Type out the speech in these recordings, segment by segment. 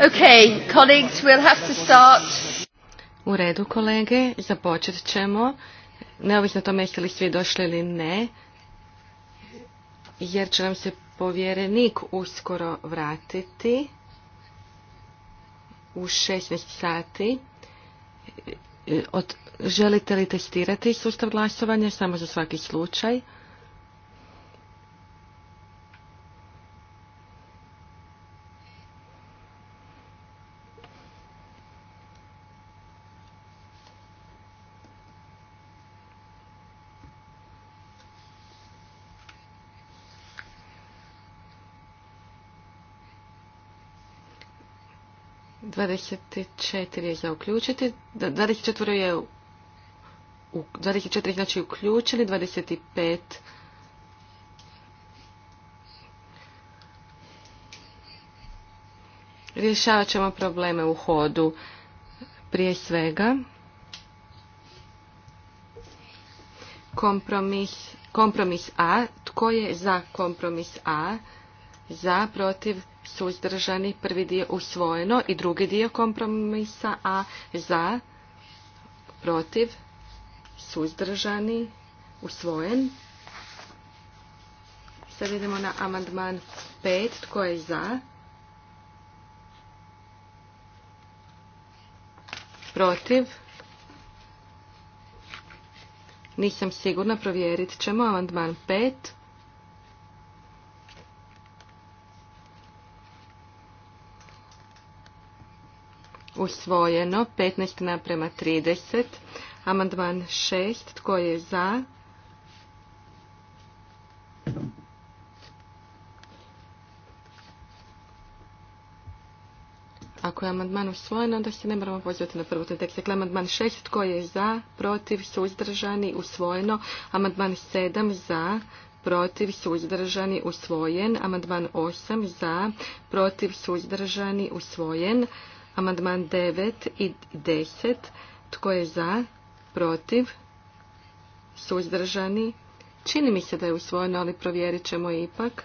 Okay, colleagues, we'll have to start. U redu, kolege, započet ćemo. Neovisno tome jeste li svi došli ili ne, jer će nam se povjerenik uskoro vratiti u 16 sati. E, želite li testirati sustav glasovanja samo za svaki slučaj? 24 je za uključiti, 24 je u, 24 znači uključili, 25 Rješavat ćemo probleme u hodu prije svega. Kompromis, kompromis A. Tko je za kompromis A? Za, protiv, suzdržani, prvi dio usvojeno i drugi dio kompromisa, a za, protiv, suzdržani, usvojen. Sad idemo na amandman 5, tko je za, protiv, nisam sigurna, provjerit ćemo amandman 5. usvojeno 15 naprema 30. Amandman 6. Tko je za? Ako je amandman usvojen, onda se ne moramo pozivati na prvotni tekst. Dakle, amandman 6. Tko je za? Protiv? Suzdržani? Usvojeno. Amandman 7. Za? protiv, suzdržani, usvojen. Amandman 8 za, protiv, suzdržani, usvojen. Amandman 9 i 10. Tko je za? Protiv? Suzdržani? Čini mi se da je usvojeno, ali provjerit ćemo ipak.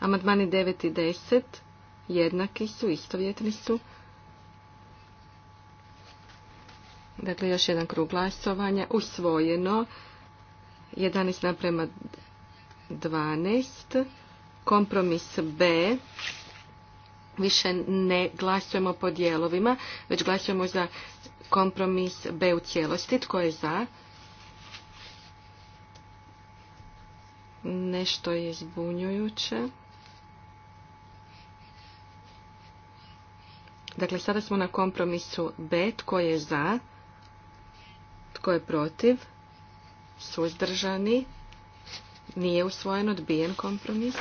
Amandmani 9 i 10 jednaki su, istovjetni su. Dakle, još jedan krug glasovanja. Usvojeno 11 naprema 12. Kompromis B više ne glasujemo po dijelovima, već glasujemo za kompromis B u cijelosti. Tko je za? Nešto je zbunjujuće. Dakle, sada smo na kompromisu B. Tko je za? Tko je protiv? Suzdržani? Nije usvojen, odbijen kompromis.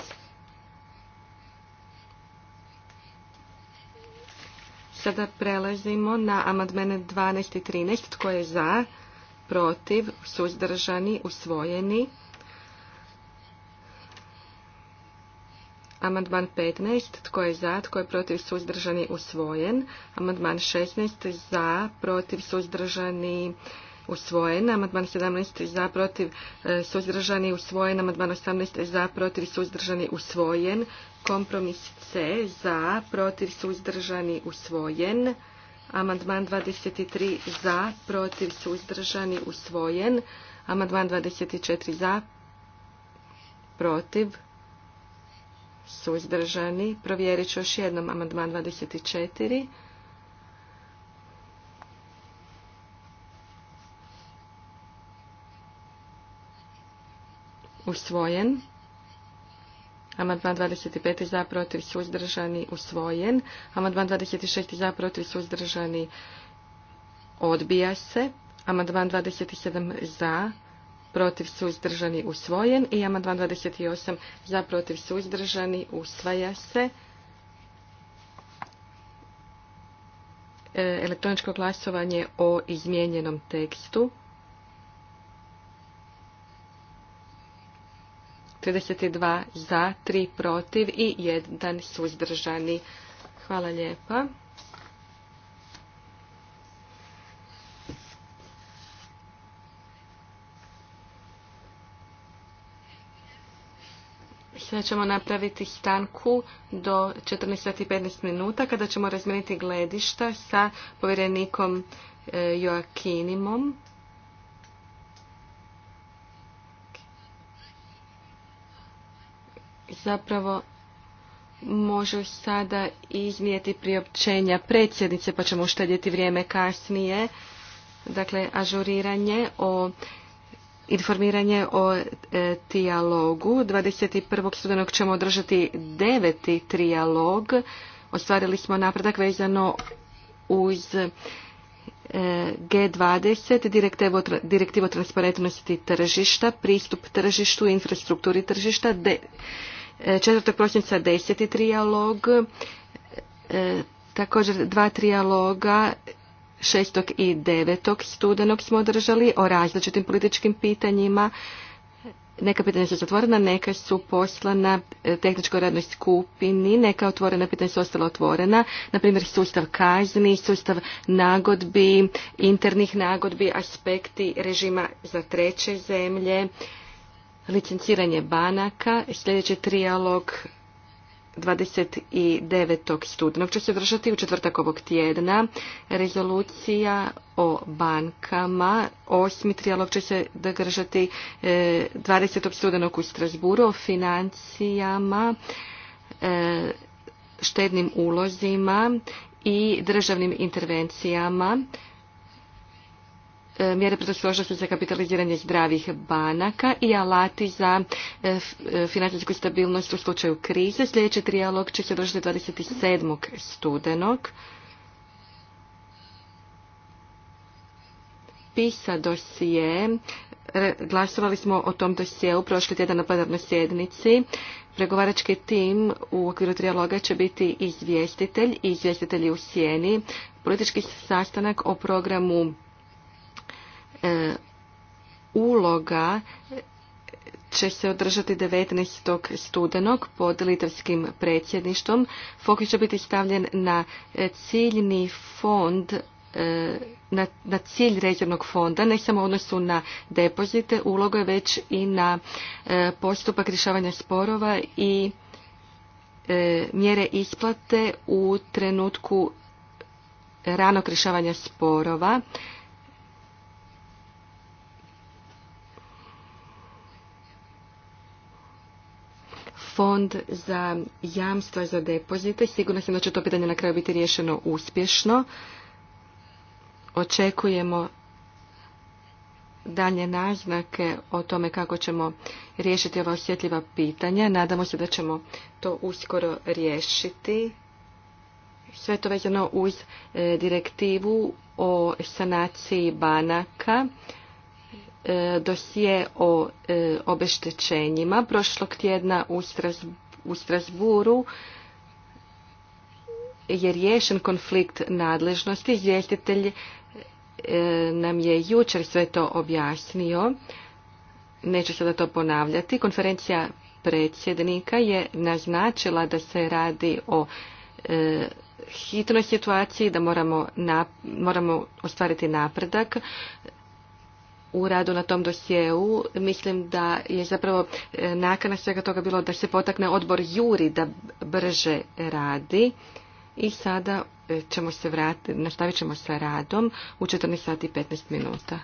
Sada prelazimo na amandmene 12 i 13. Tko je za? Protiv? Suzdržani? Usvojeni? Amandman 15. Tko je za? Tko je protiv? Suzdržani? Usvojen? Amandman 16. Za? Protiv? Suzdržani? Usvojen? usvojen, amandman 17 za protiv e, suzdržani usvojen, amandman 18 za protiv suzdržani usvojen, kompromis C za protiv suzdržani usvojen, amandman 23 za protiv suzdržani usvojen, amandman 24 za protiv suzdržani, provjerit ću još jednom amandman 24 usvojen. Amandman 25. za protiv suzdržani usvojen. Amandman 26. za protiv suzdržani odbija se. Amandman 27. za protiv suzdržani usvojen. I amandman 28. za protiv suzdržani usvaja se. E, elektroničko glasovanje o izmijenjenom tekstu. 32 za, 3 protiv i 1 suzdržani. Hvala lijepa. Sada ćemo napraviti stanku do 14.15 minuta kada ćemo razmijeniti gledišta sa povjerenikom e, Joakinimom. zapravo može sada izmijeti priopćenja predsjednice, pa ćemo uštedjeti vrijeme kasnije. Dakle, ažuriranje o informiranje o e, 21. studenog ćemo održati deveti trijalog. Ostvarili smo napredak vezano uz e, G20, direktivo, o transparentnosti tržišta, pristup tržištu, infrastrukturi tržišta, de, 4. prosinca 10. trijalog, e, također dva trijaloga 6. i 9. studenog smo održali o različitim političkim pitanjima. Neka pitanja su zatvorena, neka su poslana tehničkoj radnoj skupini, neka otvorena pitanja su ostala otvorena, na primjer sustav kazni, sustav nagodbi, internih nagodbi, aspekti režima za treće zemlje, licenciranje banaka. Sljedeći trijalog 29. studenog će se održati u četvrtak ovog tjedna. Rezolucija o bankama. Osmi trijalog će se održati 20. E, studenog u Strasburu o financijama, e, štednim ulozima i državnim intervencijama. E, mjere predostrožnosti za kapitaliziranje zdravih banaka i alati za e, e, financijsku stabilnost u slučaju krize. Sljedeći trijalog će se održati 27. studenog. Pisa dosije. Glasovali smo o tom u prošli tjedan na plenarnoj sjednici. Pregovarački tim u okviru trijaloga će biti izvjestitelj i izvjestitelji u sjeni. Politički sastanak o programu E, uloga će se održati 19. studenog pod litavskim predsjedništvom. Fokus će biti stavljen na e, ciljni fond e, na, cilj rezervnog fonda, ne samo u odnosu na depozite, uloga je već i na postupak rješavanja sporova i mjere isplate u trenutku ranog rješavanja sporova. fond za jamstva za depozite. Sigurno sam da će to pitanje na kraju biti riješeno uspješno. Očekujemo dalje naznake o tome kako ćemo riješiti ova osjetljiva pitanja. Nadamo se da ćemo to uskoro riješiti. Sve to vezano uz e, direktivu o sanaciji banaka. E, dosije o e, obeštećenjima. Prošlog tjedna u Strasburu je riješen konflikt nadležnosti. Izvjestitelj e, nam je jučer sve to objasnio. Neću sada to ponavljati. Konferencija predsjednika je naznačila da se radi o hitnoj situaciji, da moramo ostvariti napredak u radu na tom dosjeu. Mislim da je zapravo e, nakana svega toga bilo da se potakne odbor Juri da brže radi. I sada e, ćemo se vratiti, nastavit ćemo sa radom u 14 i 15 minuta.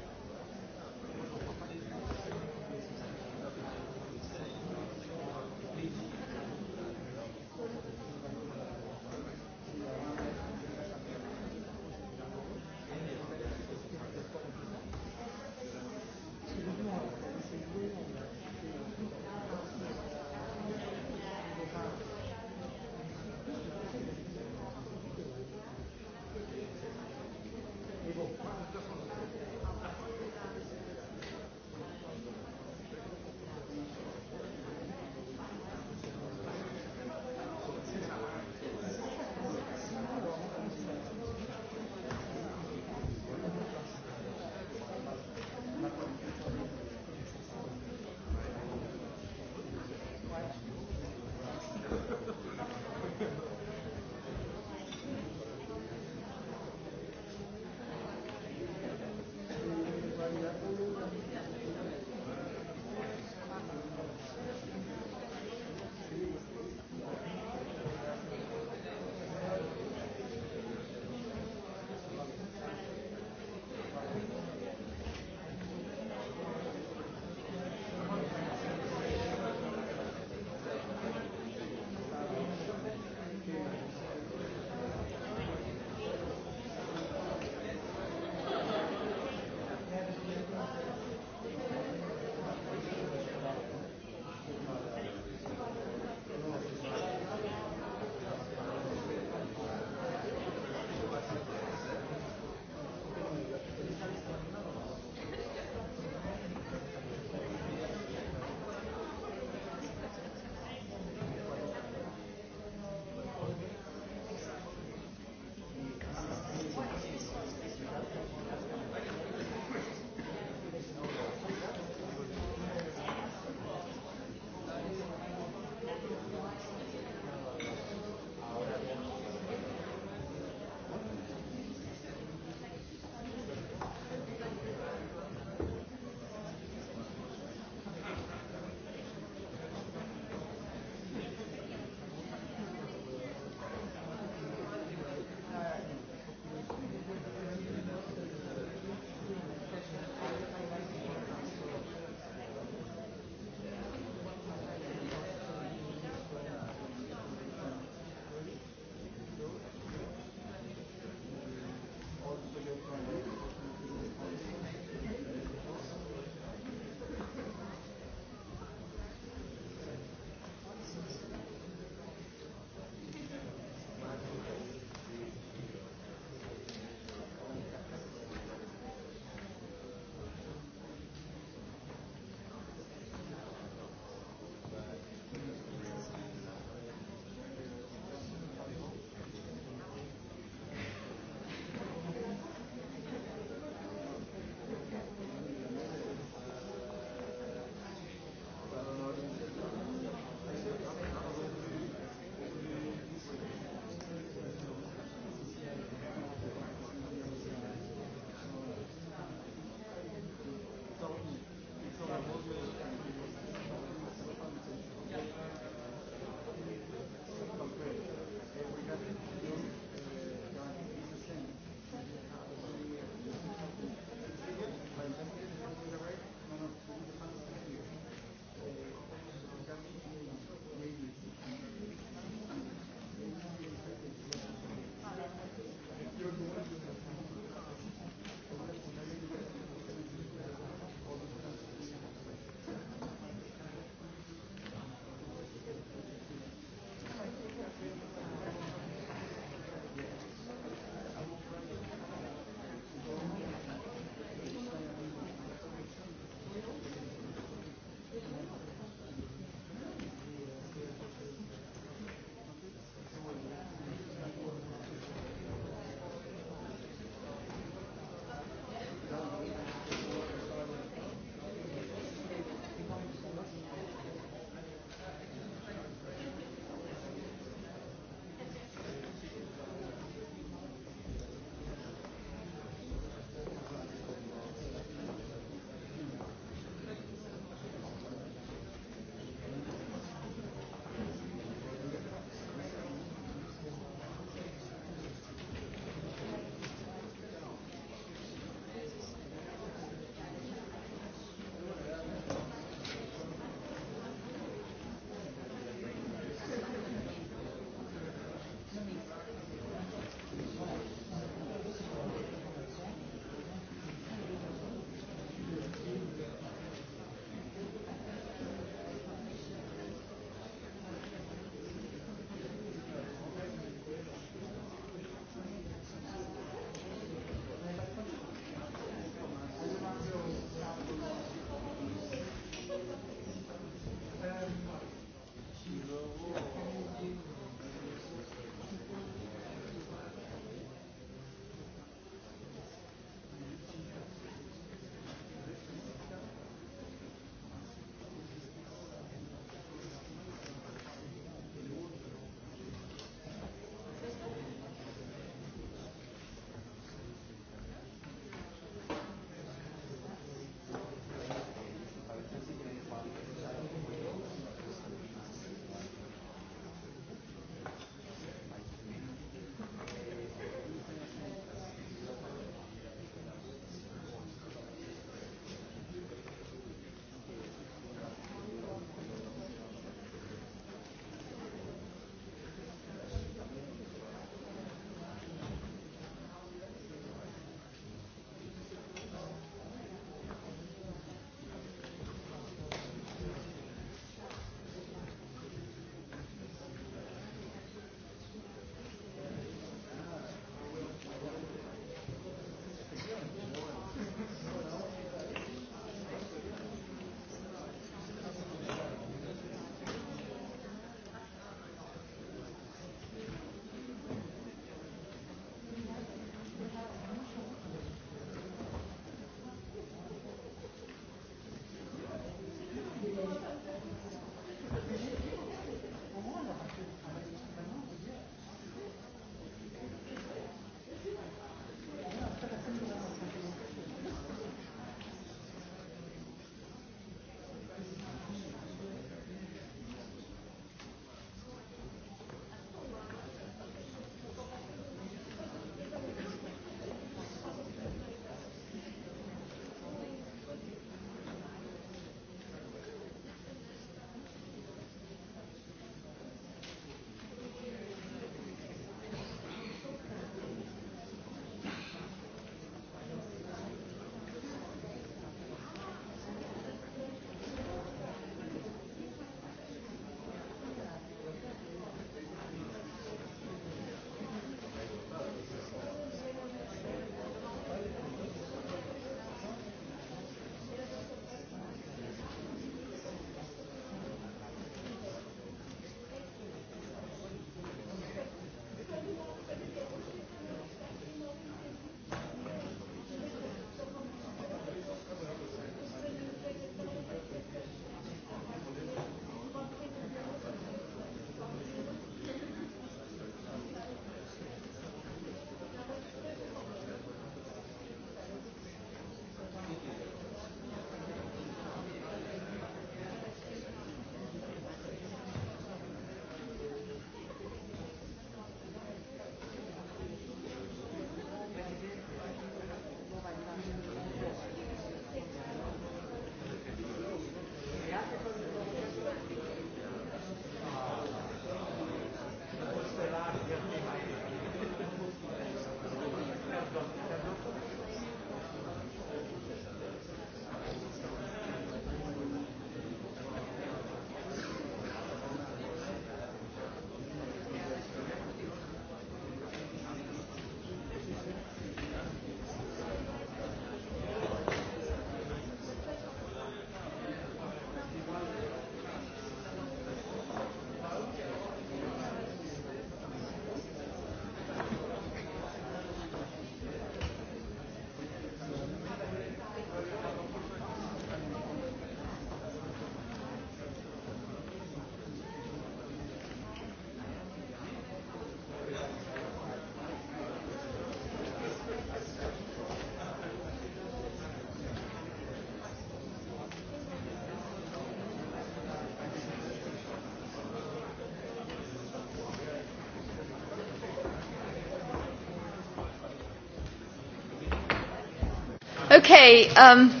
Okay, um...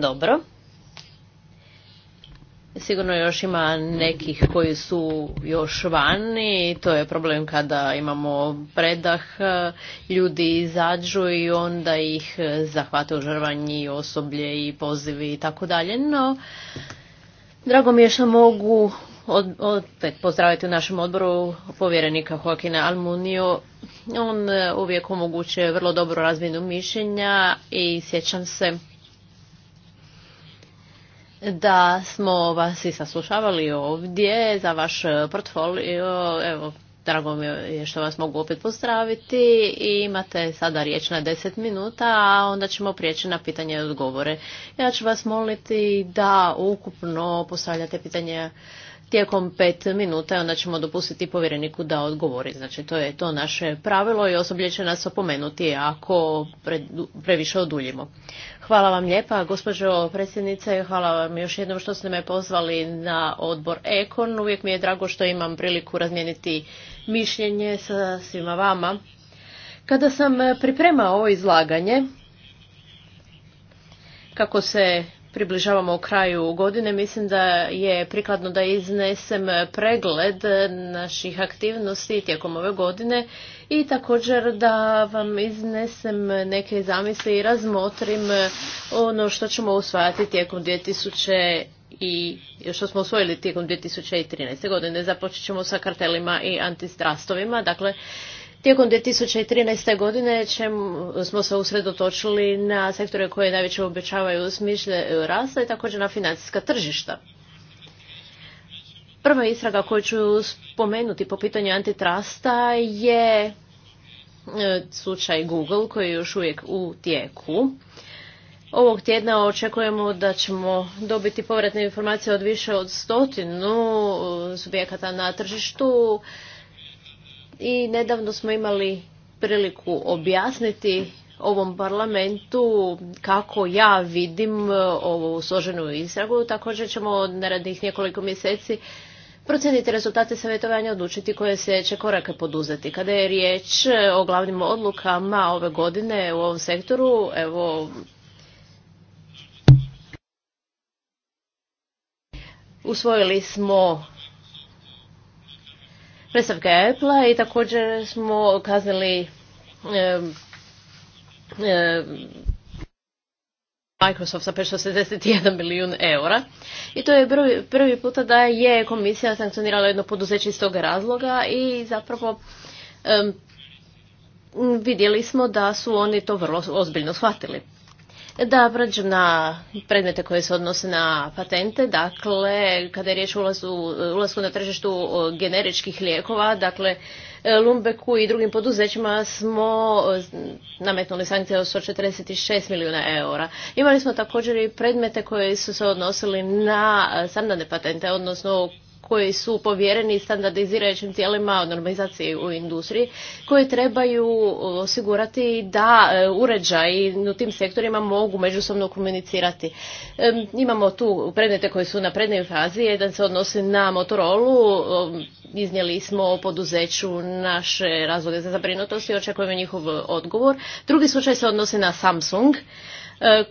Dobro. Sigurno još ima nekih koji su još vani, to je problem kada imamo predah, ljudi izađu i onda ih zahvate u žrvanji, osoblje i pozivi i tako dalje, no drago mi je što mogu od, od, pozdraviti u našem odboru povjerenika Joaquina Almunio on e, uvijek omogućuje vrlo dobro razmjenu mišljenja i sjećam se da smo vas i saslušavali ovdje za vaš portfolio. Evo, drago mi je što vas mogu opet pozdraviti i imate sada riječ na 10 minuta, a onda ćemo prijeći na pitanje i odgovore. Ja ću vas moliti da ukupno postavljate pitanje tijekom pet minuta, onda ćemo dopustiti povjereniku da odgovori. Znači, to je to naše pravilo i osoblje će nas opomenuti ako pre, previše oduljimo. Hvala vam lijepa, gospođo predsjednice, hvala vam još jednom što ste me pozvali na odbor Ekon. Uvijek mi je drago što imam priliku razmijeniti mišljenje sa svima vama. Kada sam pripremao ovo izlaganje, kako se približavamo kraju godine, mislim da je prikladno da iznesem pregled naših aktivnosti tijekom ove godine i također da vam iznesem neke zamisli i razmotrim ono što ćemo usvajati tijekom 2000 i što smo usvojili tijekom 2013. godine. Započet ćemo sa kartelima i antistrastovima. Dakle, Tijekom 2013. godine ćemo, smo se usredotočili na sektore koje najveće obećavaju smišlje rasta i također na financijska tržišta. Prva istraga koju ću spomenuti po pitanju antitrasta je e, slučaj Google koji je još uvijek u tijeku. Ovog tjedna očekujemo da ćemo dobiti povratne informacije od više od stotinu e, subjekata na tržištu i nedavno smo imali priliku objasniti ovom parlamentu kako ja vidim e, ovu složenu istragu. Također ćemo narednih nekoliko mjeseci procijeniti rezultate savjetovanja odlučiti koje će korake poduzeti. Kada je riječ e, o glavnim odlukama ove godine u ovom sektoru, evo usvojili smo predstavke Apple-a i također smo kazali Microsoft sa 561 milijun eura. I to je prvi, puta da je komisija sankcionirala jedno poduzeće iz toga razloga i zapravo vidjeli smo da su oni to vrlo ozbiljno shvatili. Da, pređem na predmete koje se odnose na patente. Dakle, kada je riječ o ulazu, ulasku na tržištu e, generičkih lijekova, dakle, e, Lumbeku i drugim poduzećima smo e, nametnuli sankcije od 146 milijuna eura. Imali smo također i predmete koji su se odnosili na standardne patente, odnosno koji su povjereni standardizirajućim tijelima od normalizacije u industriji koje trebaju osigurati da e, uređaj u tim sektorima mogu međusobno komunicirati. E, imamo tu predmete koji su na prednjoj fazi, jedan se odnosi na Motorola, e, iznijeli smo poduzeću naše razloge za zabrinutost i očekujemo njihov odgovor. Drugi slučaj se odnosi na Samsung. E,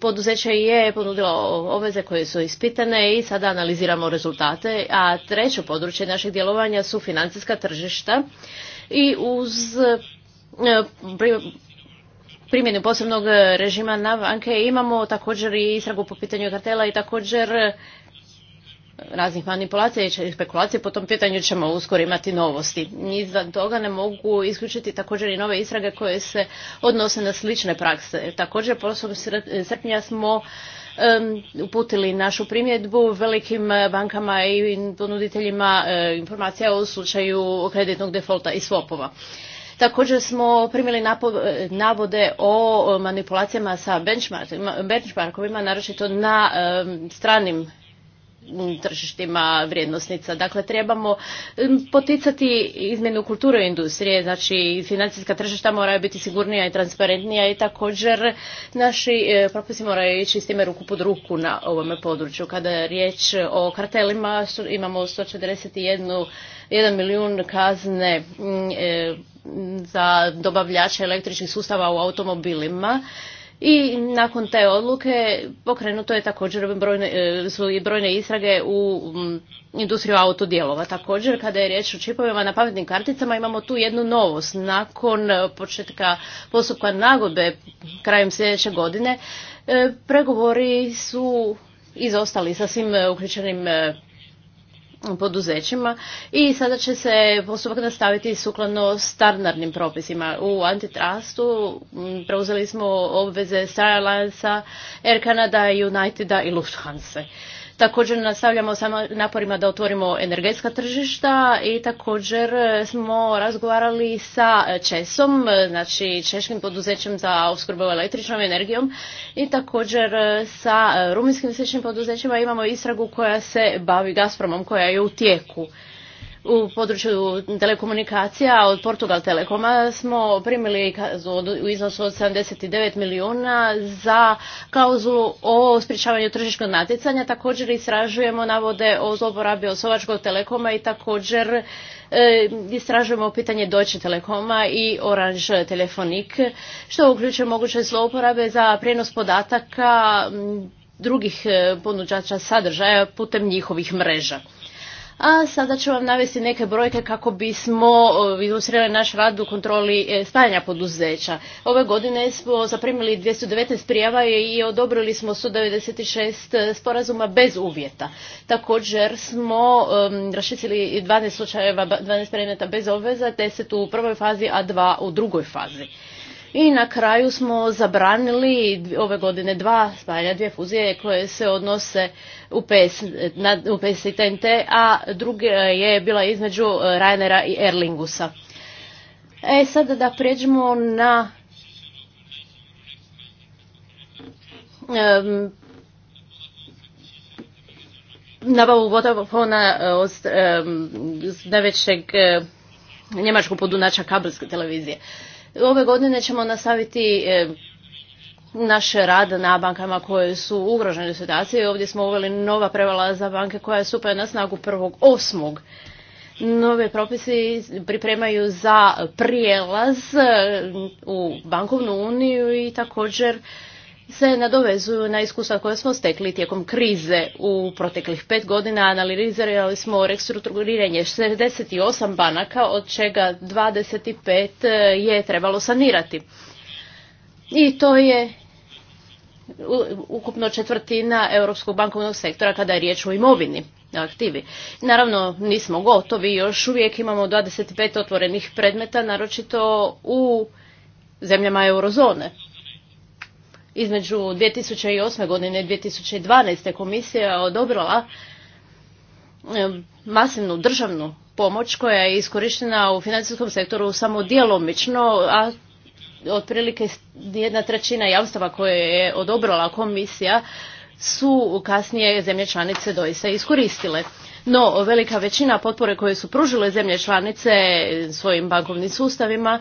poduzeće je ponudilo obveze koje su ispitane i sada analiziramo rezultate, a treće područje našeg djelovanja su financijska tržišta i uz e, primjenu posebnog režima na banke imamo također i istragu po pitanju kartela i također raznih manipulacija i spekulacija po tom pitanju ćemo uskoro imati novosti. Izvan toga ne mogu isključiti također i nove istrage koje se odnose na slične prakse. Također poslom srpnja smo uputili našu primjedbu velikim eh, bankama i ponuditeljima eh, informacija o slučaju kreditnog defolta i swapova. Također smo primili eh, navode o manipulacijama sa benchmarkovima, naročito na stranim tržištima vrijednosnica. Dakle, trebamo poticati izmjenu kulture industrije, znači financijska tržišta moraju biti sigurnija i transparentnija i također naši e, propisi moraju ići s time ruku pod ruku na ovome području. Kada je riječ o kartelima, imamo 141 milijun kazne e, za dobavljače električnih sustava u automobilima i nakon te odluke pokrenuto je također e, su i brojne istrage u mm, industriju autodjelova. Također, kada je riječ o čipovima na pametnim karticama, imamo tu jednu novost. Nakon e, početka postupka nagodbe krajem sljedeće godine, e, pregovori su izostali sa svim uključenim poduzećima i sada će se postupak nastaviti sukladno standardnim propisima. U antitrastu preuzeli smo obveze Star Alliance, Air Canada, Uniteda i Lufthansa. Također nastavljamo samo naporima da otvorimo energetska tržišta i također smo razgovarali sa Česom, znači češkim poduzećem za opskrbu električnom energijom i također sa rumunjskim sličnim poduzećima imamo istragu koja se bavi Gazpromom koja je u tijeku. U području telekomunikacija od Portugal Telekoma smo primili u iznosu od 79 milijuna za klauzulu o sprječavanju tržičkog natjecanja. Također istražujemo navode o zloporabi osobačkog telekoma i također e, istražujemo pitanje Deutsche Telekoma i Orange Telefonik, što uključuje moguće zlouporabe za prijenos podataka drugih e, ponuđača sadržaja putem njihovih mreža. A sada ću vam navesti neke brojke kako bismo ilustrirali naš rad u kontroli e, stajanja poduzeća. Ove godine smo zaprimili 219 prijava i odobrili smo 196 e, sporazuma bez uvjeta. Također smo um, 12 slučajeva, 12 predmeta bez obveza, 10 u prvoj fazi, a 2 u drugoj fazi. I na kraju smo zabranili ove godine dva spajanja, dvije fuzije koje se odnose u PS, TNT, a druga je bila između Rainera i Erlingusa. E sada da prijeđemo na nabavu Vodafona od najvećeg njemačkog podunača kabelske televizije. Ove godine ćemo nastaviti e, naš rad na bankama koje su ugrožene situacije. Ovdje smo uveli nova prevala za banke koja je su na snagu 1.8. Nove propisi pripremaju za prijelaz e, u bankovnu uniju i također se nadovezuju na iskustva koje smo stekli tijekom krize u proteklih pet godina. Analizirali smo restrukturiranje 68 banaka, od čega 25 je trebalo sanirati. I to je ukupno četvrtina europskog bankovnog sektora kada je riječ o imovini aktivi. Naravno, nismo gotovi, još uvijek imamo 25 otvorenih predmeta, naročito u zemljama eurozone između 2008. godine i 2012. komisija odobrila e, masivnu državnu pomoć koja je iskorištena u financijskom sektoru samo djelomično, a otprilike jedna trećina jamstava koje je odobrala komisija su kasnije zemlje članice doista iskoristile. No, velika većina potpore koje su pružile zemlje članice svojim bankovnim sustavima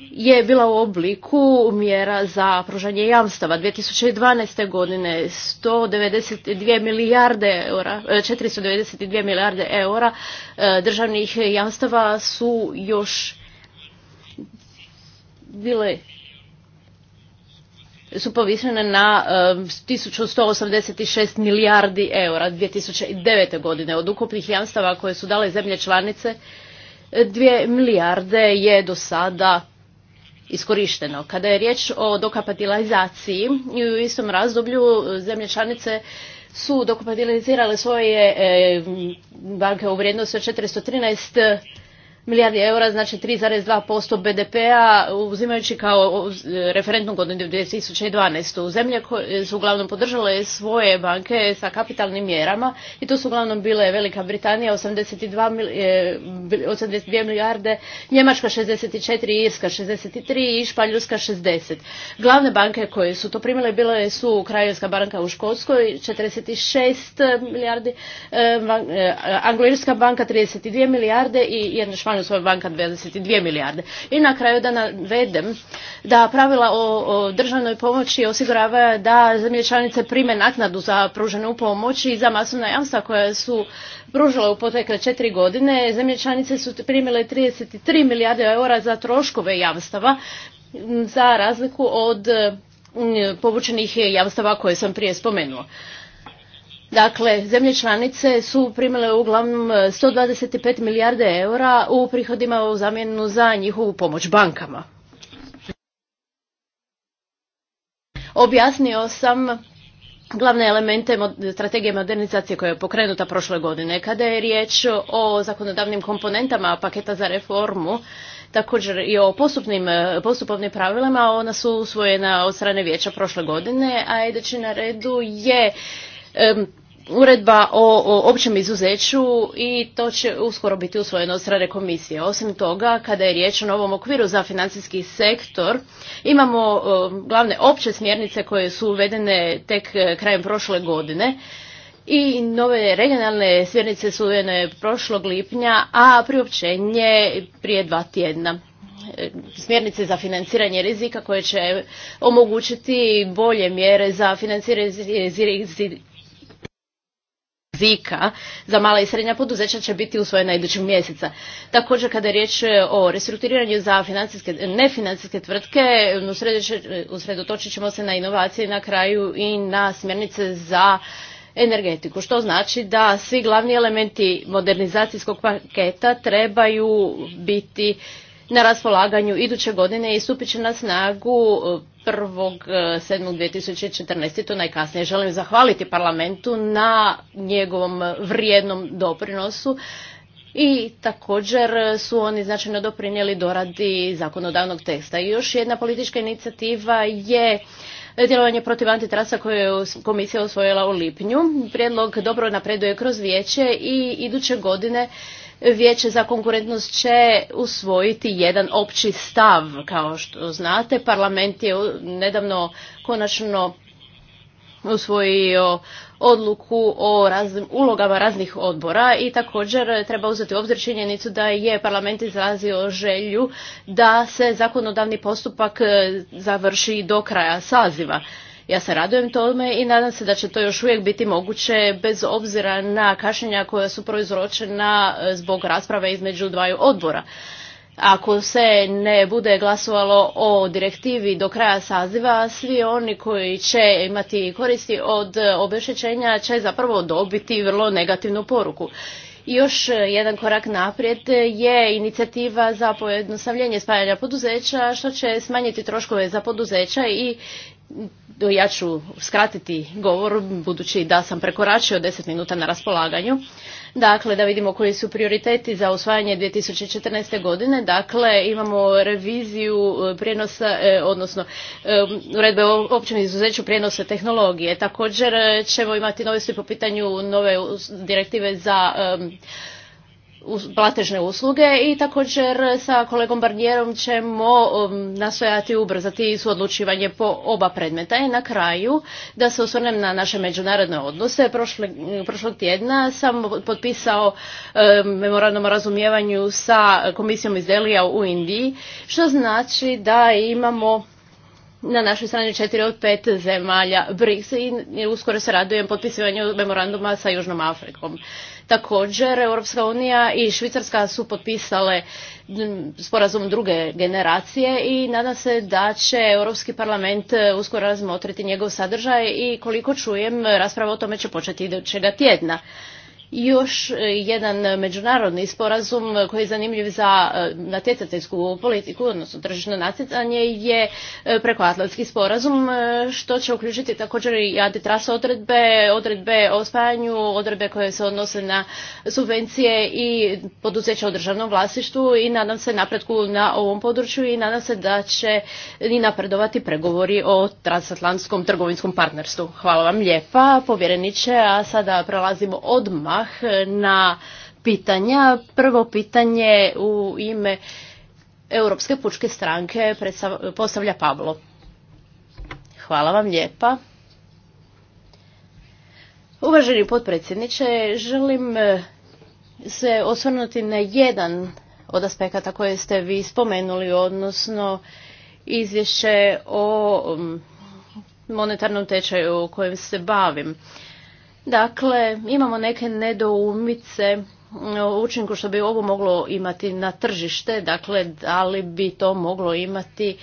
je bila u obliku mjera za pružanje jamstava. 2012. godine 192 milijarde eura, 492 e, milijarde eura e, državnih jamstava su još bile su povisene na 1186 e, milijardi eura 2009. godine. Od ukupnih jamstava koje su dale zemlje članice, 2 milijarde je do sada iskorišteno. Kada je riječ o dokapitalizaciji, u istom razdoblju zemlje članice su dokapitalizirale svoje eh, banke u vrijednosti od 413 milijardi eura, znači 3,2% BDP-a, uzimajući kao referentnu godinu 2012. Zemlje su uglavnom podržale svoje banke sa kapitalnim mjerama i to su uglavnom bile Velika Britanija 82 e, milijarde, Njemačka 64, Irska 63 i Španjolska 60. Glavne banke koje su to primile bile su Kraljevska banka u Škotskoj 46 milijardi, e, e, Anglo-Irska banka 32 milijarde i jedna španjolska raspolaganju svoje banka 22 milijarde. I na kraju da navedem da pravila o, državnoj pomoći osigurava da zemlje članice prime naknadu za pruženu pomoć i za masovna jamstva koja su pružila u potekle četiri godine. Zemlje članice su primile 33 milijarde eura za troškove jamstava za razliku od povučenih jamstava koje sam prije spomenuo. Dakle, zemlje članice su primile uglavnom 125 e, milijarde eura u prihodima u zamjenu za njihovu pomoć bankama. Objasnio sam glavne elemente strategije modernizacije koja je pokrenuta prošle godine. Kada je riječ o zakonodavnim komponentama paketa za reformu, također i o e, postupovnim pravilima, ona su usvojena od strane vijeća prošle godine, a ideći na redu je uredba o, općem izuzeću i to će uskoro biti usvojeno od strane komisije. Osim toga, kada je riječ o novom okviru za financijski sektor, imamo e, glavne opće smjernice koje su uvedene tek e, krajem prošle godine i nove regionalne smjernice su uvedene prošlog lipnja, a priopćenje prije dva tjedna e, smjernice za financiranje rizika koje će omogućiti bolje mjere za financiranje rizika za mala i srednja poduzeća će biti usvojena idućeg mjeseca. Također kada je riječ o restrukturiranju za financijske, nefinancijske tvrtke, usredotočit ćemo se na inovacije na kraju i na smjernice za energetiku, što znači da svi glavni elementi modernizacijskog paketa trebaju biti na raspolaganju iduće godine i stupit će na snagu 1.7.2014. Eh, to najkasnije želim zahvaliti parlamentu na njegovom vrijednom doprinosu i također su oni značajno doprinijeli doradi zakonodavnog teksta. I još jedna politička inicijativa je djelovanje protiv antitrasa koje je komisija osvojila u lipnju. Prijedlog dobro napreduje kroz vijeće i iduće godine Vijeće za konkurentnost će usvojiti jedan opći stav, kao što znate. Parlament je nedavno konačno usvojio odluku o raznim, ulogama raznih odbora i također treba uzeti u obzir činjenicu da je parlament izrazio želju da se zakonodavni postupak e, završi do kraja saziva. Ja se radujem tome i nadam se da će to još uvijek biti moguće bez obzira na kašnjenja koja su proizročena e, zbog rasprave između dvaju odbora. Ako se ne bude glasovalo o direktivi do kraja saziva, svi oni koji će imati koristi od e, obešećenja će zapravo dobiti vrlo negativnu poruku. još e, jedan korak naprijed je inicijativa za pojednostavljenje spajanja poduzeća, što će smanjiti troškove za poduzeća i ja ću skratiti govor budući da sam prekoračio 10 minuta na raspolaganju. Dakle, da vidimo koji su prioriteti za osvajanje 2014. godine. Dakle, imamo reviziju e, prijenosa, e, odnosno e, uredbe o općem izuzeću prijenosa tehnologije. Također ćemo imati novosti po pitanju nove direktive za platežne usluge i također sa kolegom Barnjerom ćemo um, nastojati ubrzati suodlučivanje po oba predmeta. I na kraju, da se osvrnem na naše međunarodne odnose, prošlog tjedna sam potpisao um, memorandum o razumijevanju sa komisijom iz Delija u Indiji, što znači da imamo na našoj strani četiri od pet zemalja BRICS i uskoro se radujem potpisivanju memoranduma sa Južnom Afrikom. Također, Europska unija i Švicarska su potpisale sporazum druge generacije i nadam se da će Europski parlament e, uskoro razmotriti njegov sadržaj i koliko čujem, rasprava o tome će početi idućega tjedna još e, jedan međunarodni sporazum koji je zanimljiv za e, natjecateljsku politiku, odnosno tržišno natjecanje je e, prekoatlantski sporazum što će uključiti također i antitrasa odredbe, odredbe o spajanju, odredbe koje se odnose na subvencije i poduzeća u državnom vlasništvu i nadam se napretku na ovom području i nadam se da će i napredovati pregovori o transatlantskom trgovinskom partnerstvu. Hvala vam lijepa, povjereniče, a sada prelazimo odmah odmah na pitanja. Prvo pitanje u ime Europske pučke stranke postavlja Pablo. Hvala vam lijepa. Uvaženi potpredsjedniče, želim eh, se osvrnuti na jedan od aspekata koje ste vi spomenuli, odnosno izvješće o mm, monetarnom tečaju kojim se bavim. Dakle, imamo neke nedoumice učinku što bi ovo moglo imati na tržište, dakle da li bi to moglo imati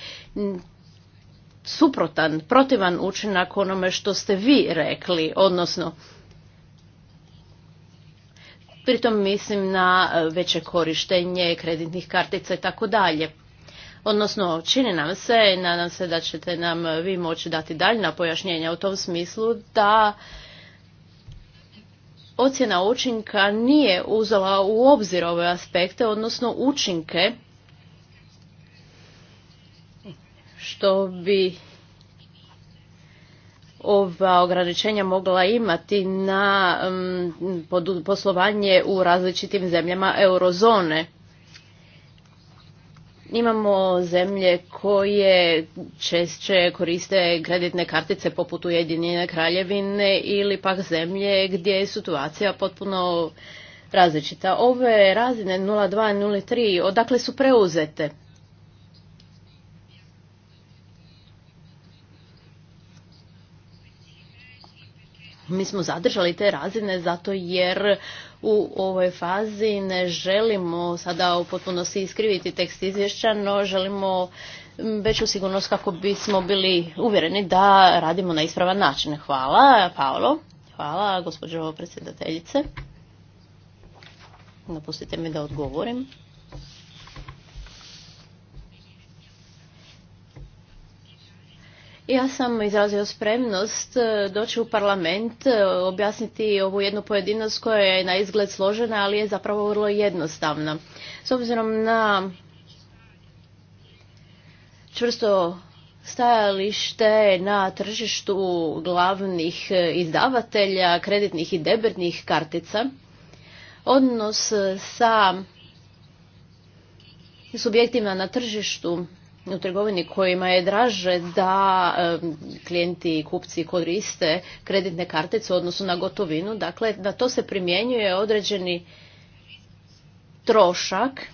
suprotan, protivan učinak onome što ste vi rekli, odnosno pritom mislim na veće korištenje kreditnih kartica i tako dalje. Odnosno, čini nam se, nadam se da ćete nam vi moći dati daljna pojašnjenja u tom smislu da ocjena učinka nije uzela u obzir ove aspekte, odnosno učinke, što bi ova ograničenja mogla imati na mm, poslovanje u različitim zemljama eurozone. Imamo zemlje koje češće koriste kreditne kartice poput Ujedinjene kraljevine ili pak zemlje gdje je situacija potpuno različita. Ove razine 0,2 0,3 odakle su preuzete? Mi smo zadržali te razine zato jer u ovoj fazi. Ne želimo sada u potpunosti iskriviti tekst izvješća, no želimo mm, veću sigurnost kako bismo bili uvjereni da radimo na ispravan način. Hvala, Paolo. Hvala, gospođo predsjedateljice. Napustite mi da odgovorim. Ja sam izrazio spremnost e, doći u parlament, e, objasniti ovu jednu pojedinost koja je na izgled složena, ali je zapravo vrlo jednostavna. S obzirom na čvrsto stajalište na tržištu glavnih e, izdavatelja kreditnih i debetnih kartica, odnos sa subjektima na tržištu u trgovini kojima je draže da klijenti i kupci koriste kreditne kartice u odnosu na gotovinu. Dakle, na to se primjenjuje određeni trošak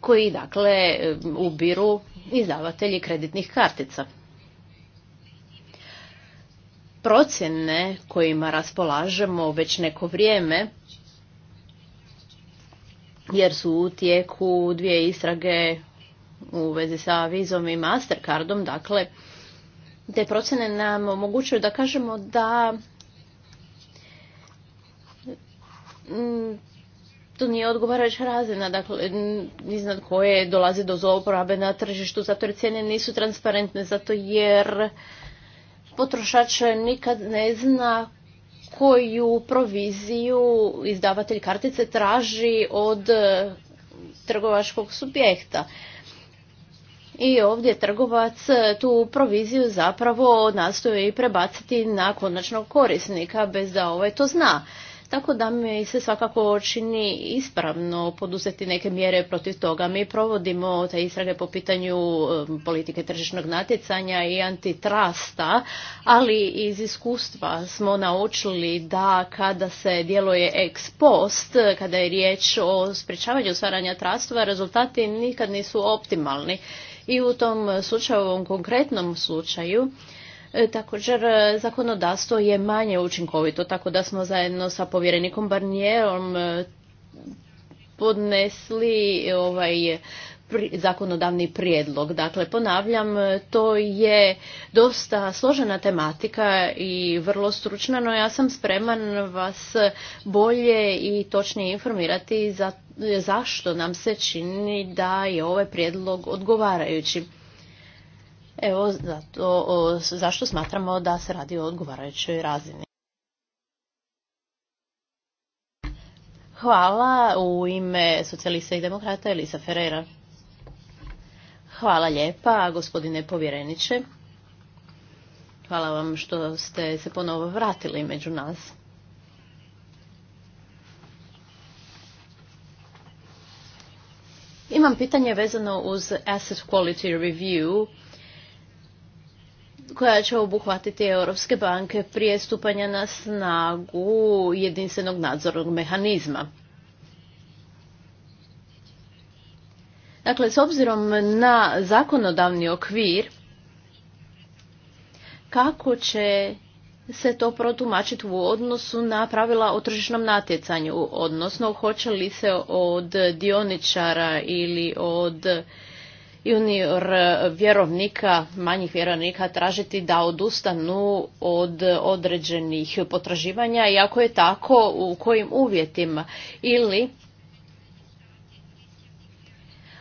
koji dakle ubiru izdavatelji kreditnih kartica. Procjene kojima raspolažemo već neko vrijeme jer su u tijeku dvije istrage u vezi sa Vizom i Mastercardom, dakle, te procjene nam omogućuju da kažemo da mm, to nije odgovarajuća razina dakle, iznad koje dolazi do zlouporabe na tržištu, zato jer cijene nisu transparentne, zato jer potrošač nikad ne zna koju proviziju izdavatelj kartice traži od e, trgovačkog subjekta. I ovdje trgovac e, tu proviziju zapravo nastoji prebaciti na konačnog korisnika bez da ovaj to zna. Tako da mi se svakako čini ispravno poduzeti neke mjere protiv toga. Mi provodimo te istrage po pitanju um, politike tržišnog natjecanja i antitrasta, ali iz iskustva smo naučili da kada se djeluje ex post, kada je riječ o sprječavanju stvaranja trastova, rezultati nikad nisu optimalni. I u tom slučaju, u ovom konkretnom slučaju, E, također, e, zakonodavstvo je manje učinkovito, tako da smo zajedno sa povjerenikom Barnijerom e, podnesli ovaj zakonodavni prijedlog. Dakle, ponavljam, to je dosta složena tematika i vrlo stručna, no ja sam spreman vas bolje i točnije informirati zašto nam se čini da je ovaj prijedlog odgovarajući. Evo, zato, zašto smatramo da se radi o odgovarajućoj razini. Hvala u ime socijalista i demokrata Elisa Ferreira. Hvala lijepa, gospodine povjereniče. Hvala vam što ste se ponovo vratili među nas. Imam pitanje vezano uz Asset Quality Review koja će obuhvatiti europske banke prije stupanja na snagu jedinstvenog nadzornog mehanizma. Dakle, s obzirom na zakonodavni okvir, kako će se to protumačiti u odnosu na pravila o tržišnom natjecanju, odnosno hoće li se od dioničara ili od junior vjerovnika, manjih vjerovnika tražiti da odustanu od određenih potraživanja i ako je tako u kojim uvjetima ili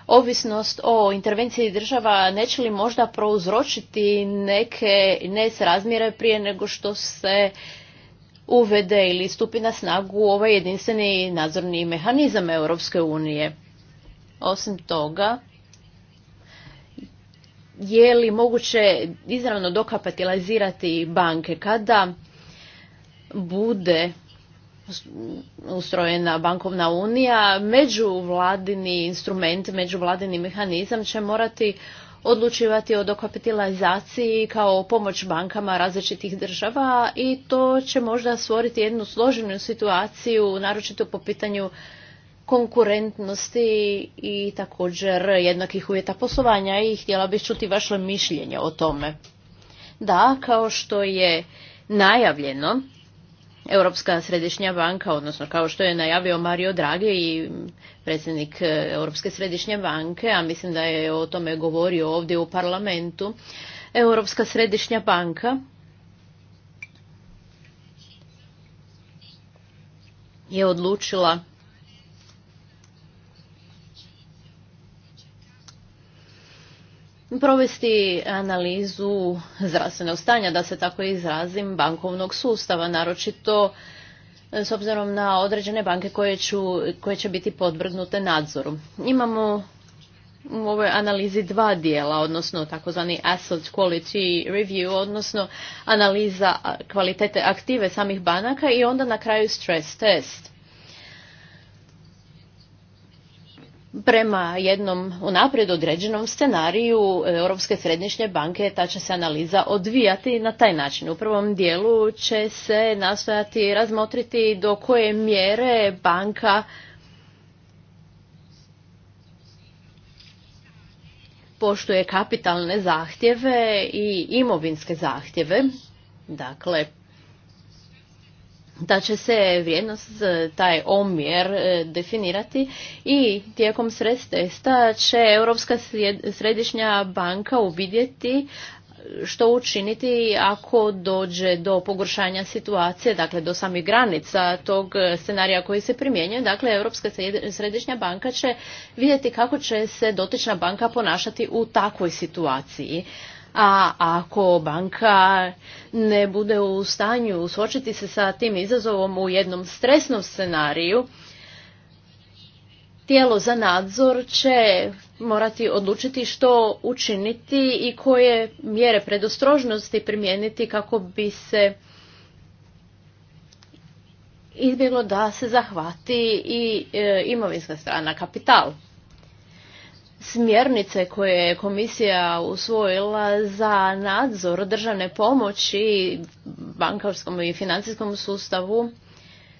ovisnost o intervenciji država neće li možda prouzročiti neke nesrazmjere prije nego što se uvede ili stupi na snagu ovaj jedinstveni nadzorni mehanizam Europske unije. Osim toga, je li moguće izravno dokapitalizirati banke kada bude ustrojena bankovna unija, međuvladini instrument, međuvladini mehanizam će morati odlučivati o dokapitalizaciji kao pomoć bankama različitih država i to će možda stvoriti jednu složenu situaciju, naročito po pitanju konkurentnosti i također jednakih uvjeta poslovanja i htjela bih čuti vaše mišljenje o tome. Da, kao što je najavljeno, Europska središnja banka, odnosno kao što je najavio Mario Draghi i predsjednik e, Europske središnje banke, a mislim da je o tome govorio ovdje u parlamentu, Europska središnja banka je odlučila provesti analizu zdravstvenog stanja, da se tako izrazim, bankovnog sustava, naročito e, s obzirom na određene banke koje, koje će biti podvrgnute nadzoru. Imamo u ovoj analizi dva dijela, odnosno takozvani asset quality review, odnosno analiza kvalitete aktive samih banaka i onda na kraju stress test. prema jednom unaprijed određenom scenariju e, Europske središnje banke ta će se analiza odvijati na taj način. U prvom dijelu će se nastojati razmotriti do koje mjere banka poštuje kapitalne zahtjeve i imovinske zahtjeve. Dakle, da će se vrijednost, e, taj omjer e, definirati i tijekom stres testa će Europska središnja banka uvidjeti e, što učiniti ako dođe do pogoršanja situacije, dakle do samih granica tog scenarija koji se primjenjuje. Dakle, Europska središnja banka će vidjeti kako će se dotična banka ponašati u takvoj situaciji. A ako banka ne bude u stanju suočiti se sa tim izazovom u jednom stresnom scenariju, tijelo za nadzor će morati odlučiti što učiniti i koje mjere predostrožnosti primijeniti kako bi se izbjeglo da se zahvati i e, imovinska strana kapital smjernice koje je komisija usvojila za nadzor državne pomoći bankarskom i financijskom sustavu,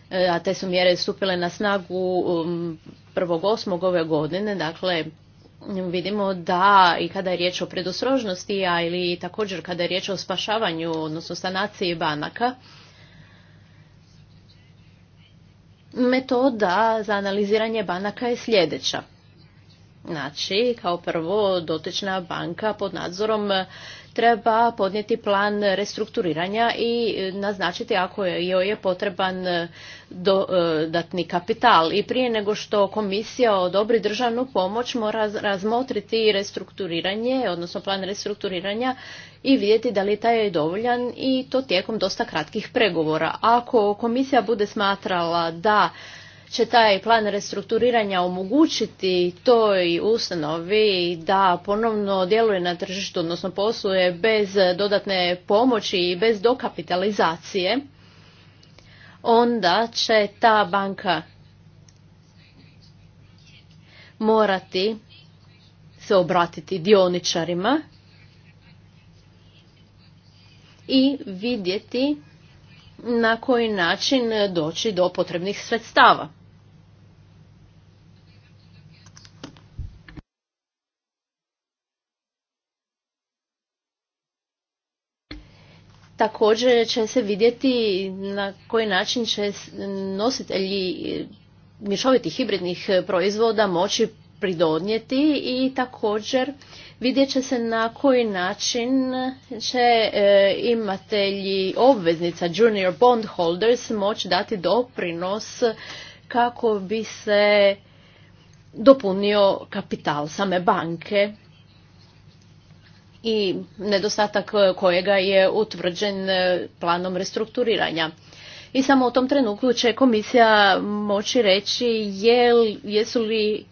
e, a te su mjere stupile na snagu 1.8. Um, ove godine, dakle vidimo da i kada je riječ o predostrožnosti, a ili također kada je riječ o spašavanju, odnosno stanaciji banaka, metoda za analiziranje banaka je sljedeća. Znači, kao prvo, dotična banka pod nadzorom e, treba podnijeti plan restrukturiranja i e, naznačiti ako joj je potreban e, dodatni kapital. I prije nego što komisija odobri državnu pomoć mora razmotriti restrukturiranje, odnosno plan restrukturiranja i vidjeti da li taj je dovoljan i to tijekom dosta kratkih pregovora. Ako komisija bude smatrala da će taj plan restrukturiranja omogućiti toj ustanovi da ponovno djeluje na tržištu, odnosno posluje bez dodatne pomoći i bez dokapitalizacije, onda će ta banka morati se obratiti dioničarima i vidjeti na koji način doći do potrebnih sredstava. Također će se vidjeti na koji način će nositelji mješovitih hibridnih proizvoda moći pridonijeti i također vidjet će se na koji način će e, imatelji obveznica junior bondholders moći dati doprinos kako bi se dopunio kapital same banke i nedostatak e, kojega je utvrđen e, planom restrukturiranja. I samo u tom trenutku će komisija moći reći jesu li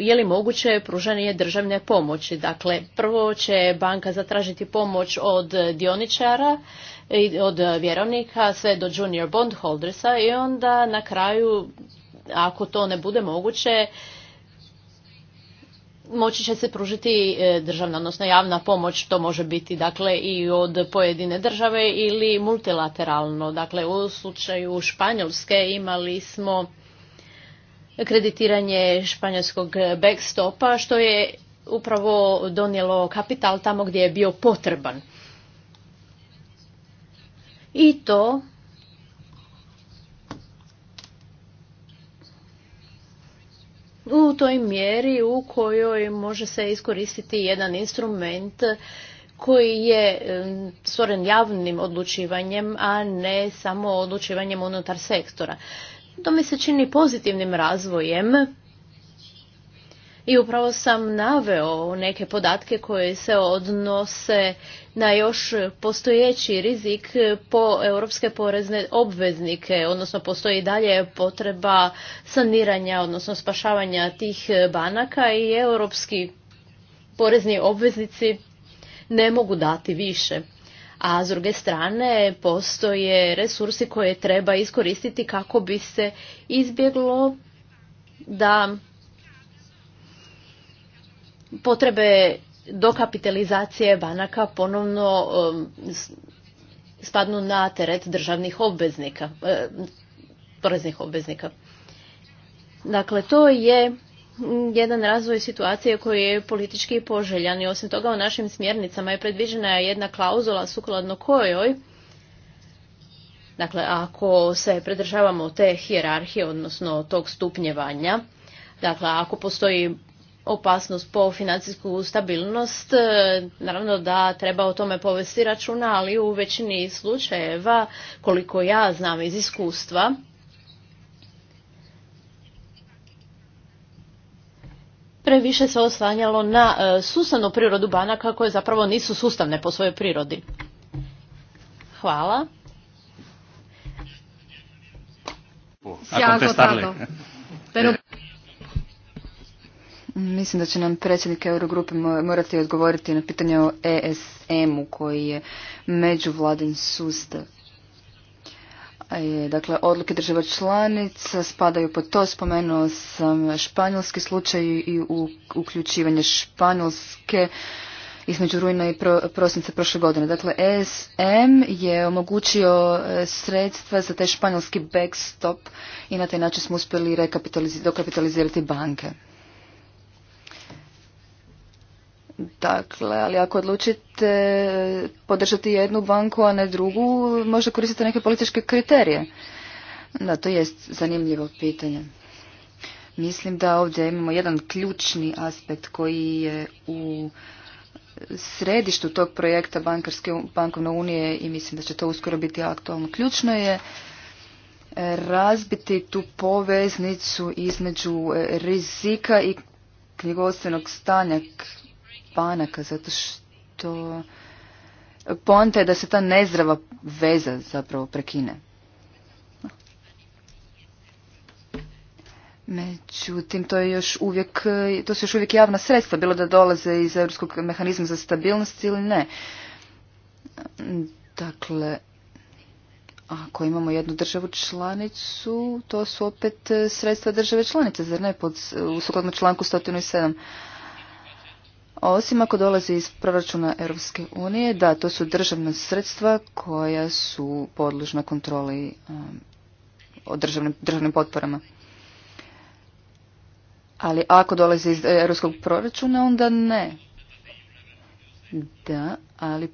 je li moguće pružanje državne pomoći. Dakle, prvo će banka zatražiti pomoć od dioničara, od vjerovnika, sve do junior bondholdersa i onda na kraju, ako to ne bude moguće, moći će se pružiti e, državna, odnosno javna pomoć, to može biti dakle i od pojedine države ili multilateralno. Dakle, u slučaju Španjolske imali smo kreditiranje španjolskog backstopa, što je upravo donijelo kapital tamo gdje je bio potreban. I to u toj mjeri u kojoj može se iskoristiti jedan instrument koji je stvoren javnim odlučivanjem, a ne samo odlučivanjem unutar sektora. To mi se čini pozitivnim razvojem i upravo sam naveo neke podatke koje se odnose na još postojeći rizik po europske porezne obveznike, odnosno postoji dalje potreba saniranja, odnosno spašavanja tih banaka i europski porezni obveznici ne mogu dati više. A s druge strane postoje resursi koje treba iskoristiti kako bi se izbjeglo da potrebe dokapitalizacije banaka ponovno um, spadnu na teret državnih obveznika, e, poreznih obveznika. Dakle, to je jedan razvoj situacije koji je politički poželjan i osim toga u našim smjernicama je predviđena jedna klauzula sukladno kojoj Dakle, ako se pridržavamo te hijerarhije, odnosno tog stupnjevanja, dakle, ako postoji opasnost po financijsku stabilnost. E, naravno da treba o tome povesti računa, ali u većini slučajeva, koliko ja znam iz iskustva, previše se oslanjalo na e, sustavnu prirodu banaka koje zapravo nisu sustavne po svojoj prirodi. Hvala. A Mislim da će nam predsjednik Eurogrupe morati odgovoriti na pitanje o ESM-u koji je međuvladin sustav. Dakle, odluke država članica spadaju pod to. Spomenuo sam španjolski slučaj i uključivanje španjolske između rujna i prosince prosinca prošle godine. Dakle, ESM je omogućio e, sredstva za taj španjolski backstop i na taj način smo uspjeli dokapitalizirati banke. Dakle, ali ako odlučite podržati jednu banku, a ne drugu, možda koristiti neke političke kriterije. Da, to jest zanimljivo pitanje. Mislim da ovdje imamo jedan ključni aspekt koji je u središtu tog projekta Bankarske, Bankovne unije i mislim da će to uskoro biti aktualno. Ključno je e, razbiti tu poveznicu između e, rizika i knjigovodstvenog stanja banaka zato što ponte je da se ta nezdrava veza zapravo prekine. Međutim, to je još uvijek, to su još uvijek javna sredstva, bilo da dolaze iz Europskog mehanizma za stabilnost ili ne. Dakle, ako imamo jednu državu članicu, to su opet sredstva države članice, zar ne, pod, u sukladno članku 107 osim ako dolazi iz proračuna Europske unije, da, to su državna sredstva koja su podložna kontroli um, o državnim, potporama. Ali ako dolazi iz europskog proračuna, onda ne. Da, ali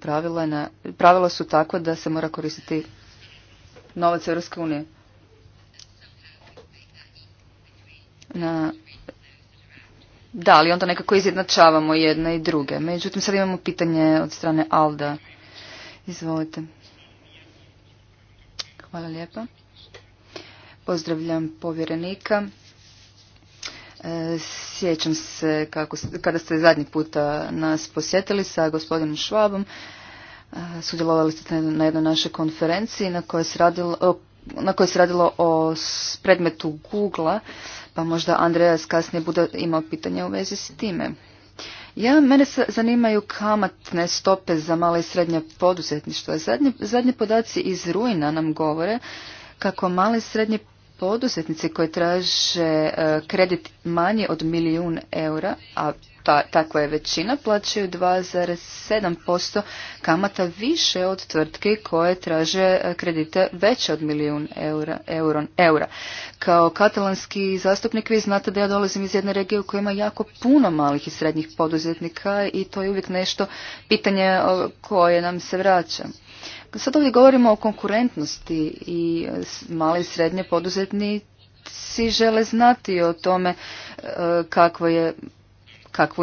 pravila, su takva da se mora koristiti novac Europske unije. Na da, ali onda nekako izjednačavamo jedne i druge. Međutim, sad imamo pitanje od strane Alda. Izvolite. Hvala lijepa. Pozdravljam povjerenika. E, sjećam se kada ste zadnji puta nas posjetili sa gospodinom Švabom. E, sudjelovali ste na jednoj našoj konferenciji na kojoj se radilo, na kojoj se radilo o predmetu Google-a pa možda Andreas kasnije bude imao pitanje u vezi s time. Ja, mene zanimaju kamatne stope za male i srednje poduzetništva. Zadnje zadnji podaci iz Rujna nam govore kako mali i srednji poduzetnici koji traže e, kredit manje od milijun eura, a takva je većina, plaćaju 2,7% kamata više od tvrtki koje traže e, kredite veće od milijun eura. eura. Kao katalanski zastupnik vi znate da ja dolazim iz jedne regije u kojoj ima jako puno malih i srednjih poduzetnika i to je uvijek nešto pitanje koje nam se vraća. Sad ovdje govorimo o konkurentnosti i e, mali i srednje poduzetnici žele znati o tome e,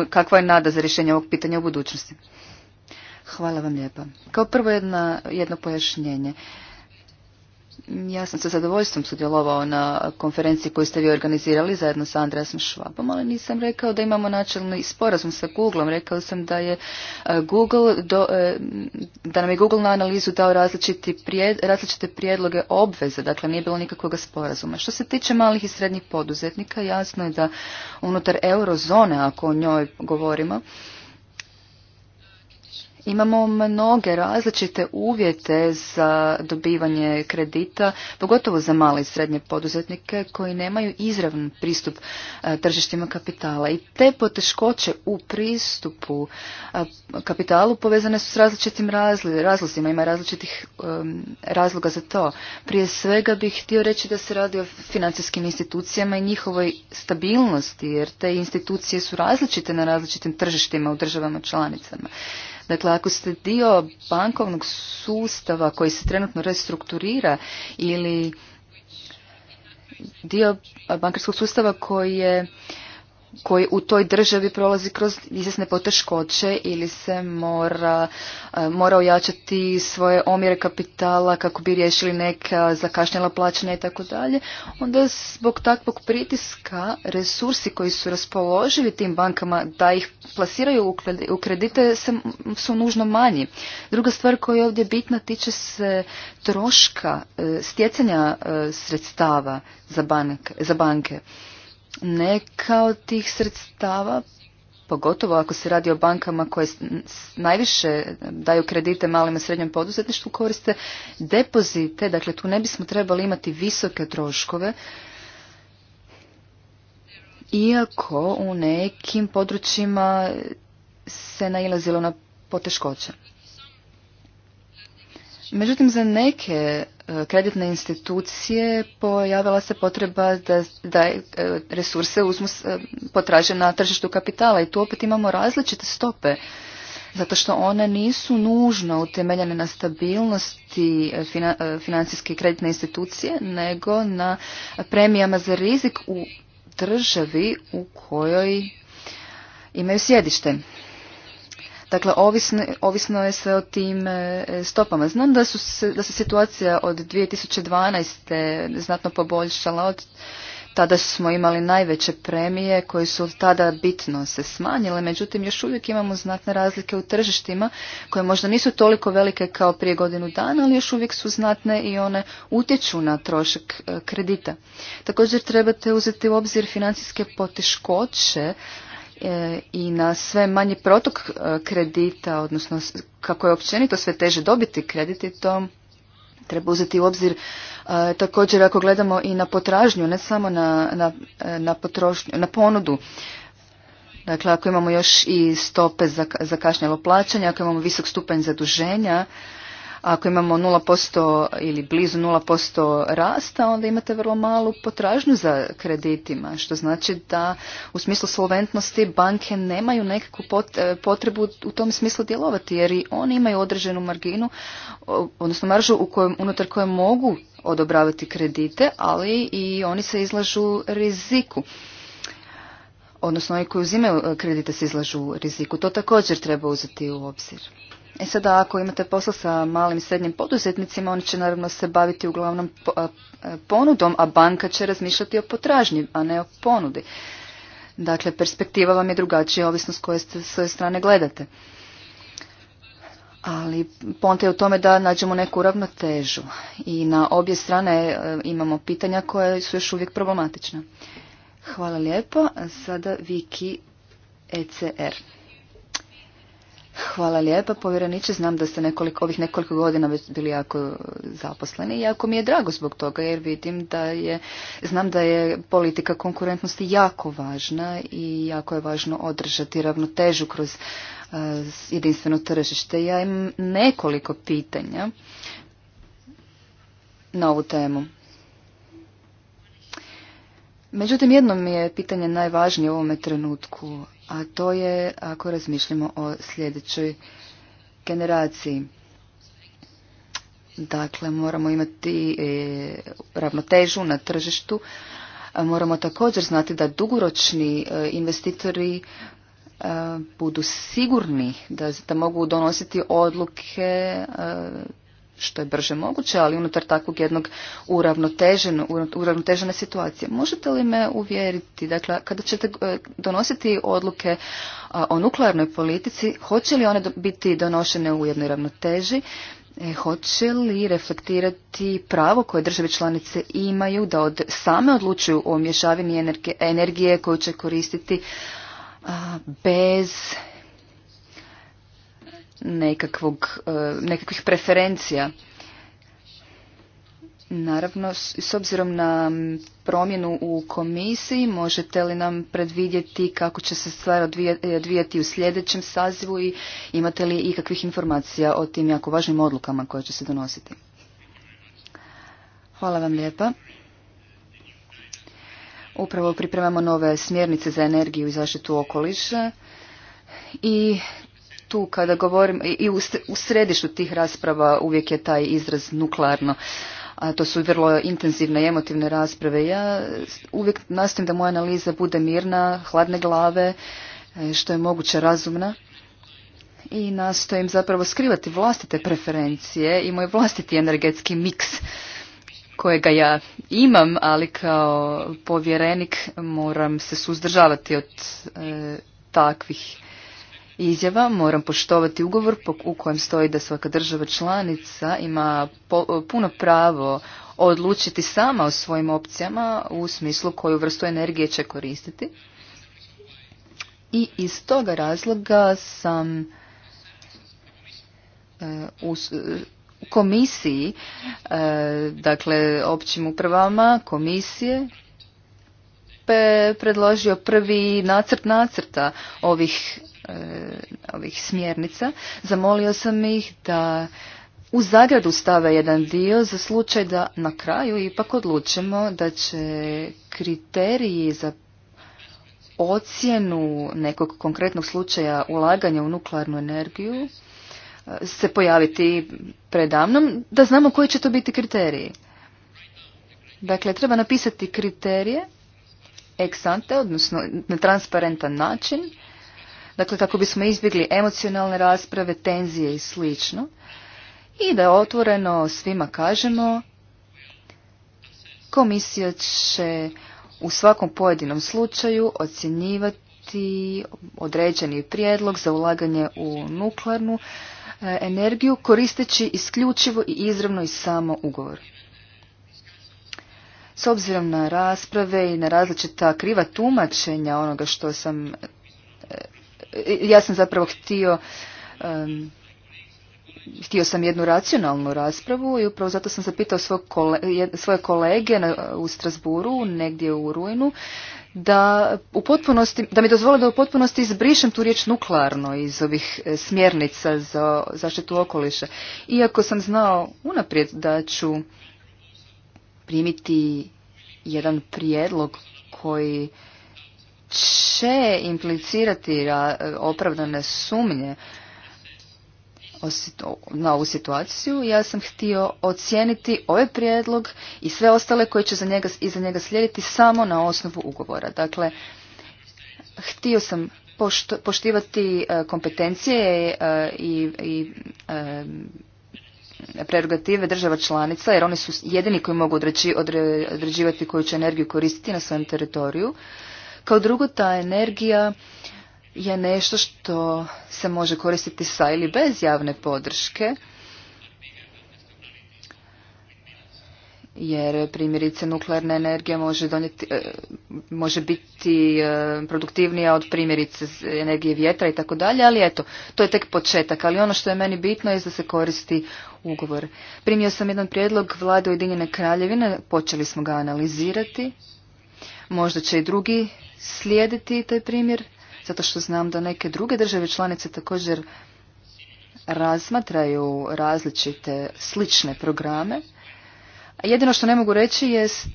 kakva je nada za rješenje ovog pitanja u budućnosti. Hvala vam lijepa. Kao prvo jedno pojašnjenje. Ja sam sa zadovoljstvom sudjelovao na konferenciji koju ste vi organizirali zajedno sa Andreasom Švabom, ali nisam rekao da imamo načelni sporazum sa Googleom. Rekao sam da je e, Google, do, e, da nam je Google na analizu dao prijed, različite prijedloge obveze, dakle nije bilo nikakvog sporazuma. Što se tiče malih i srednjih poduzetnika, jasno je da unutar eurozone, ako o njoj govorimo, Imamo mnoge različite uvjete za dobivanje kredita, pogotovo za male i srednje poduzetnike koji nemaju izravan pristup e, tržištima kapitala. I te poteškoće u pristupu e, kapitalu povezane su s različitim razlozima, ima različitih razloga za to. Prije svega bih htio reći da se radi o financijskim institucijama i njihovoj stabilnosti, jer te institucije su različite na različitim tržištima u državama članicama. Dakle, ako ste dio bankovnog sustava koji se trenutno restrukturira ili dio bankarskog sustava koji je koji u toj državi prolazi kroz izjasne poteškoće ili se mora, e, mora ojačati svoje omjere kapitala kako bi riješili neka zakašnjela plaćanja i tako dalje, onda zbog takvog pritiska resursi koji su raspoloživi tim bankama da ih plasiraju u kredite su nužno manji. Druga stvar koja je ovdje bitna tiče se troška e, stjecanja e, sredstava za, za banke. Neka od tih sredstava, pogotovo ako se radi o bankama koje najviše daju kredite malim i srednjem poduzetništvu, koriste depozite, dakle tu ne bismo trebali imati visoke troškove, iako u nekim područjima se nailazilo na poteškoće. Međutim, za neke e, kreditne institucije pojavila se potreba da, da e, resurse uzmu e, potraže na tržištu kapitala i tu opet imamo različite stope zato što one nisu nužno utemeljene na stabilnosti financijske i kreditne institucije, nego na premijama za rizik u državi u kojoj imaju sjedište. Dakle, ovisno, je sve o tim e, stopama. Znam da, se, da se situacija od 2012. znatno poboljšala. Od tada smo imali najveće premije koje su od tada bitno se smanjile, međutim još uvijek imamo znatne razlike u tržištima koje možda nisu toliko velike kao prije godinu dana, ali još uvijek su znatne i one utječu na trošak e, kredita. Također trebate uzeti u obzir financijske poteškoće E, i na sve manji protok e, kredita, odnosno kako je općenito sve teže dobiti kredit i to treba uzeti u obzir e, također ako gledamo i na potražnju, ne samo na, na, na, potrošnju, na ponudu. Dakle, ako imamo još i stope za kašnjalo plaćanje, ako imamo visok stupanj zaduženja, ako imamo 0% ili blizu 0% rasta, onda imate vrlo malu potražnju za kreditima, što znači da u smislu solventnosti banke nemaju nekakvu e, potrebu u tom smislu djelovati, jer i oni imaju određenu marginu, odnosno maržu u kojem, unutar koje mogu odobravati kredite, ali i oni se izlažu riziku odnosno oni koji uzimaju e, kredite se izlažu riziku. To također treba uzeti u obzir e sada ako imate posla sa malim i srednjim poduzetnicima, oni će naravno se baviti uglavnom e, ponudom, a banka će razmišljati o potražnji, a ne o ponudi. Dakle, perspektiva vam je drugačija, ovisno s koje svoje strane gledate. Ali ponte je u tome da nađemo neku ravnotežu i na obje strane e, imamo pitanja koja su još uvijek problematična. Hvala lijepo. Sada Viki ECR. Hvala lijepa, povjereniče. Znam da ste nekoliko, ovih nekoliko godina već bili jako zaposleni i jako mi je drago zbog toga jer vidim da je, znam da je politika konkurentnosti jako važna i jako je važno održati ravnotežu kroz e, jedinstveno tržište. Ja imam nekoliko pitanja na ovu temu. Međutim, jedno mi je pitanje najvažnije u ovome trenutku a to je ako razmišljamo o sljedećoj generaciji. Dakle, moramo imati e, ravnotežu na tržištu. Moramo također znati da dugoročni e, investitori e, budu sigurni da, da mogu donositi odluke što je brže moguće, ali unutar takvog jednog uravnotežene situacije. Možete li me uvjeriti, dakle, kada ćete e, donositi odluke e, o nuklearnoj politici, hoće li one biti donošene u jednoj ravnoteži, e, hoće li reflektirati pravo koje države članice imaju da od, same odlučuju o mješavini energije koju će koristiti bez nekakvog, e, nekakvih preferencija. Naravno, s obzirom na promjenu u komisiji, možete li nam predvidjeti kako će se stvar e, odvijati u sljedećem sazivu i imate li ikakvih informacija o tim jako važnim odlukama koje će se donositi? Hvala vam lijepa. Upravo pripremamo nove smjernice za energiju i zaštitu okoliša i tu kada govorim i u središtu tih rasprava uvijek je taj izraz nuklearno a to su vrlo intenzivne i emotivne rasprave. Ja uvijek nastojim da moja analiza bude mirna, hladne glave, e, što je moguće razumna i nastojim zapravo skrivati vlastite preferencije i moj vlastiti energetski miks kojega ja imam, ali kao povjerenik moram se suzdržavati od e, takvih izjava moram poštovati ugovor u kojem stoji da svaka država članica ima puno pravo odlučiti sama o svojim opcijama u smislu koju vrstu energije će koristiti. I iz toga razloga sam e, u, komisiji, e, dakle općim upravama komisije, predložio prvi nacrt nacrta ovih E, ovih smjernica, zamolio sam ih da u zagradu stave jedan dio za slučaj da na kraju ipak odlučimo da će kriteriji za ocjenu nekog konkretnog slučaja ulaganja u nuklearnu energiju e, se pojaviti predavnom, da znamo koji će to biti kriteriji. Dakle, treba napisati kriterije ex ante, odnosno na transparentan način, dakle kako bismo izbjegli emocionalne rasprave, tenzije i slično. I da otvoreno svima kažemo, komisija će u svakom pojedinom slučaju ocjenjivati određeni prijedlog za ulaganje u nuklearnu e, energiju koristeći isključivo i izravno i samo ugovor. S obzirom na rasprave i na različita kriva tumačenja onoga što sam e, ja sam zapravo htio htio sam jednu racionalnu raspravu i upravo zato sam zapitao svoje kolege na, u Strasburu, negdje u Rujnu, da, u potpunosti, da mi dozvole da u potpunosti izbrišem tu riječ nuklearno iz ovih e, smjernica za zaštitu okoliša. Iako sam znao unaprijed da ću primiti jedan prijedlog koji će implicirati opravdane sumnje na ovu situaciju, ja sam htio ocijeniti ovaj prijedlog i sve ostale koje će za njega, iza njega slijediti samo na osnovu ugovora. Dakle, htio sam poštivati e, kompetencije e, i, i e, prerogative država članica, jer oni su jedini koji mogu određivati koju će energiju koristiti na svojem teritoriju. Kao drugo, ta energija je nešto što se može koristiti sa ili bez javne podrške, jer primjerice nuklearna energija može, donijeti, e, može biti e, produktivnija od primjerice energije vjetra i tako dalje, ali eto, to je tek početak, ali ono što je meni bitno je da se koristi ugovor. Primio sam jedan prijedlog vlade Ujedinjene kraljevine, počeli smo ga analizirati, možda će i drugi slijediti taj primjer, zato što znam da neke druge države članice također razmatraju različite slične programe. Jedino što ne mogu reći jest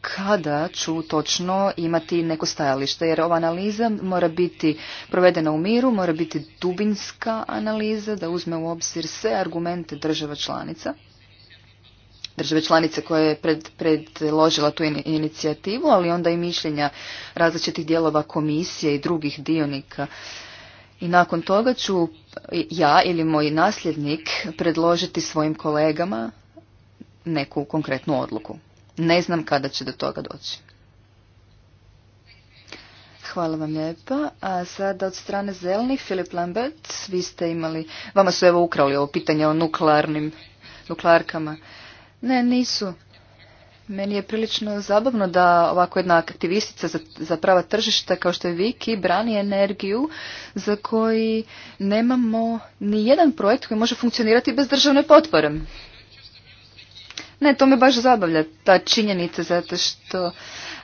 kada ću točno imati neko stajalište, jer ova analiza mora biti provedena u miru, mora biti dubinska analiza da uzme u obzir sve argumente država članica države članice koja je pred, predložila tu inicijativu, ali onda i mišljenja različitih dijelova komisije i drugih dionika. I nakon toga ću ja ili moj nasljednik predložiti svojim kolegama neku konkretnu odluku. Ne znam kada će do toga doći. Hvala vam lijepa. A sada od strane zelenih, Filip Lambert, vi ste imali, vama su evo ukrali ovo pitanje o nuklearnim nuklearkama. Ne, nisu. Meni je prilično zabavno da ovako jedna aktivistica za, prava tržišta kao što je Viki brani energiju za koji nemamo ni jedan projekt koji može funkcionirati bez državne potpore. Ne, to me baš zabavlja ta činjenica zato što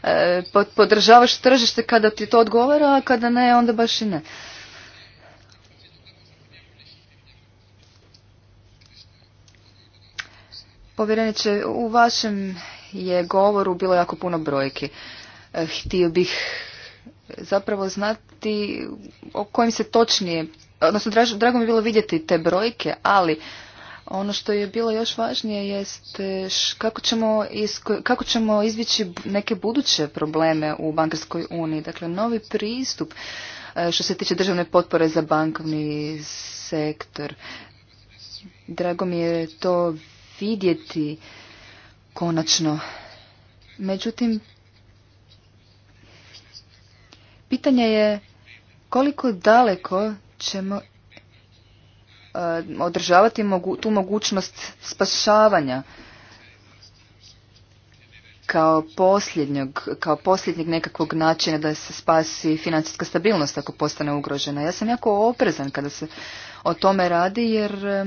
e, podržavaš tržište kada ti to odgovara, a kada ne onda baš i ne. Povjereniče, u vašem je govoru bilo jako puno brojke. Htio bih zapravo znati o kojim se točnije, odnosno drago, mi je bilo vidjeti te brojke, ali ono što je bilo još važnije jest e, kako ćemo, izvići kako ćemo neke buduće probleme u bankarskoj uniji. Dakle, novi pristup e, što se tiče državne potpore za bankovni sektor. Drago mi je to vidjeti konačno. Međutim, pitanje je koliko daleko ćemo eh, održavati tu mogućnost spašavanja kao posljednjeg, kao posljednjeg nekakvog načina da se spasi financijska stabilnost ako postane ugrožena. Ja sam jako oprezan kada se o tome radi jer eh,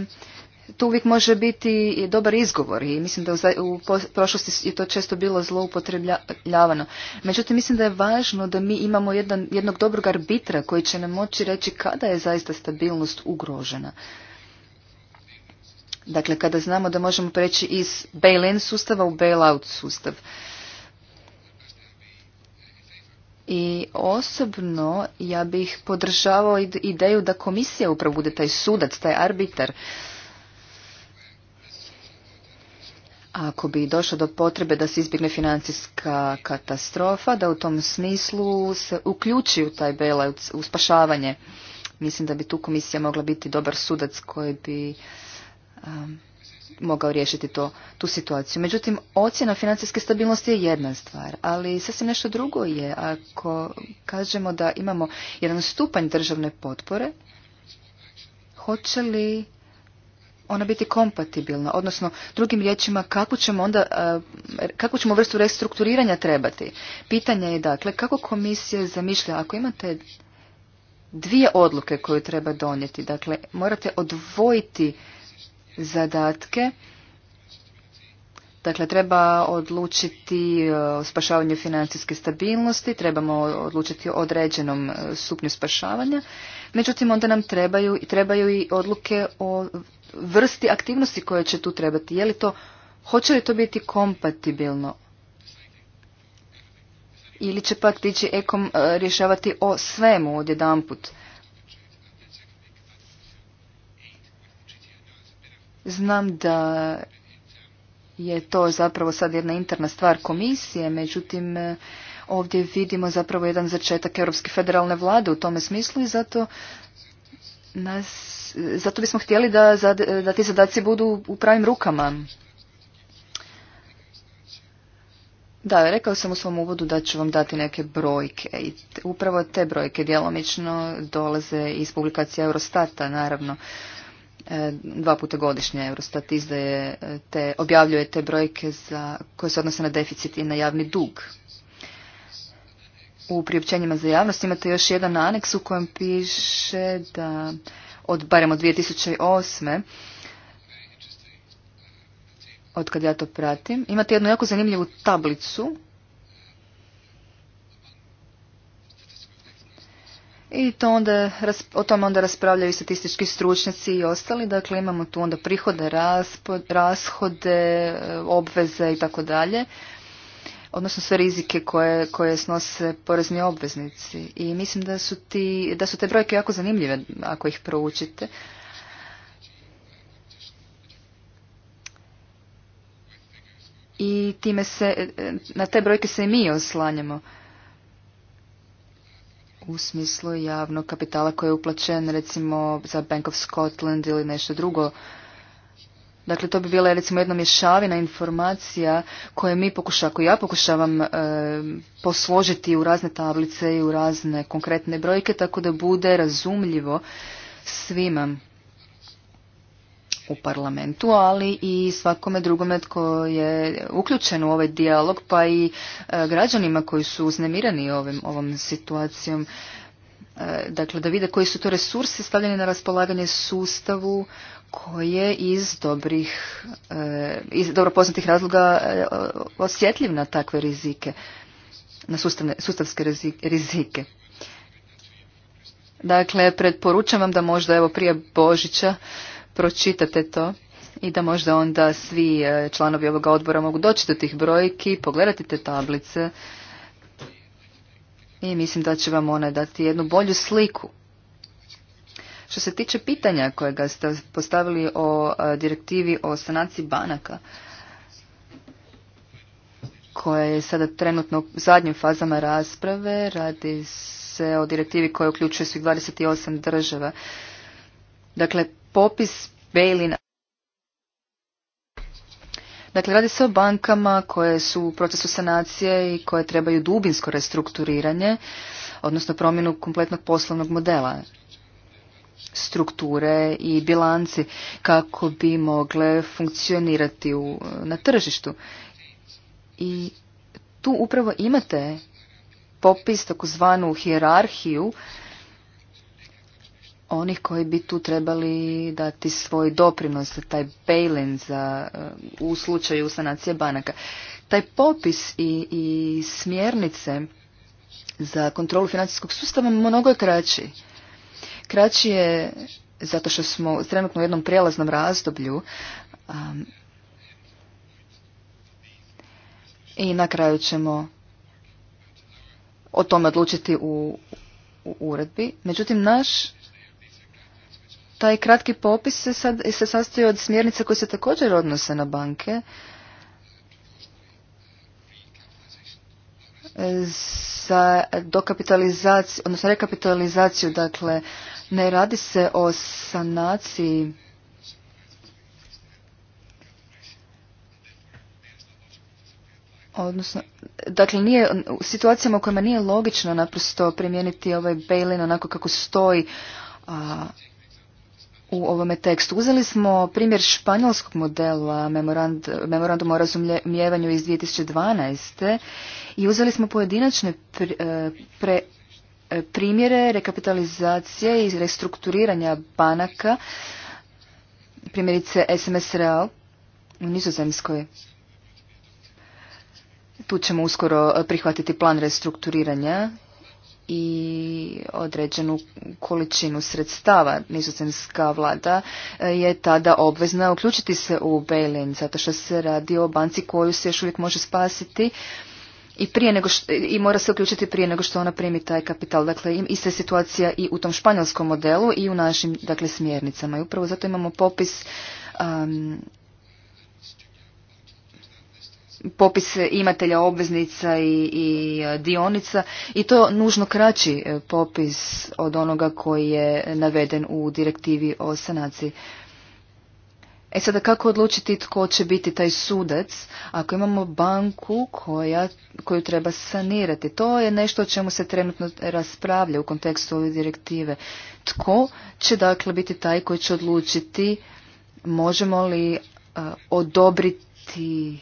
tu uvijek može biti dobar izgovor i mislim da u prošlosti je to često bilo zloupotrebljavano. Međutim, mislim da je važno da mi imamo jedan, jednog dobrog arbitra koji će nam moći reći kada je zaista stabilnost ugrožena. Dakle, kada znamo da možemo preći iz bail-in sustava u bail-out sustav. I osobno ja bih podržavao ideju da komisija upravo bude taj sudac, taj arbitar ako bi došlo do potrebe da se izbjegne financijska katastrofa, da u tom smislu se uključi u taj bela u spašavanje. Mislim da bi tu komisija mogla biti dobar sudac koji bi um, mogao riješiti to, tu situaciju. Međutim, ocjena financijske stabilnosti je jedna stvar, ali sasvim nešto drugo je ako kažemo da imamo jedan stupanj državne potpore, hoće li ona biti kompatibilna, odnosno drugim riječima kako ćemo onda, e, kako ćemo vrstu restrukturiranja trebati. Pitanje je dakle kako komisija zamišlja ako imate dvije odluke koje treba donijeti, dakle morate odvojiti zadatke, Dakle, treba odlučiti e, o spašavanju financijske stabilnosti, trebamo odlučiti o određenom e, stupnju spašavanja. Međutim, onda nam trebaju, trebaju i odluke o vrsti aktivnosti koje će tu trebati. Je li to, hoće li to biti kompatibilno? Ili će pak tići ekom e, rješavati o svemu odjedanput? Znam da je to zapravo sad jedna interna stvar komisije, međutim e, ovdje vidimo zapravo jedan začetak Europske federalne vlade u tome smislu i zato nas zato bismo htjeli da, da ti zadaci budu u pravim rukama. Da, rekao sam u svom uvodu da ću vam dati neke brojke i upravo te brojke djelomično dolaze iz publikacije Eurostata, naravno e, dva puta godišnje Eurostat izdaje e, te, objavljuje te brojke za, koje se odnose na deficit i na javni dug. U priopćenjima za javnost imate još jedan aneks u kojem piše da od barem od 2008. Od kad ja to pratim. Imate jednu jako zanimljivu tablicu. I to o tom onda raspravljaju statistički stručnjaci i ostali. Dakle, imamo tu onda prihode, rashode, obveze i tako dalje odnosno sve rizike koje, koje snose porezni obveznici. I mislim da su, ti, da su te brojke jako zanimljive ako ih proučite. I time se, na te brojke se i mi oslanjamo u smislu javnog kapitala koji je uplaćen recimo za Bank of Scotland ili nešto drugo Dakle, to bi bila jedna mješavina informacija koje mi pokušavamo, ja pokušavam e, posložiti u razne tablice i u razne konkretne brojke, tako da bude razumljivo svima u parlamentu, ali i svakome drugome tko je uključen u ovaj dijalog, pa i e, građanima koji su uznemirani ovim, ovom situacijom. E, dakle, da vide koji su to resursi stavljeni na raspolaganje sustavu, koje iz dobrih, e, iz dobro poznatih razloga e, osjetljiv na takve rizike, na sustavske rizike. Dakle, predporučam vam da možda evo prije Božića pročitate to i da možda onda svi e, članovi ovoga odbora mogu doći do tih brojki, pogledati te tablice i mislim da će vam one dati jednu bolju sliku što se tiče pitanja kojega ste postavili o e, direktivi o sanaciji banaka, koja je sada trenutno u zadnjim fazama rasprave, radi se o direktivi koja uključuje svih 28 država. Dakle, popis Bejlina... Dakle, radi se o bankama koje su u procesu sanacije i koje trebaju dubinsko restrukturiranje, odnosno promjenu kompletnog poslovnog modela strukture i bilanci kako bi mogle funkcionirati na tržištu. I tu upravo imate popis takozvanu hijerarhiju onih koji bi tu trebali dati svoj doprinos za taj bail-in za, u slučaju sanacije banaka. Taj popis i, i smjernice za kontrolu financijskog sustava mnogo je kraći Kraći je zato što smo trenutno u jednom prijelaznom razdoblju i na kraju ćemo o tome odlučiti u, uredbi. Međutim, naš taj kratki popis se, se sastoji od smjernica koje se također odnose na banke. za dokapitalizaciju, odnosno rekapitalizaciju dakle ne radi se o sanaciji odnosno, dakle nije, u situacijama u kojima nije logično naprosto primijeniti ovaj bail onako kako stoji u ovome tekstu. Uzeli smo primjer španjolskog modela memorand, memoranduma o razumijevanju iz 2012. i uzeli smo pojedinačne e, pre, E, primjere rekapitalizacije i restrukturiranja banaka, primjerice SMS Real u Nizozemskoj. Tu ćemo uskoro e, prihvatiti plan restrukturiranja i određenu količinu sredstava. Nizozemska vlada e, je tada obvezna uključiti se u bail zato što se radi o banci koju se još uvijek može spasiti i, prije nego što, i mora se uključiti prije nego što ona primi taj kapital. Dakle, ista je situacija i u tom španjolskom modelu i u našim dakle, smjernicama. I upravo zato imamo popis popis imatelja obveznica i, i e, dionica i to nužno kraći e, popis od onoga koji je naveden u direktivi o sanaciji E sada kako odlučiti tko će biti taj sudac ako imamo banku koja, koju treba sanirati? To je nešto o čemu se trenutno raspravlja u kontekstu ove direktive. Tko će dakle biti taj koji će odlučiti možemo li e, odobriti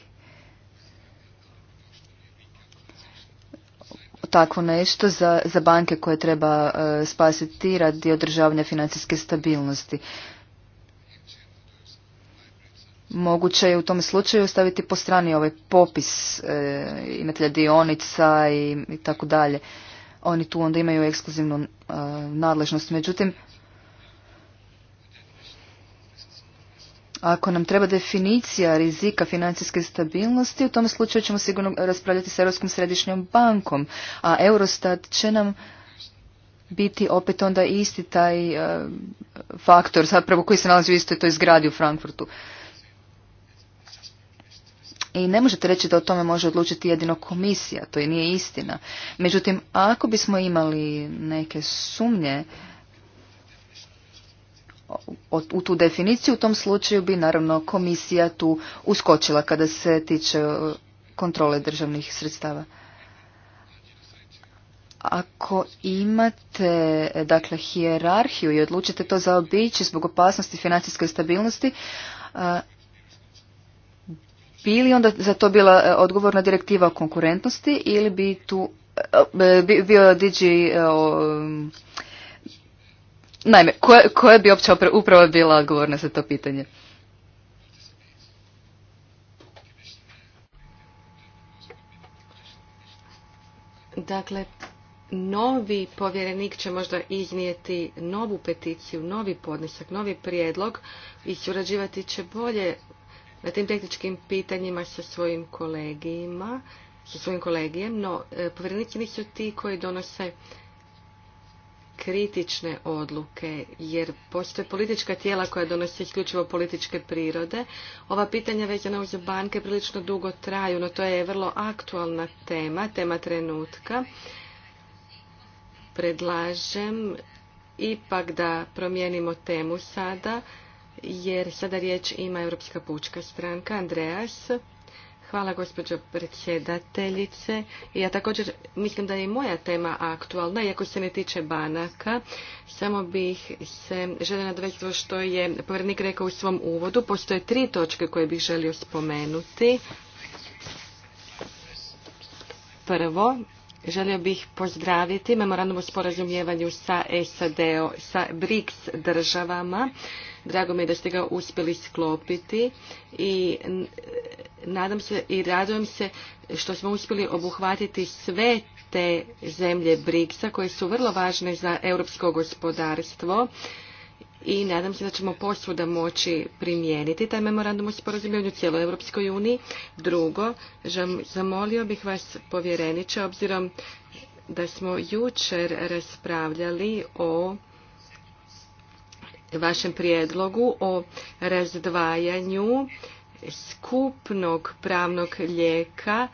takvo nešto za, za banke koje treba e, spasiti radi održavanja financijske stabilnosti. Moguće je u tom slučaju staviti po strani ovaj popis e, imatelja dionica i, tako dalje. Oni tu onda imaju ekskluzivnu e, nadležnost. Međutim, ako nam treba definicija rizika financijske stabilnosti, u tom slučaju ćemo sigurno raspravljati s Europskom središnjom bankom, a Eurostat će nam biti opet onda isti taj e, faktor, zapravo koji se nalazi u istoj toj zgradi u Frankfurtu. I ne možete reći da o tome može odlučiti jedino komisija, to i nije istina. Međutim, ako bismo imali neke sumnje u tu definiciju, u tom slučaju bi naravno komisija tu uskočila kada se tiče e, kontrole državnih sredstava. Ako imate dakle hijerarhiju i odlučite to zaobići zbog opasnosti financijske stabilnosti, e, bi onda za to bila e, odgovorna direktiva o konkurentnosti ili bi tu e, e, bio DG naime koja, bi opća upravo bila odgovorna za to pitanje Dakle, novi povjerenik će možda iznijeti novu peticiju, novi podnesak, novi prijedlog i surađivati će bolje na tim tehničkim pitanjima sa svojim kolegijima, sa svojim kolegijem, no e, povjerenici nisu ti koji donose kritične odluke, jer postoje politička tijela koja donose isključivo političke prirode. Ova pitanja vezana uz banke prilično dugo traju, no to je vrlo aktualna tema, tema trenutka. Predlažem ipak da promijenimo temu sada jer sada riječ ima Europska pučka stranka. Andreas, hvala gospođo predsjedateljice. Ja također mislim da je i moja tema aktualna, iako se ne tiče banaka. Samo bih se željela nadvesti što je povjerenik rekao u svom uvodu. Postoje tri točke koje bih želio spomenuti. Prvo, Želio bih pozdraviti memorandum o sporazumijevanju sa SAD, sa BRICS državama. Drago mi je da ste ga uspjeli sklopiti i nadam se i radujem se što smo uspjeli obuhvatiti sve te zemlje BRICS-a koje su vrlo važne za europsko gospodarstvo i nadam se da ćemo posvuda moći primijeniti taj memorandum o u cijeloj Europskoj uniji. Drugo, zamolio bih vas povjereniče, obzirom da smo jučer raspravljali o vašem prijedlogu o razdvajanju skupnog pravnog lijeka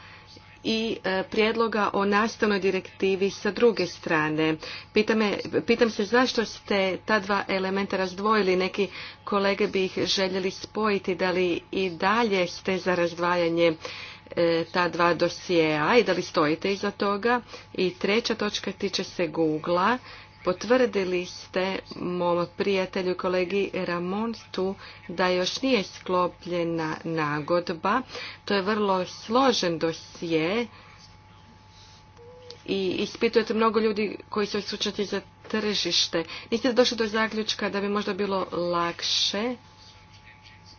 i e, prijedloga o nastavnoj direktivi sa druge strane. Pitam, se zašto ste ta dva elementa razdvojili, neki kolege bi ih željeli spojiti, da li i dalje ste za razdvajanje e, ta dva dosijeja i da li stojite iza toga. I treća točka tiče se google Potvrdili ste mom prijatelju kolegi Ramontu da još nije sklopljena nagodba. To je vrlo složen dosje i ispitujete mnogo ljudi koji su osjećati za tržište. Niste došli do zaključka da bi možda bilo lakše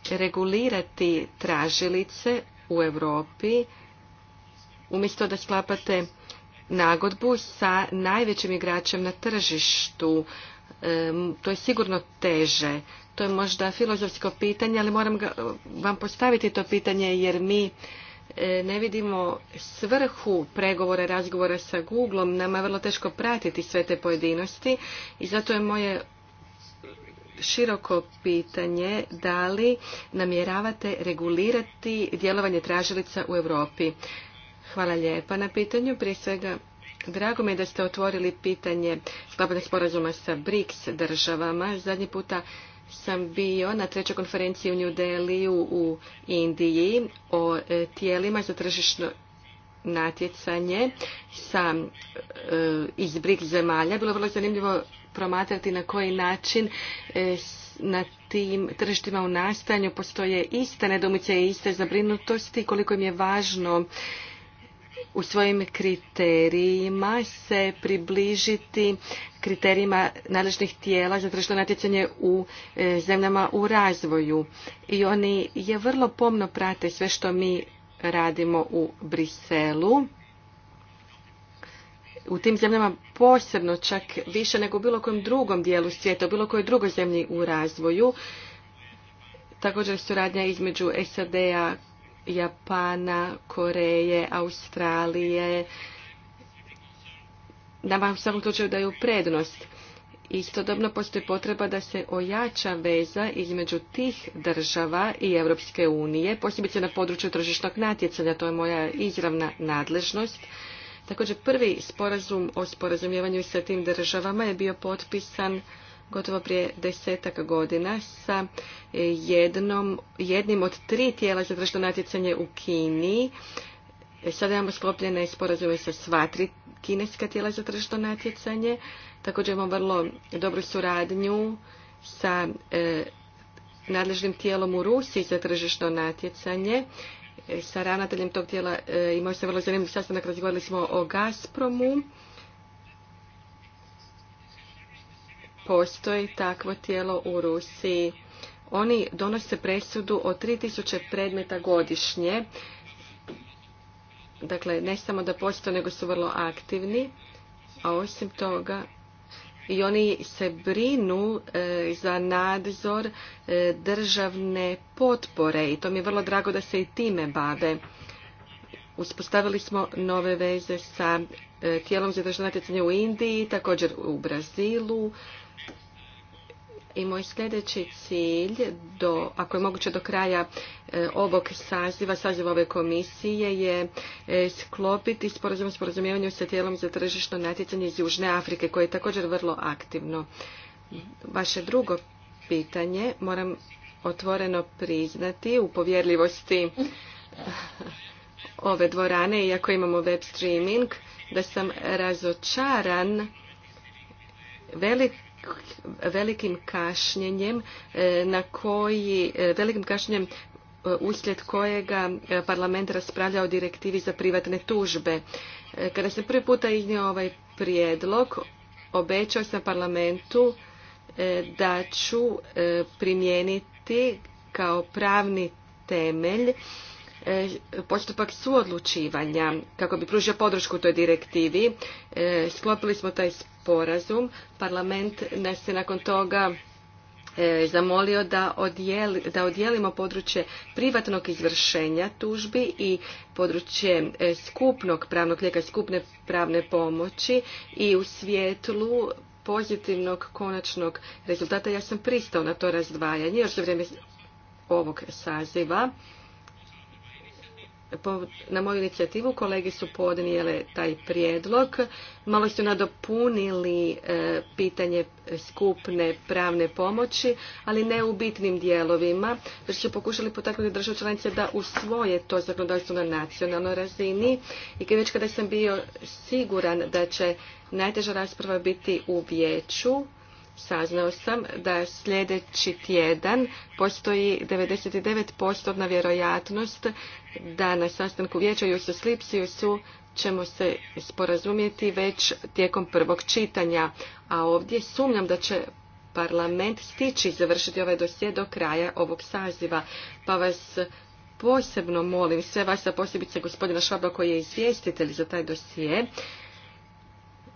regulirati tražilice u Europi umjesto da sklapate nagodbu sa najvećim igračem na tržištu. To je sigurno teže. To je možda filozofsko pitanje, ali moram vam postaviti to pitanje jer mi e, ne vidimo svrhu pregovora, razgovora sa Googlom. Nama je vrlo teško pratiti sve te pojedinosti i zato je moje široko pitanje da li namjeravate regulirati djelovanje tražilica u Europi. Hvala lijepa na pitanju. Prije svega, drago mi je da ste otvorili pitanje sklapanih sporazuma sa BRICS državama. Zadnji puta sam bio na trećoj konferenciji u New Delhi u Indiji o e, tijelima za tržišno natjecanje sa, e, iz BRICS zemalja. Bilo vrlo zanimljivo promatrati na koji način e, na tim tržištima u nastanju postoje iste nedomice i iste zabrinutosti koliko im je važno u svojim kriterijima se približiti kriterijima nadležnih tijela za tržišno natjecanje u e, zemljama u razvoju. I oni je vrlo pomno prate sve što mi radimo u Briselu. U tim zemljama posebno čak više nego u bilo kojem drugom dijelu svijeta, u bilo kojoj drugoj zemlji u razvoju. Također suradnja između SAD-a, Japana, Koreje, Australije. Nama u svakom slučaju daju prednost. Istodobno postoji potreba da se ojača veza između tih država i Europske unije, posebice na području tržišnog natjecanja, to je moja izravna nadležnost. Također prvi sporazum o sporazumijevanju sa tim državama je bio potpisan gotovo prije desetak godina sa e, jednom, jednim od tri tijela za tržišno natjecanje u Kini. E, sada imamo sklopljene sporazume sa sva tri kineska tijela za tržišno natjecanje. Također imamo vrlo dobru suradnju sa e, nadležnim tijelom u Rusiji za tržišno natjecanje. sa ravnateljem tog tijela e, imao se vrlo zanimljiv sastanak, razgovarali smo o Gazpromu postoji takvo tijelo u Rusiji. Oni donose presudu o 3000 predmeta godišnje. Dakle, ne samo da postoje, nego su vrlo aktivni. A osim toga, i oni se brinu e, za nadzor e, državne potpore i to mi je vrlo drago da se i time bave. Uspostavili smo nove veze sa e, tijelom za državno natjecanje u Indiji, također u Brazilu, i moj sljedeći cilj, do, ako je moguće do kraja e, ovog saziva, saziva ove komisije, je e, sklopiti sporazum s sa tijelom za tržišno natjecanje iz Južne Afrike, koje je također vrlo aktivno. Vaše drugo pitanje moram otvoreno priznati u povjerljivosti ove dvorane, iako imamo web streaming, da sam razočaran velik velikim kašnjenjem e, na koji e, velikim kašnjenjem e, uslijed kojega parlament raspravlja o direktivi za privatne tužbe. Kada sam prvi puta iznio ovaj prijedlog, obećao sam parlamentu da ću primijeniti kao pravni temelj postupak suodlučivanja kako bi pružio podršku toj direktivi. Sklopili smo taj sporazum. Parlament nas se nakon toga e, zamolio da, odjelimo odijelimo područje privatnog izvršenja tužbi i područje e, skupnog pravnog lijeka, skupne pravne pomoći i u svijetlu pozitivnog konačnog rezultata ja sam pristao na to razdvajanje još za vrijeme ovog saziva na moju inicijativu kolegi su podnijele taj prijedlog. Malo su nadopunili e, pitanje skupne pravne pomoći, ali ne u bitnim dijelovima, jer su pokušali potaknuti države članice da usvoje to zakonodavstvo na nacionalnoj razini. I već kada sam bio siguran da će najteža rasprava biti u vijeću, saznao sam da sljedeći tjedan postoji 99% vjerojatnost da na sastanku vijeća i u Slipsiusu ćemo se sporazumjeti već tijekom prvog čitanja, a ovdje sumnjam da će parlament stići završiti ovaj dosje do kraja ovog saziva, pa vas posebno molim sve vas, a posebice gospodina Švaba koji je izvjestitelj za taj dosje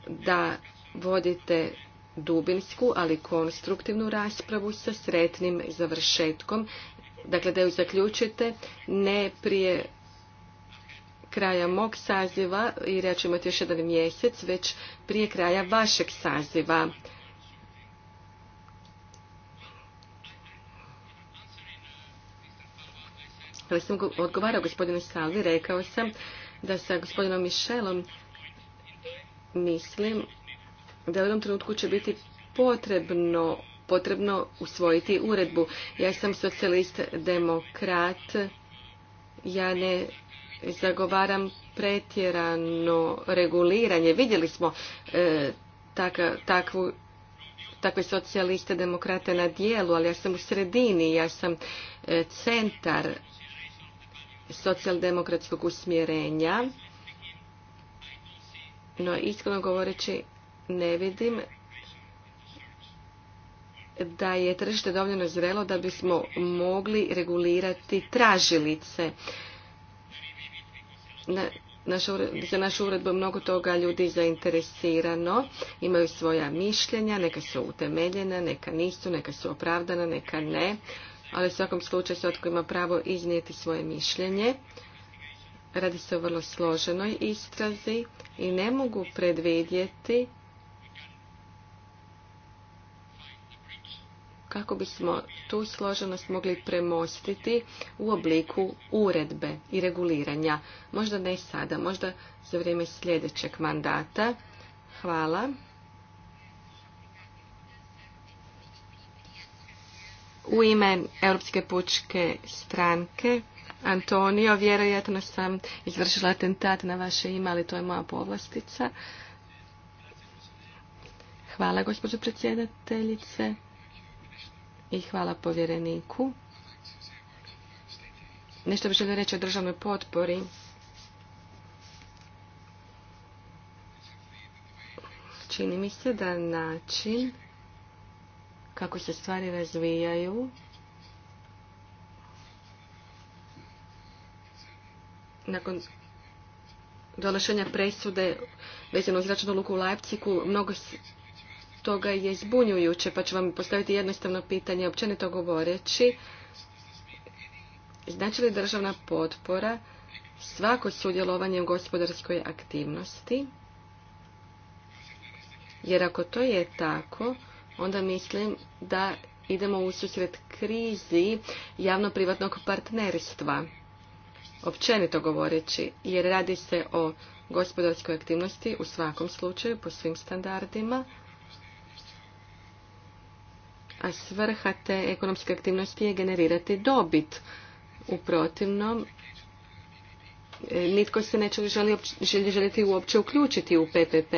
da vodite dubinsku, ali konstruktivnu raspravu sa sretnim završetkom. Dakle, da ju zaključite ne prije kraja mog saziva, jer ja ću imati još jedan mjesec, već prije kraja vašeg saziva. Kada sam odgovarao gospodinu Salvi, rekao sam da sa gospodinom Michelom mislim da u jednom trenutku će biti potrebno potrebno usvojiti uredbu. Ja sam socijalist demokrat, ja ne zagovaram pretjerano reguliranje. Vidjeli smo e, takve socijaliste demokrate na dijelu, ali ja sam u sredini, ja sam e, centar socijaldemokratskog usmjerenja. No, iskreno govoreći, ne vidim da je tržište dovoljno zrelo da bismo mogli regulirati tražilice. Na, naš ured, za mnogo toga ljudi zainteresirano, imaju svoja mišljenja, neka su utemeljena, neka nisu, neka su opravdana, neka ne, ali u svakom slučaju svatko ima pravo iznijeti svoje mišljenje. Radi se o vrlo složenoj istrazi i ne mogu predvidjeti kako bismo tu složenost mogli premostiti u obliku uredbe i reguliranja. Možda ne sada, možda za vrijeme sljedećeg mandata. Hvala. U ime Europske pučke stranke, Antonio, vjerojatno sam izvršila atentat na vaše ime, ali to je moja povlastica. Hvala, gospođo predsjedateljice i hvala povjereniku. Nešto bi želio reći o državnoj potpori. Čini mi se da način kako se stvari razvijaju nakon donošenja presude vezano uz zračnu luku u Leipciku mnogo toga je zbunjujuće, pa ću vam postaviti jednostavno pitanje, općenito govoreći. Znači li državna potpora svako sudjelovanje u gospodarskoj aktivnosti? Jer ako to je tako, onda mislim da idemo u susret krizi javno-privatnog partnerstva. Općenito govoreći, jer radi se o gospodarskoj aktivnosti u svakom slučaju po svim standardima a svrha te ekonomske aktivnosti je generirati dobit. U protivnom, e, nitko se neće želi, želiti uopće uključiti u PPP.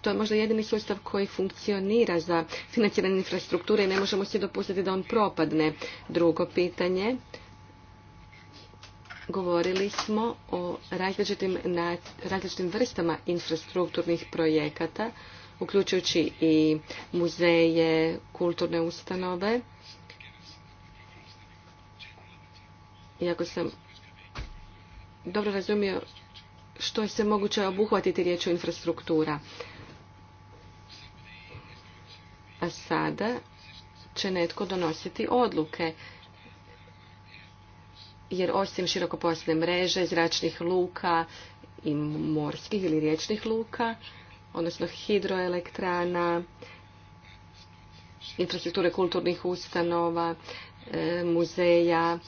To je možda jedini sustav koji funkcionira za financiranje infrastrukture i ne možemo se dopustiti da on propadne. Drugo pitanje, govorili smo o različitim, različitim vrstama infrastrukturnih projekata uključujući i muzeje, kulturne ustanove. Iako sam dobro razumio što je se moguće obuhvatiti riječ o infrastruktura. A sada će netko donositi odluke. Jer osim širokopojasne mreže, zračnih luka i morskih ili riječnih luka, odnosno hidroelektrana, infrastrukture kulturnih ustanova, e, muzeja.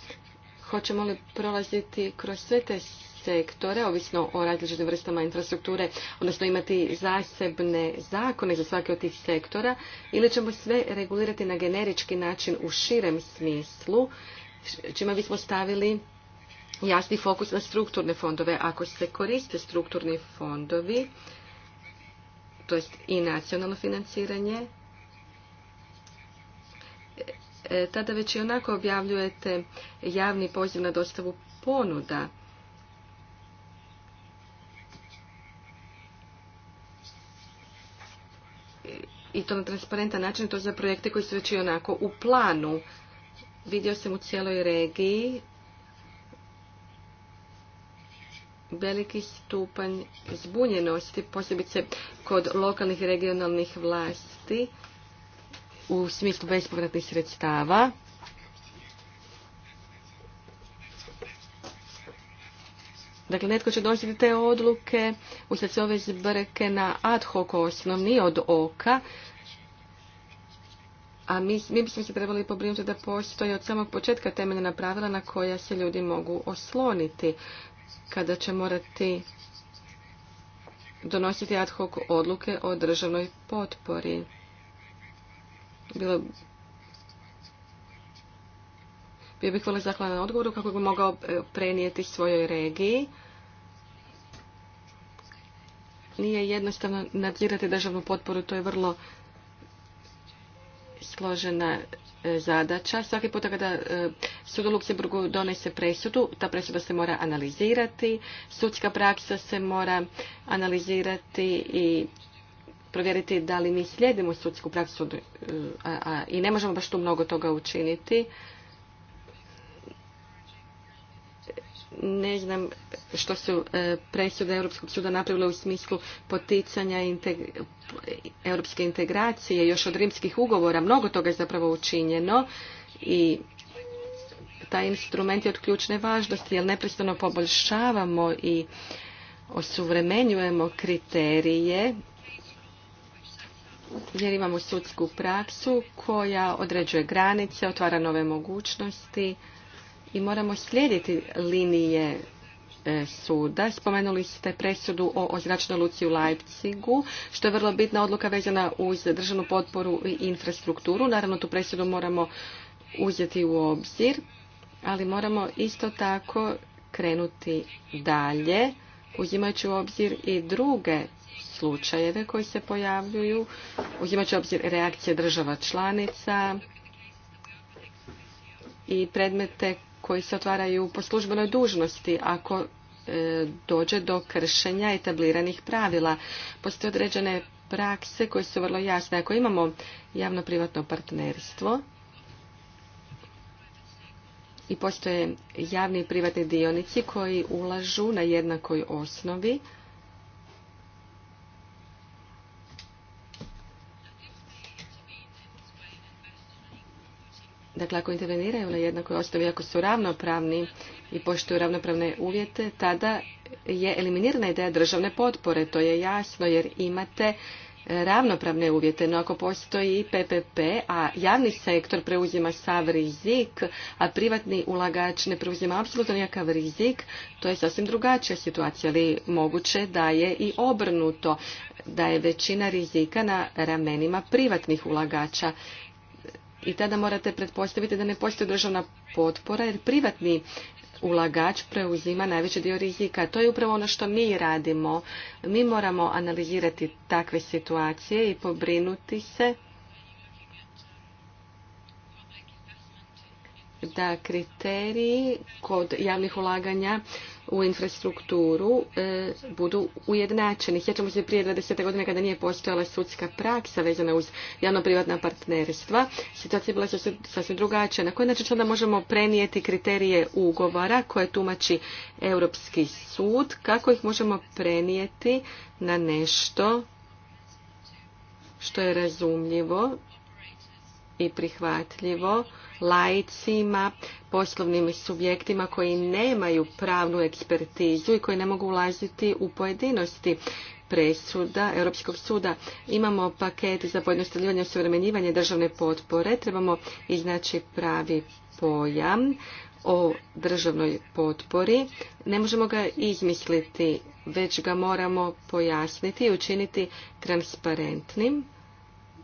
Hoćemo li prolaziti kroz sve te sektore, ovisno o različitim vrstama infrastrukture, odnosno imati zasebne zakone za svaki od tih sektora, ili ćemo sve regulirati na generički način u širem smislu, čime bismo stavili jasni fokus na strukturne fondove. Ako se koriste strukturni fondovi, to jest i nacionalno financiranje, e, tada već i onako objavljujete javni poziv na dostavu ponuda. I to na transparentan način, to za projekte koji su već i onako u planu. Vidio sam u cijeloj regiji veliki stupanj zbunjenosti, posebice kod lokalnih i regionalnih vlasti u smislu bespovratnih sredstava. Dakle, netko će donositi te odluke u se ove zbrke na ad hoc osnovni od oka, a mi, mi bismo se trebali pobrinuti da postoji od samog početka temeljena pravila na koja se ljudi mogu osloniti kada će morati donositi ad hoc odluke o državnoj potpori. Bilo bio bih volio zahvalan na odgovoru kako bi mogao e, prenijeti svojoj regiji. Nije jednostavno nadzirati državnu potporu, to je vrlo složena e, zadaća. Svaki puta kada e, sud u Luksemburgu donese presudu, ta presuda se mora analizirati, sudska praksa se mora analizirati i provjeriti da li mi slijedimo sudsku praksu e, i ne možemo baš tu mnogo toga učiniti. ne znam što su e, presude Europskog suda napravile u smislu poticanja europske integracije, još od rimskih ugovora, mnogo toga je zapravo učinjeno i taj instrument je od ključne važnosti jer neprestano poboljšavamo i osuvremenjujemo kriterije jer imamo sudsku praksu koja određuje granice, otvara nove mogućnosti i moramo slijediti linije e, suda. Spomenuli ste presudu o zračnoj luci u Leipzigu, što je vrlo bitna odluka vezana uz državnu potporu i infrastrukturu. Naravno, tu presudu moramo uzeti u obzir, ali moramo isto tako krenuti dalje, uzimajući u obzir i druge slučajeve koji se pojavljuju, uzimajući u obzir reakcije država članica i predmete koji se otvaraju po službenoj dužnosti ako e, dođe do kršenja etabliranih pravila. Postoje određene prakse koje su vrlo jasne. Ako imamo javno-privatno partnerstvo i postoje javni i privatni dionici koji ulažu na jednakoj osnovi, Dakle, ako interveniraju na jednakoj osnovi, ako su ravnopravni i poštuju ravnopravne uvjete, tada je eliminirana ideja državne potpore. To je jasno jer imate e, ravnopravne uvjete, no ako postoji PPP, a javni sektor preuzima sav rizik, a privatni ulagač ne preuzima apsolutno nikakav rizik, to je sasvim drugačija situacija, ali moguće da je i obrnuto, da je većina rizika na ramenima privatnih ulagača i tada morate pretpostaviti da ne postoji državna potpora jer privatni ulagač preuzima najveći dio rizika. To je upravo ono što mi radimo. Mi moramo analizirati takve situacije i pobrinuti se da kriteriji kod javnih ulaganja u infrastrukturu e, budu ujednačeni. Sjećamo se prije 20. godine kada nije postojala sudska praksa vezana uz javno-privatna partnerstva. Situacija je bila sasvim drugačija. Na koji način sada možemo prenijeti kriterije ugovora koje tumači Europski sud? Kako ih možemo prenijeti na nešto što je razumljivo i prihvatljivo lajcima, poslovnim subjektima koji nemaju pravnu ekspertizu i koji ne mogu ulaziti u pojedinosti presuda Europskog suda. Imamo paket za pojednostavljivanje i osuvremenjivanje državne potpore. Trebamo iznaći pravi pojam o državnoj potpori. Ne možemo ga izmisliti, već ga moramo pojasniti i učiniti transparentnim.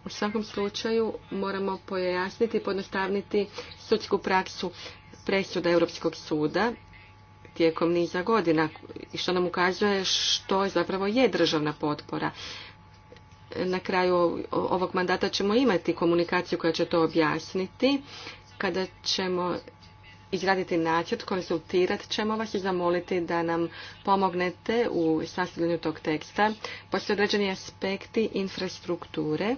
U svakom slučaju moramo pojasniti i podnostavniti sudsku praksu presuda Europskog suda tijekom niza godina i što nam ukazuje što zapravo je državna potpora. Na kraju ovog mandata ćemo imati komunikaciju koja će to objasniti. Kada ćemo izraditi nacrt, konsultirat ćemo vas i zamoliti da nam pomognete u sastavljanju tog teksta. Postoje određeni aspekti infrastrukture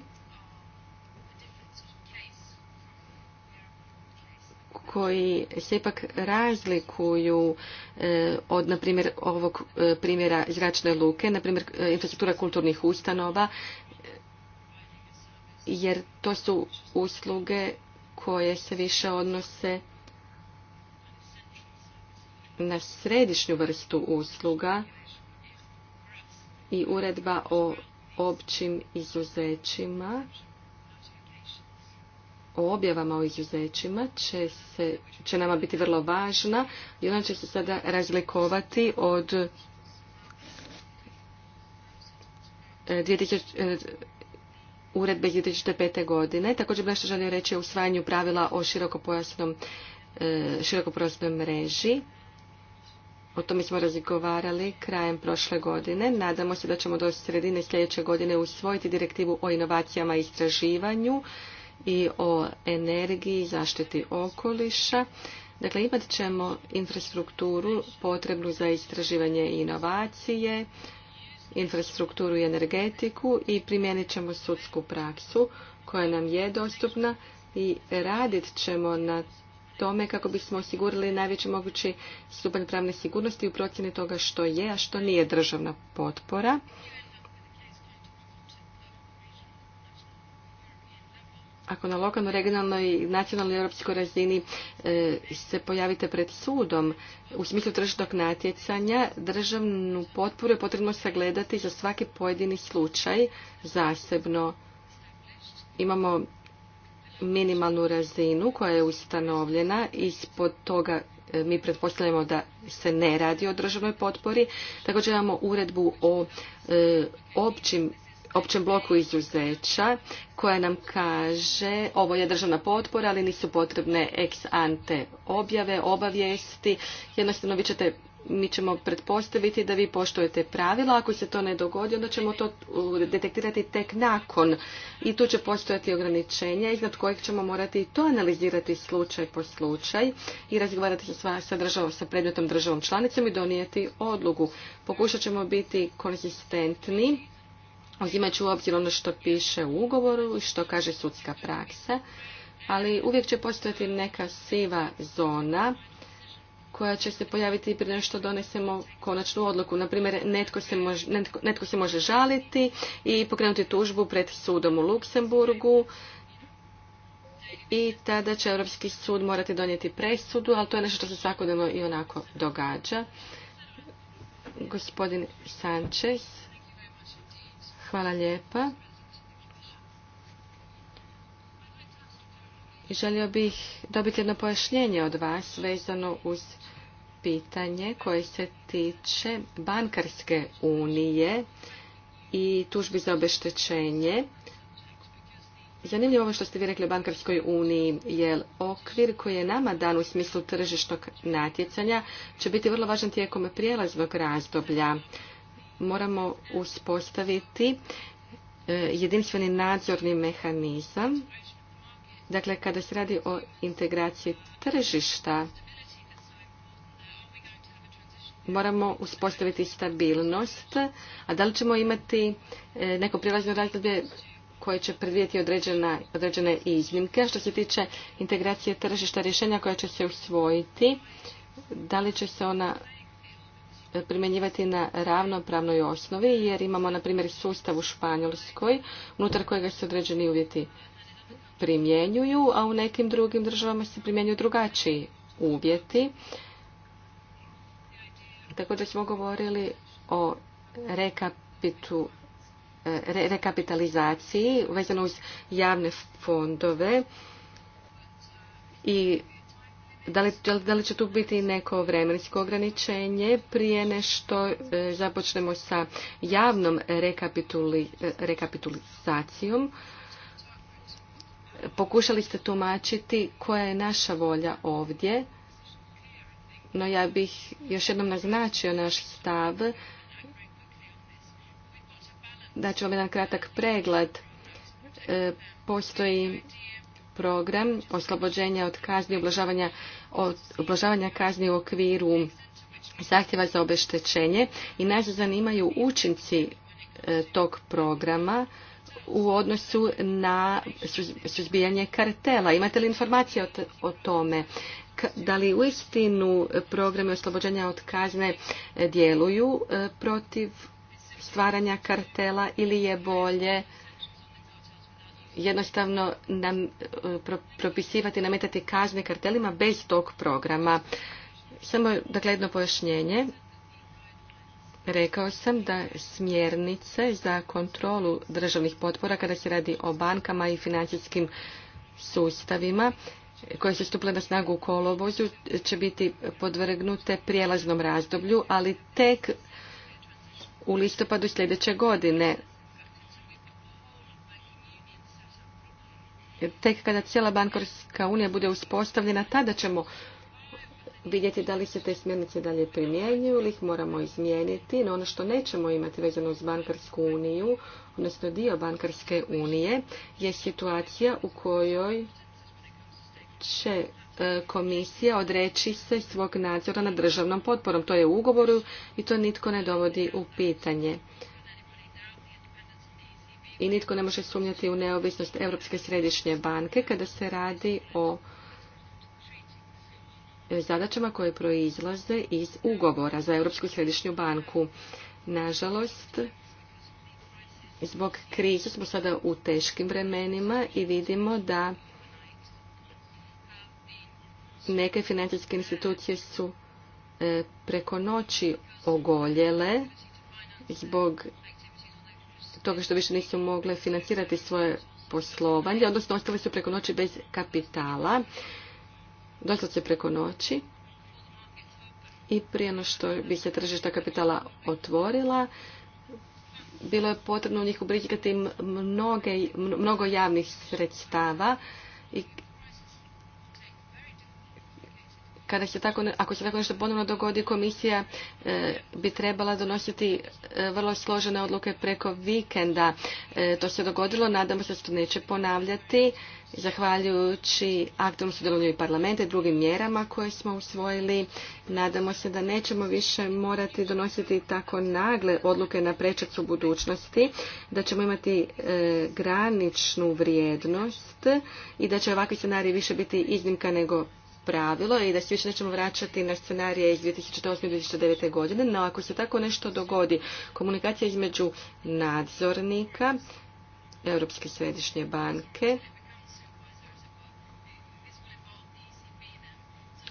koji se ipak razlikuju e, od, na primjer, ovog e, primjera zračne luke, na primjer, e, infrastruktura kulturnih ustanova, jer to su usluge koje se više odnose na središnju vrstu usluga i uredba o općim izuzećima o objavama o izuzećima će, se, će nama biti vrlo važna i ona će se sada razlikovati od 2000, e, e, uredbe iz 2005. godine. Također bi nešto želio reći o usvajanju pravila o širokopojasnom e, mreži. O tome smo razgovarali krajem prošle godine. Nadamo se da ćemo do sredine sljedeće godine usvojiti direktivu o inovacijama i istraživanju i o energiji, zaštiti okoliša. Dakle, imat ćemo infrastrukturu potrebnu za istraživanje i inovacije, infrastrukturu i energetiku i primijenit ćemo sudsku praksu koja nam je dostupna i radit ćemo na tome kako bismo osigurali najveći mogući stupanj pravne sigurnosti u procjeni toga što je, a što nije državna potpora. ako na lokalnoj, regionalnoj i nacionalnoj europskoj razini e, se pojavite pred sudom u smislu tržišnog natjecanja, državnu potporu je potrebno sagledati za svaki pojedini slučaj zasebno. Imamo minimalnu razinu koja je ustanovljena, ispod toga e, mi pretpostavljamo da se ne radi o državnoj potpori. Također imamo uredbu o e, općim općem bloku izuzeća koja nam kaže ovo je državna potpora, ali nisu potrebne ex ante objave, obavijesti. Jednostavno vi ćete mi ćemo pretpostaviti da vi poštujete pravila. Ako se to ne dogodi, onda ćemo to detektirati tek nakon. I tu će postojati ograničenja iznad kojeg ćemo morati i to analizirati slučaj po slučaj i razgovarati sa, sa, državom, sa predmetom državom članicom i donijeti odlugu. Pokušat ćemo biti konzistentni ću u obzir ono što piše u ugovoru i što kaže sudska praksa, ali uvijek će postojati neka siva zona koja će se pojaviti prije što donesemo konačnu odluku. Naprimjer, netko se, može, netko, se može žaliti i pokrenuti tužbu pred sudom u Luksemburgu i tada će Europski sud morati donijeti presudu, ali to je nešto što se svakodnevno i onako događa. Gospodin Sanchez Hvala lijepa. Želio bih dobiti jedno pojašnjenje od vas vezano uz pitanje koje se tiče bankarske unije i tužbi za obeštećenje. Zanimljivo ovo što ste vi rekli o bankarskoj uniji, jer okvir koji je nama dan u smislu tržišnog natjecanja će biti vrlo važan tijekom prijelaznog razdoblja moramo uspostaviti e, jedinstveni nadzorni mehanizam. Dakle, kada se radi o integraciji tržišta, moramo uspostaviti stabilnost, a da li ćemo imati e, neko prilazno razdoblje koje će predvijeti određene iznimke. Što se tiče integracije tržišta rješenja koja će se usvojiti, da li će se ona primjenjivati na ravnopravnoj osnovi, jer imamo, na primjer, sustav u Španjolskoj, unutar kojega se određeni uvjeti primjenjuju, a u nekim drugim državama se primjenjuju drugačiji uvjeti. Tako da smo govorili o rekapitu, e, rekapitalizaciji vezano uz javne fondove i da li, će tu biti neko vremensko ograničenje prije nešto e, započnemo sa javnom e, rekapitulizacijom? Pokušali ste tumačiti koja je naša volja ovdje, no ja bih još jednom naznačio naš stav da ću vam jedan kratak pregled. E, postoji program oslobođenja od kazni, ublažavanja, od, kazni u okviru zahtjeva za obeštećenje i nas zanimaju učinci e, tog programa u odnosu na suzbijanje kartela. Imate li informacije o, tome? da li uistinu programe oslobođenja od kazne e, djeluju e, protiv stvaranja kartela ili je bolje jednostavno nam e, propisivati, nametati kazne kartelima bez tog programa. Samo dakle jedno pojašnjenje. Rekao sam da smjernice za kontrolu državnih potpora kada se radi o bankama i financijskim sustavima koje su stupile na snagu u kolovozu će biti podvrgnute prijelaznom razdoblju, ali tek u listopadu sljedeće godine. tek kada cijela bankarska unija bude uspostavljena, tada ćemo vidjeti da li se te smjernice dalje primjenjuju ili ih moramo izmijeniti. No ono što nećemo imati vezano uz bankarsku uniju, odnosno dio bankarske unije, je situacija u kojoj će e, komisija odreći se svog nadzora nad državnom potporom. To je u ugovoru i to nitko ne dovodi u pitanje i nitko ne može sumnjati u neovisnost Europske središnje banke kada se radi o zadaćama koje proizlaze iz ugovora za Europsku središnju banku. Nažalost, zbog krize smo sada u teškim vremenima i vidimo da neke financijske institucije su e, preko noći ogoljele zbog toga što više nisu mogle financirati svoje poslovanje, odnosno ostali su preko noći bez kapitala, se preko noći. I prije no što bi se tržišta kapitala otvorila, bilo je potrebno u njih obrigati mnoge, mnogo javnih sredstava i kada se tako, ako se tako nešto ponovno dogodi, komisija e, bi trebala donositi e, vrlo složene odluke preko vikenda. E, to se dogodilo, nadamo se da se to neće ponavljati, zahvaljujući aktom sudjelovanju i parlamenta i drugim mjerama koje smo usvojili. Nadamo se da nećemo više morati donositi tako nagle odluke na prečacu budućnosti, da ćemo imati graničnu vrijednost i da će ovakvi scenariji više biti iznimka nego pravilo i da se više nećemo vraćati na scenarije iz 2008. i 2009. godine, no ako se tako nešto dogodi, komunikacija između nadzornika, Europske središnje banke,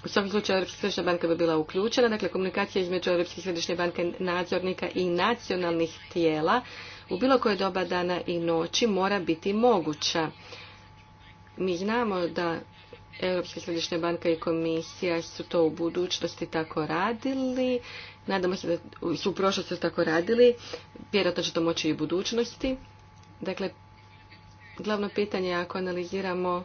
U svakom slučaju Europska središnja banka bi bila uključena, dakle komunikacija između Europske središnje banke nadzornika i nacionalnih tijela u bilo koje doba dana i noći mora biti moguća. Mi znamo da Europska središnja banka i komisija su to u budućnosti tako radili. Nadamo se da su u prošlosti tako radili. Vjerojatno će to moći i u budućnosti. Dakle, glavno pitanje je ako analiziramo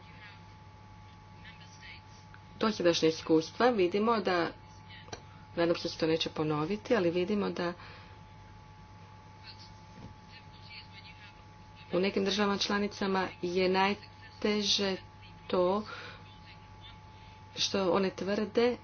dosadašnje iskustva, vidimo da, nadam se da se to neće ponoviti, ali vidimo da u nekim državama članicama je najteže to što one tvrde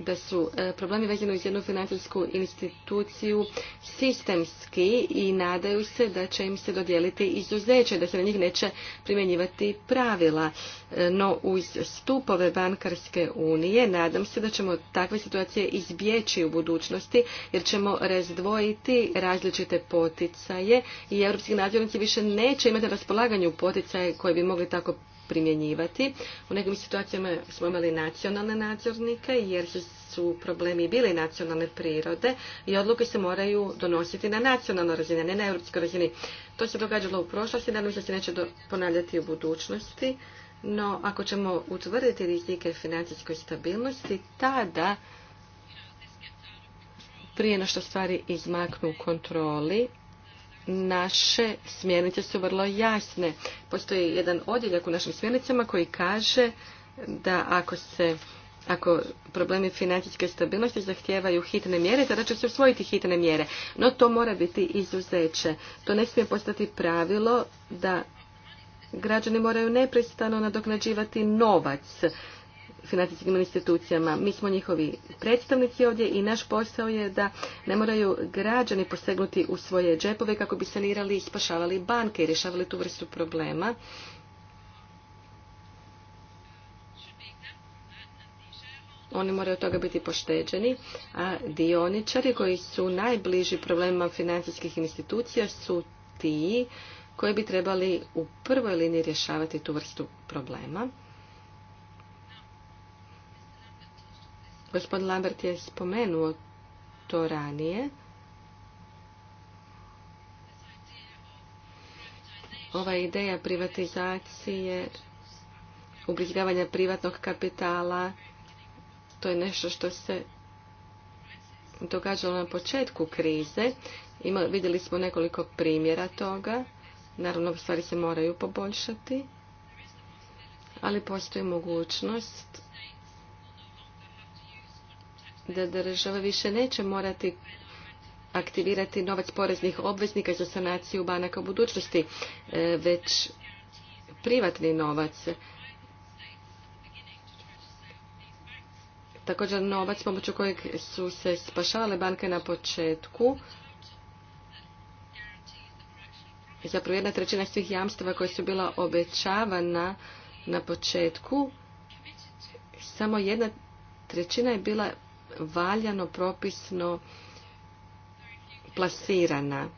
da su e, problemi vezani uz jednu financijsku instituciju sistemski i nadaju se da će im se dodijeliti izuzeće, da se na njih neće primjenjivati pravila. E, no uz stupove bankarske unije nadam se da ćemo takve situacije izbjeći u budućnosti jer ćemo razdvojiti različite poticaje i europski nadzornici više neće imati na raspolaganju poticaje koje bi mogli tako primjenjivati. U nekim situacijama smo imali nacionalne nadzornike jer su problemi bili nacionalne prirode i odluke se moraju donositi na nacionalnoj razini, ne na europskoj razini. To se događalo u prošlosti, nadam se se neće ponavljati u budućnosti. No, ako ćemo utvrditi rizike financijskoj stabilnosti, tada prije na što stvari izmaknu kontroli, naše smjernice su vrlo jasne. Postoji jedan odjeljak u našim smjernicama koji kaže da ako se ako problemi financijske stabilnosti zahtijevaju hitne mjere, tada će se usvojiti hitne mjere. No to mora biti izuzeće. To ne smije postati pravilo da građani moraju neprestano nadoknađivati novac financijskim institucijama. Mi smo njihovi predstavnici ovdje i naš posao je da ne moraju građani posegnuti u svoje džepove kako bi sanirali i spašavali banke i rješavali tu vrstu problema. Oni moraju od toga biti pošteđeni, a dioničari koji su najbliži problemima financijskih institucija su ti koji bi trebali u prvoj liniji rješavati tu vrstu problema. Gospodin Lambert je spomenuo to ranije. Ova ideja privatizacije, ubrizgavanja privatnog kapitala, to je nešto što se događalo na početku krize. Ima, vidjeli smo nekoliko primjera toga. Naravno, stvari se moraju poboljšati, ali postoji mogućnost da država više neće morati aktivirati novac poreznih obveznika za sanaciju banaka u budućnosti, e, već privatni novac. Također novac pomoću kojeg su se spašavale banke na početku, zapravo jedna trećina svih jamstava koja su bila obećavana na početku, samo jedna trećina je bila valjano propisno plasirana.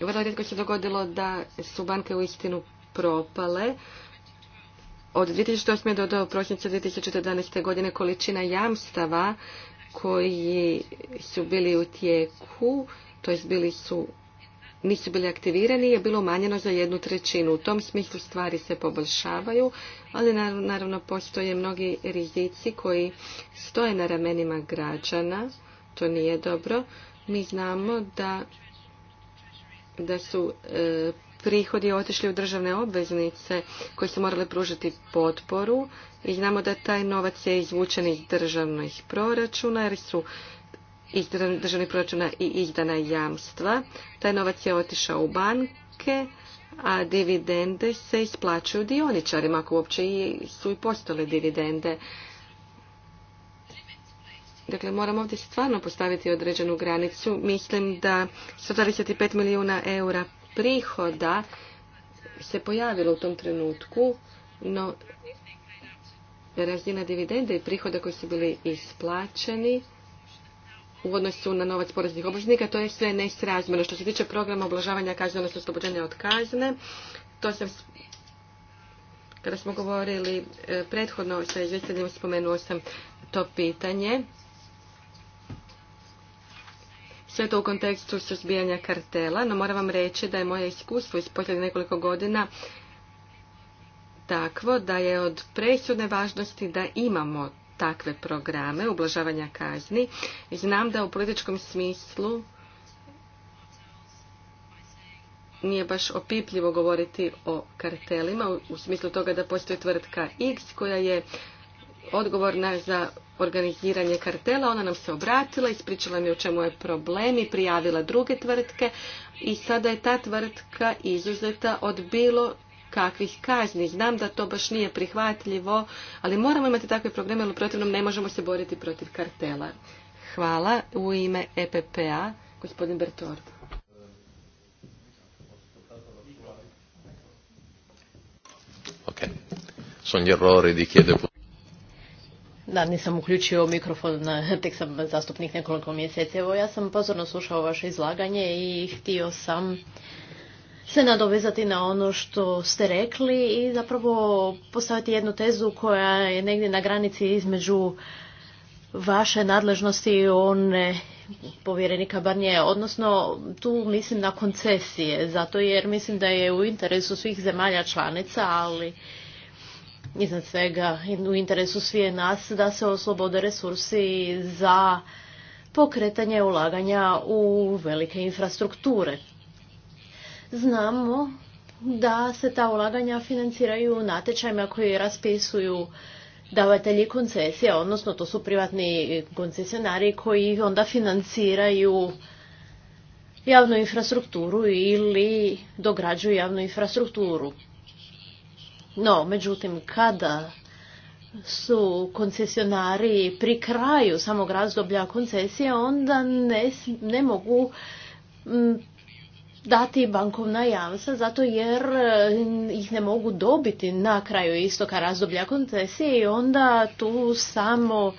Vrlo rijetko se dogodilo da su banke u istinu propale. Od 2008. do, do prosinca 2011. godine količina jamstava koji su bili u tijeku, to jest bili su nisu bili aktivirani je bilo umanjeno za jednu trećinu. U tom smislu stvari se poboljšavaju, ali naravno postoje mnogi rizici koji stoje na ramenima građana. To nije dobro. Mi znamo da, da su e, prihodi otišli u državne obveznice koje su morale pružiti potporu i znamo da taj novac je izvučen iz državnih proračuna jer su iz državnih proračuna i izdana jamstva. Taj novac je otišao u banke, a dividende se isplaćuju dioničarima, ako uopće su i postale dividende. Dakle, moram ovdje stvarno postaviti određenu granicu. Mislim da 125 milijuna eura prihoda se pojavilo u tom trenutku, no razina dividende i prihoda koji su bili isplaćeni u odnosu na novac poreznih obveznika, to je sve nesrazmjerno. Što se tiče programa oblažavanja kazne, odnosno oslobođenja od kazne, to sam kada smo govorili e, prethodno sa izvjestiteljem spomenuo sam to pitanje. Sve to u kontekstu suzbijanja kartela, no moram vam reći da je moje iskustvo iz posljednjih nekoliko godina takvo da je od presudne važnosti da imamo takve programe ublažavanja kazni. Znam da u političkom smislu nije baš opipljivo govoriti o kartelima u smislu toga da postoji tvrtka X koja je odgovorna za organiziranje kartela. Ona nam se obratila, ispričala mi o čemu je problem i prijavila druge tvrtke i sada je ta tvrtka izuzeta od bilo kakvih kazni. Znam da to baš nije prihvatljivo, ali moramo imati takve programe, jer protivnom ne možemo se boriti protiv kartela. Hvala. U ime EPP-a, gospodin Bertord. da, nisam uključio mikrofon, tek sam zastupnik nekoliko mjeseci. Evo, ja sam pozorno slušao vaše izlaganje i htio sam se nadovezati na ono što ste rekli i zapravo postaviti jednu tezu koja je negdje na granici između vaše nadležnosti i one povjerenika Barnije, odnosno tu mislim na koncesije, zato jer mislim da je u interesu svih zemalja članica, ali iznad svega u interesu svije nas da se oslobode resursi za pokretanje ulaganja u velike infrastrukture znamo da se ta ulaganja financiraju natječajima koji raspisuju davatelji koncesija, odnosno to su privatni koncesionari koji onda financiraju javnu infrastrukturu ili dograđuju javnu infrastrukturu. No, međutim, kada su koncesionari pri kraju samog razdoblja koncesije, onda ne, mogu dati bankovna jamstva zato jer eh, ih ne mogu dobiti na kraju istoka razdoblja koncesije i onda tu samo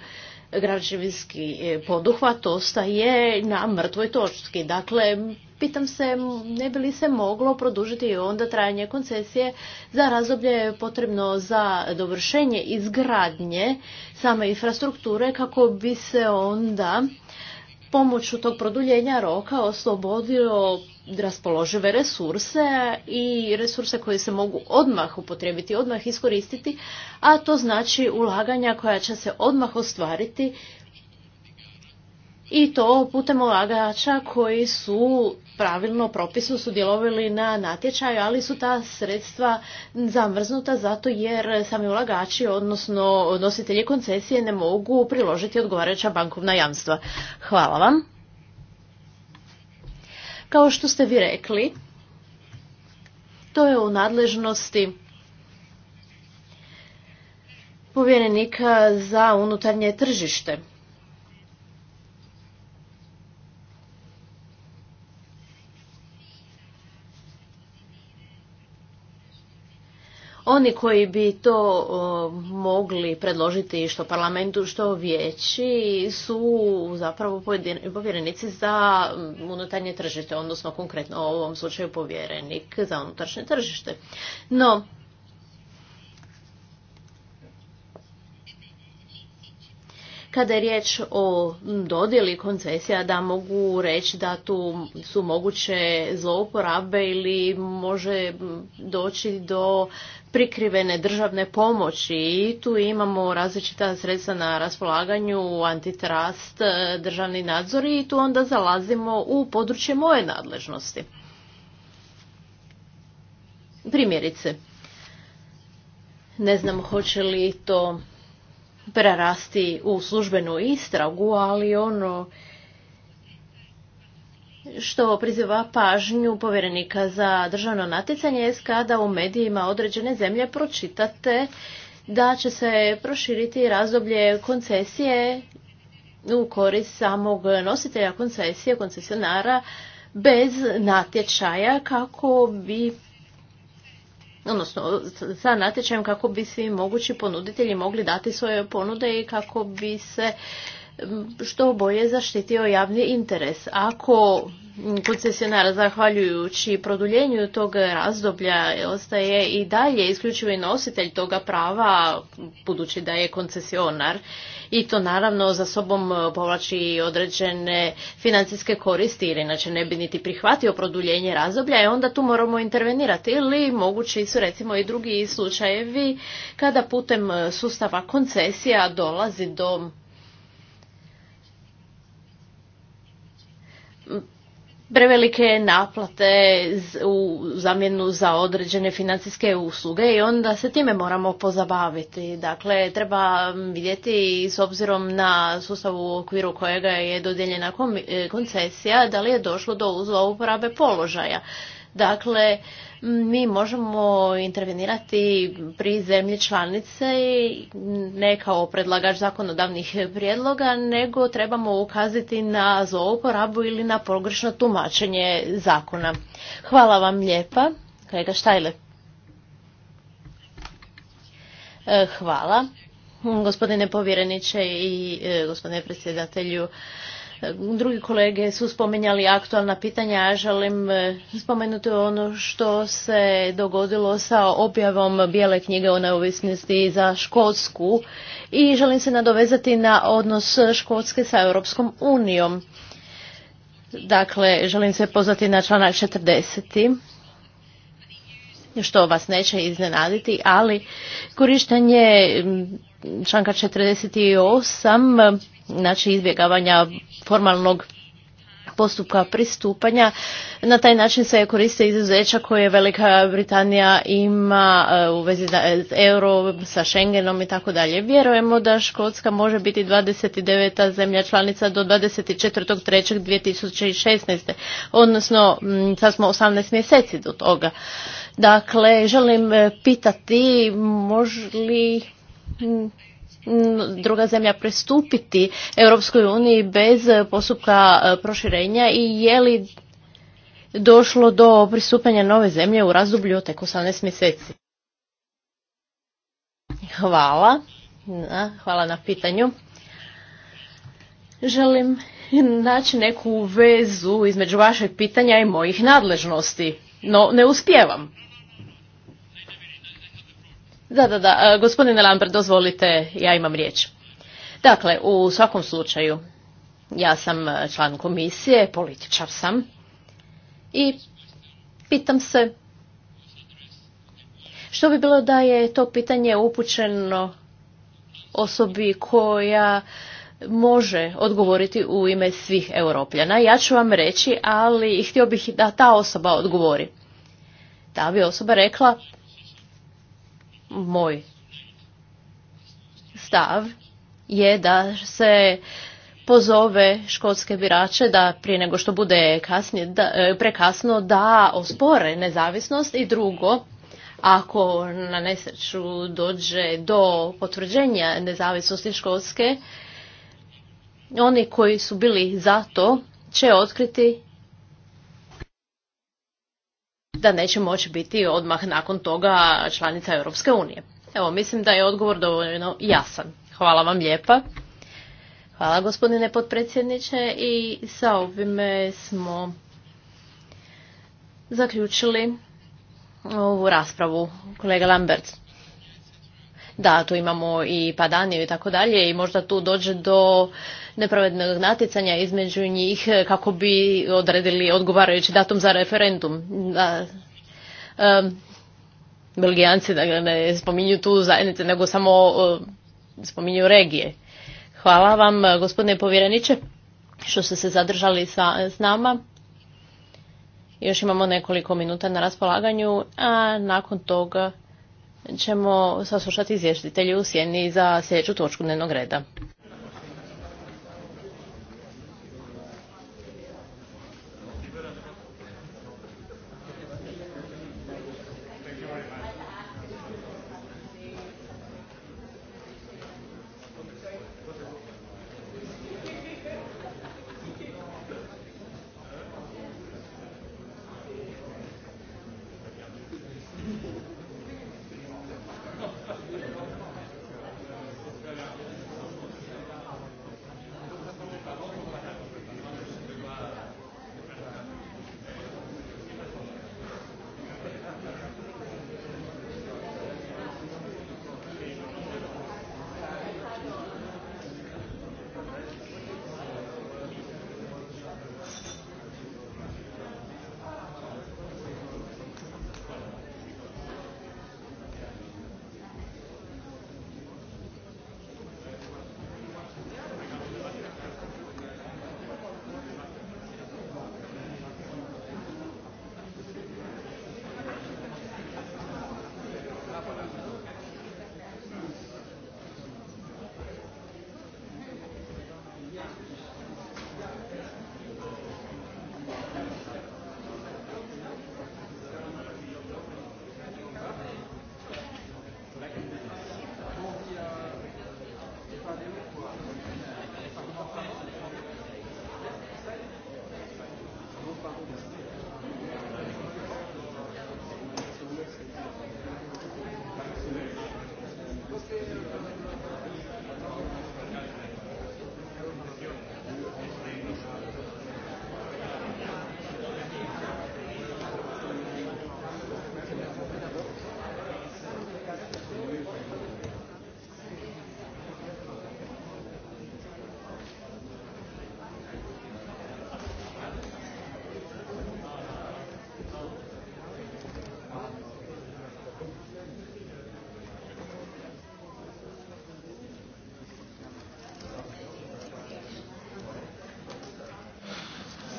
građevinski eh, poduhvat ostaje na mrtvoj točki. Dakle, pitam se ne bi li se moglo produžiti i onda trajanje koncesije za razdoblje potrebno za dovršenje izgradnje same infrastrukture kako bi se onda pomoću tog produljenja roka oslobodio raspoložive resurse i resurse koji se mogu odmah upotrijebiti, odmah iskoristiti, a to znači ulaganja koja će se odmah ostvariti i to putem ulagača koji su pravilno propisu sudjelovali na natječaju, ali su ta sredstva zamrznuta zato jer sami ulagači, odnosno nositelji koncesije, ne mogu priložiti odgovarajuća bankovna jamstva. Hvala vam. Kao što ste vi rekli, to je u nadležnosti povjerenika za unutarnje tržište. Oni koji bi to mogli predložiti što parlamentu, što vijeći su zapravo povjerenici za unutarnje tržište, odnosno konkretno u ovom slučaju povjerenik za unutarnje tržište. No, Kada je riječ o dodjeli koncesija, da mogu reći da tu su moguće zlouporabe ili može doći do prikrivene državne pomoći i tu imamo različita sredstva na raspolaganju, antitrust, e, državni nadzor i tu onda zalazimo u područje moje nadležnosti. Primjerice, ne znam hoće li to prerasti u službenu istragu, ali ono što priziva pažnju povjerenika za državno natjecanje je kada u medijima određene zemlje pročitate da će se proširiti razdoblje koncesije u korist samog nositelja koncesije, koncesionara, bez natječaja kako bi odnosno sa natječajem kako bi svi mogući ponuditelji mogli dati svoje ponude i kako bi se što boje zaštitio javni interes. Ako koncesionar zahvaljujući produljenju tog razdoblja ostaje i dalje isključivi nositelj toga prava, budući da je koncesionar, i to naravno za sobom povlači određene financijske koristi ili inače ne bi niti prihvatio produljenje razdoblja i e onda tu moramo intervenirati ili mogući su recimo i drugi slučajevi kada putem sustava koncesija dolazi do prevelike naplate u zamjenu za određene financijske usluge i onda se time moramo pozabaviti. Dakle, treba vidjeti s obzirom na sustav u okviru kojega je dodijeljena e, koncesija, da li je došlo do zlouporabe položaja. Dakle, mi možemo intervenirati pri zemlji članice ne kao predlagač zakonodavnih prijedloga, nego trebamo ukazati na zlouporabu ili na pogrešno tumačenje zakona. Hvala vam lijepa. Kolega Štajle. E, hvala. Gospodine povjereniče i e, gospodine predsjedatelju Drugi kolege su spomenjali aktualna pitanja, a želim e, spomenuti ono što se dogodilo sa objavom Bijele knjige o neovisnosti za Škotsku i želim se nadovezati na odnos Škotske sa Europskom unijom. Dakle, želim se pozvati na članak 40 što vas neće iznenaditi, ali korištenje članka 48 znači izbjegavanja formalnog postupka pristupanja. Na taj način se koriste izuzeća koje Velika Britanija ima e, u vezi s euro, sa Schengenom i tako dalje. Vjerujemo da Škotska može biti 29. zemlja članica do 24.3.2016. Odnosno, mm, sad smo 18 mjeseci do toga. Dakle, želim e, pitati, može li druga zemlja pristupiti Europskoj uniji bez postupka e, proširenja i je li došlo do pristupanja nove zemlje u razdoblju od tek 18 mjeseci? Hvala. Hvala na pitanju. Želim naći neku vezu između vašeg pitanja i mojih nadležnosti, no ne uspijevam. Da, da, da. E, gospodine Lambert, dozvolite, ja imam riječ. Dakle, u svakom slučaju, ja sam e, član komisije, političar sam i pitam se što bi bilo da je to pitanje upućeno osobi koja može odgovoriti u ime svih europljana. Ja ću vam reći, ali htio bih da ta osoba odgovori. Ta bi osoba rekla, moj stav je da se pozove škotske birače da prije nego što bude e, prekasno da ospore nezavisnost i drugo ako na nesreću dođe do potvrđenja nezavisnosti školske, oni koji su bili za to će otkriti da neće moći biti odmah nakon toga članica Europske unije. Evo, mislim da je odgovor dovoljno jasan. Hvala vam lijepa. Hvala gospodine potpredsjedniče i sa ovime smo zaključili ovu raspravu. Kolega Lambert. Da, tu imamo i padanje i tako dalje i možda tu dođe do nepravednog natjecanja između njih eh, kako bi odredili odgovarajući datum za referendum. Da, Belgijanci da dakle, ne spominju tu zajednice, nego samo eh, spominju regije. Hvala vam, eh, gospodine povjereniče, što ste se zadržali sa, s nama. Još imamo nekoliko minuta na raspolaganju, a nakon toga ćemo saslušati izvještitelju u sjeni za sljedeću točku dnevnog reda.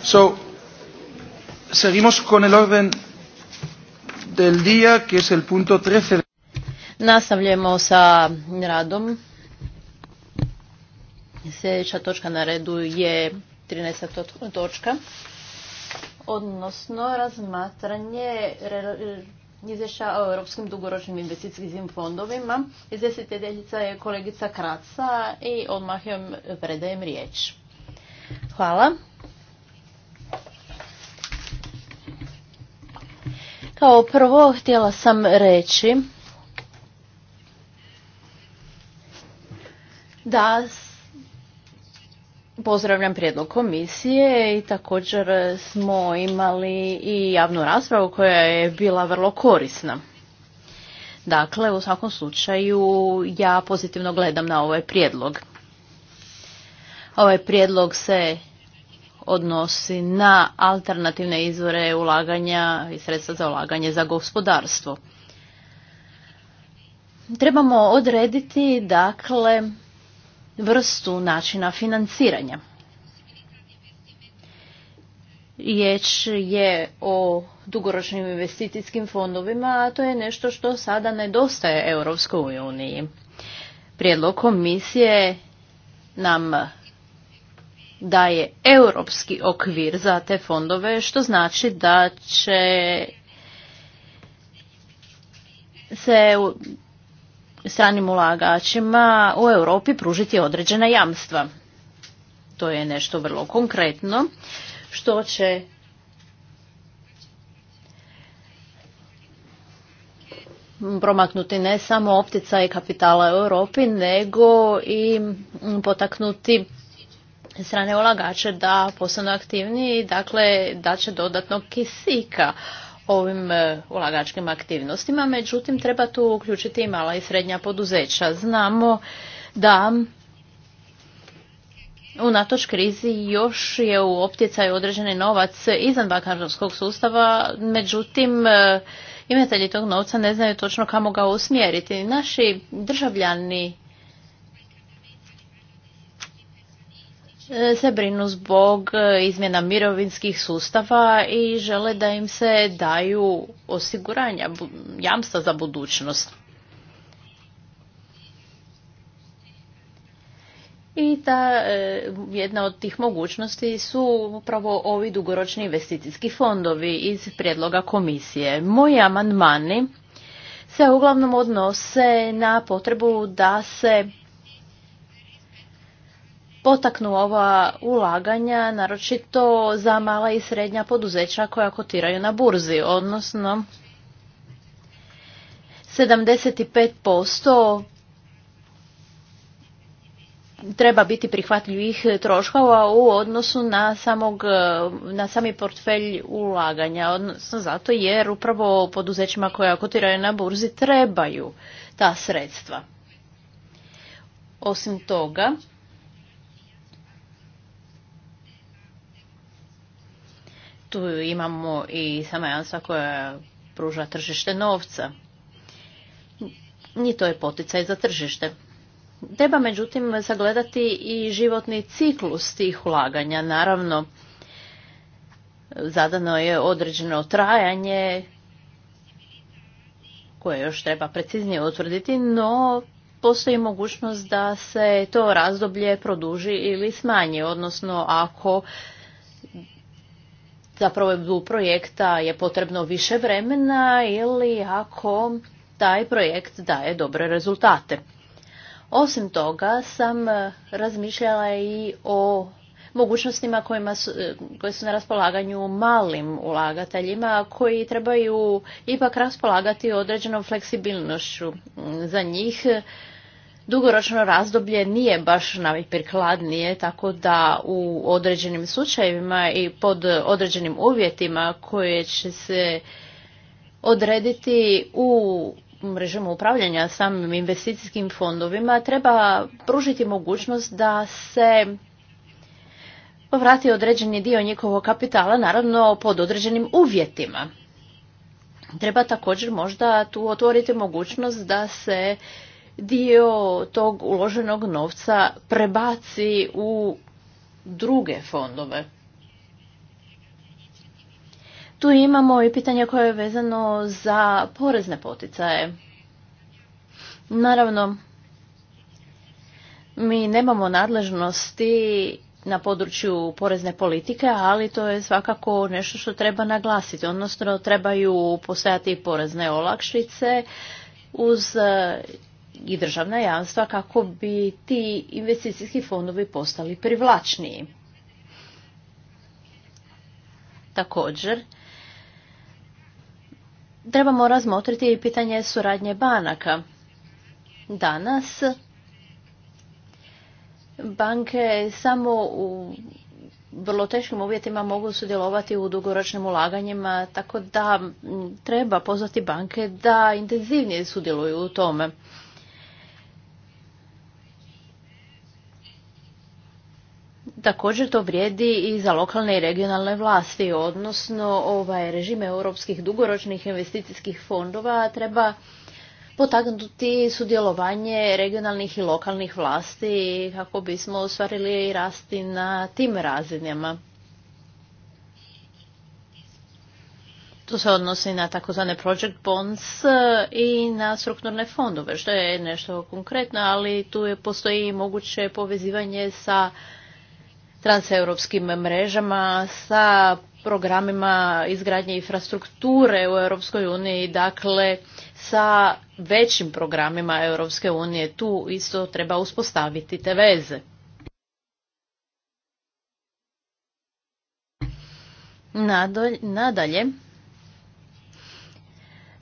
So, seguimos con el orden del día, que es el punto 13. Nastavljamo sa radom. Sljedeća točka na redu je 13. točka, odnosno razmatranje izvješća o europskim dugoročnim investicijskim fondovima. Izvjestiteljica je kolegica Kraca i odmah joj predajem riječ. Hvala. Kao prvo htjela sam reći da pozdravljam prijedlog komisije i također smo imali i javnu raspravu koja je bila vrlo korisna. Dakle, u svakom slučaju ja pozitivno gledam na ovaj prijedlog. Ovaj prijedlog se odnosi na alternativne izvore ulaganja i sredstva za ulaganje za gospodarstvo. Trebamo odrediti dakle vrstu načina financiranja. Riječ je o dugoročnim investicijskim fondovima, a to je nešto što sada nedostaje Europskoj uniji. Prijedlog komisije nam daje europski okvir za te fondove, što znači da će se stranim ulagačima u Europi pružiti određena jamstva. To je nešto vrlo konkretno što će promaknuti ne samo optica i kapitala u Europi, nego i potaknuti strane ulagače da postanu aktivniji, dakle da će dodatno kisika ovim e, ulagačkim aktivnostima, međutim treba tu uključiti i mala i srednja poduzeća. Znamo da unatoč krizi još je u optjecaju određeni novac izvan bankarskog sustava, međutim e, imatelji tog novca ne znaju točno kamo ga usmjeriti. Naši državljani E, se brinu zbog e, izmjena mirovinskih sustava i žele da im se daju osiguranja, jamstva za budućnost. I ta e, jedna od tih mogućnosti su upravo ovi dugoročni investicijski fondovi iz prijedloga komisije. Moji amandmani se uglavnom odnose na potrebu da se potaknu ova ulaganja, naročito za mala i srednja poduzeća koja kotiraju na burzi, odnosno 75% treba biti prihvatljivih troškova u odnosu na, samog, na sami portfelj ulaganja, odnosno zato jer upravo poduzećima koja kotiraju na burzi trebaju ta sredstva. Osim toga, imamo i sama koja pruža tržište novca. I to je poticaj za tržište. Treba međutim sagledati i životni ciklus tih ulaganja. Naravno, zadano je određeno trajanje koje još treba preciznije utvrditi, no postoji mogućnost da se to razdoblje produži ili smanji, odnosno ako za provedbu projekta je potrebno više vremena ili ako taj projekt daje dobre rezultate. Osim toga sam e, razmišljala i o mogućnostima kojima e, koje su na raspolaganju malim ulagateljima koji trebaju ipak raspolagati određenom fleksibilnošću. Mm, za njih dugoročno razdoblje nije baš najprikladnije, tako da u određenim slučajevima i pod određenim uvjetima koje će se odrediti u režimu upravljanja samim investicijskim fondovima treba pružiti mogućnost da se povrati određeni dio njihovog kapitala, naravno pod određenim uvjetima. Treba također možda tu otvoriti mogućnost da se dio tog uloženog novca prebaci u druge fondove. Tu imamo i pitanje koje je vezano za porezne poticaje. Naravno, mi nemamo nadležnosti na području porezne politike, ali to je svakako nešto što treba naglasiti, odnosno trebaju postojati porezne olakšice uz i državna jamstva kako bi ti investicijski fondovi postali privlačniji. Također, trebamo razmotriti i pitanje suradnje banaka. Danas banke samo u vrlo teškim uvjetima mogu sudjelovati u dugoročnim ulaganjima, tako da treba pozvati banke da intenzivnije sudjeluju u tome. Također to vrijedi i za lokalne i regionalne vlasti, odnosno ovaj režim europskih dugoročnih investicijskih fondova treba potaknuti sudjelovanje regionalnih i lokalnih vlasti kako bismo ostvarili rasti na tim razinama. To se odnosi na takozvane project bonds i na strukturne fondove, što je nešto konkretno, ali tu je, postoji moguće povezivanje sa transeuropskim mrežama sa programima izgradnje infrastrukture u Europskoj uniji, dakle sa većim programima Europske unije. Tu isto treba uspostaviti te veze. Nadalje,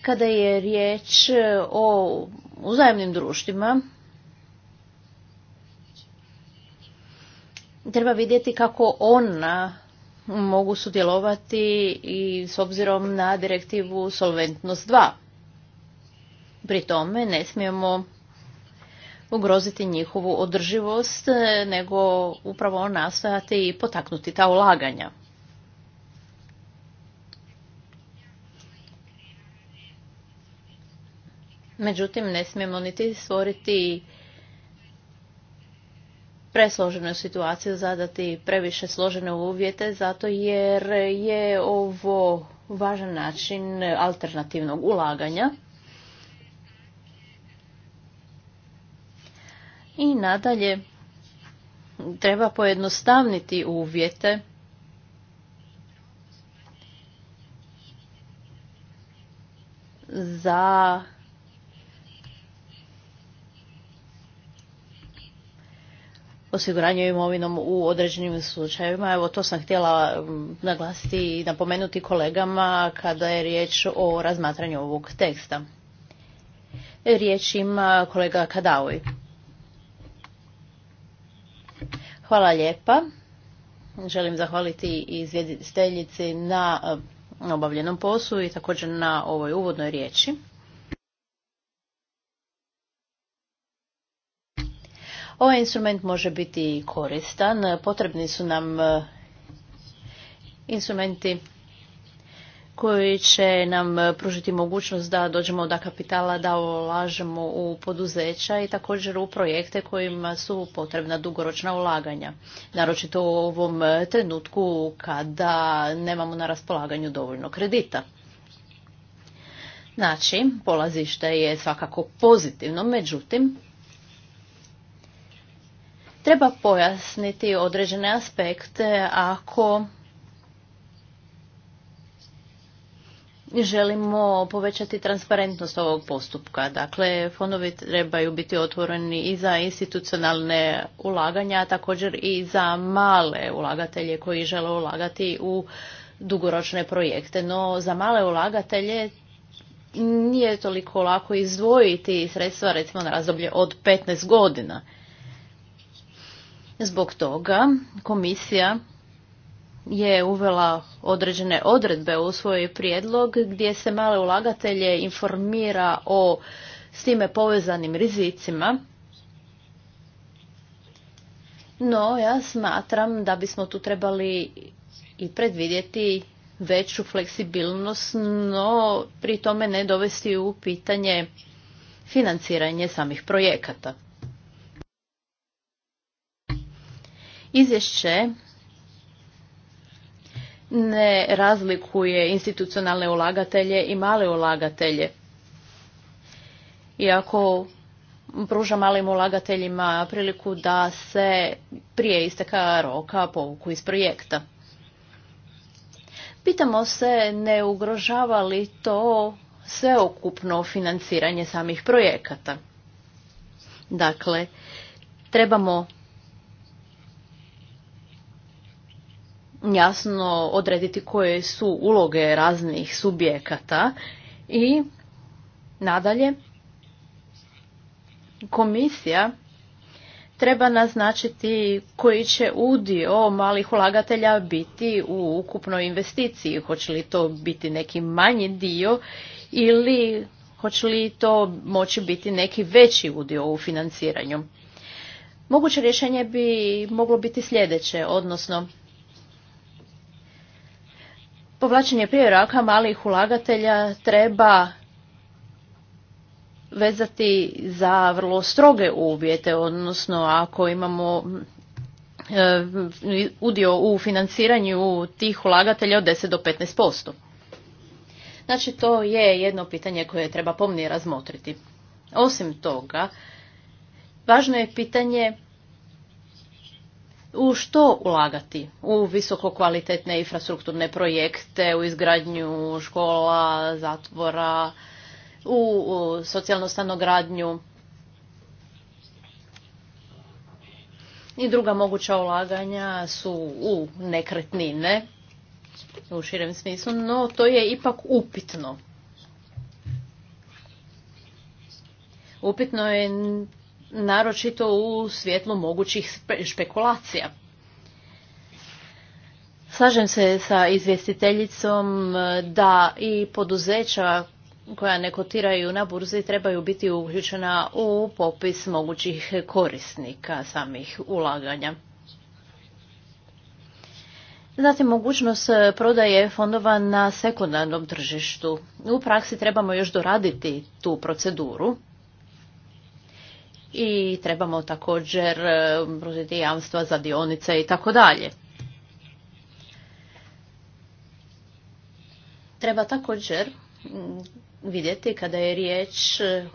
kada je riječ o uzajemnim društvima, treba vidjeti kako ona mogu sudjelovati i s obzirom na direktivu Solventnost 2. Pri tome ne smijemo ugroziti njihovu održivost, nego upravo nastojati i potaknuti ta ulaganja. Međutim, ne smijemo niti stvoriti presloženu situaciju, zadati previše složene uvjete, zato jer je ovo važan način alternativnog ulaganja. I nadalje treba pojednostavniti uvjete za osiguranju imovinom u određenim slučajevima. Evo to sam htjela mm, naglasiti i napomenuti kolegama kada je riječ o razmatranju ovog teksta. Riječ ima kolega Kadaovi. Hvala lijepa. Želim zahvaliti izvjestiteljici na mm, obavljenom poslu i također na ovoj uvodnoj riječi. Ovaj instrument može biti koristan, potrebni su nam e, instrumenti koji će nam e, pružiti mogućnost da dođemo do kapitala, da ulažemo u poduzeća i također u projekte kojima su potrebna dugoročna ulaganja. Naročito u ovom e, trenutku kada nemamo na raspolaganju dovoljno kredita. Znači, polazište je svakako pozitivno, međutim, treba pojasniti određene aspekte ako želimo povećati transparentnost ovog postupka. Dakle, fondovi trebaju biti otvoreni i za institucionalne ulaganja, a također i za male ulagatelje koji žele ulagati u dugoročne projekte. No, za male ulagatelje nije toliko lako izdvojiti sredstva recimo na razdoblje od 15 godina. Zbog toga komisija je uvela određene odredbe u svoj prijedlog gdje se male ulagatelje informira o s time povezanim rizicima. No, ja smatram da bismo tu trebali i predvidjeti veću fleksibilnost, no pri tome ne dovesti u pitanje financiranje samih projekata. Izvješće ne razlikuje institucionalne ulagatelje i male ulagatelje. Iako pruža malim ulagateljima priliku da se prije isteka roka povuku iz projekta. Pitamo se ne ugrožava li to sveokupno financiranje samih projekata. Dakle, trebamo jasno odrediti koje su uloge raznih subjekata i nadalje komisija treba naznačiti koji će udio malih ulagatelja biti u ukupnoj investiciji. Hoće li to biti neki manji dio ili hoće li to moći biti neki veći udio u financiranju. Moguće rješenje bi moglo biti sljedeće, odnosno povlačenje prije raka malih ulagatelja treba vezati za vrlo stroge uvjete, odnosno ako imamo e, udio u financiranju tih ulagatelja od 10 do 15%. Znači to je jedno pitanje koje treba pomnije razmotriti. Osim toga, važno je pitanje u što ulagati? U visoko kvalitetne infrastrukturne projekte, u izgradnju škola, zatvora, u socijalnu stanogradnju i druga moguća ulaganja su u nekretnine u širem smislu, no to je ipak upitno. Upitno je naročito u svjetlu mogućih špekulacija. Slažem se sa izvjestiteljicom e, da i poduzeća koja ne kotiraju na burzi trebaju biti uključena u popis mogućih korisnika samih ulaganja. Zatim mogućnost prodaje fondova na sekundarnom tržištu. U praksi trebamo još doraditi tu proceduru i trebamo također pružiti e, jamstva za dionice i tako dalje. Treba također vidjeti kada je riječ e,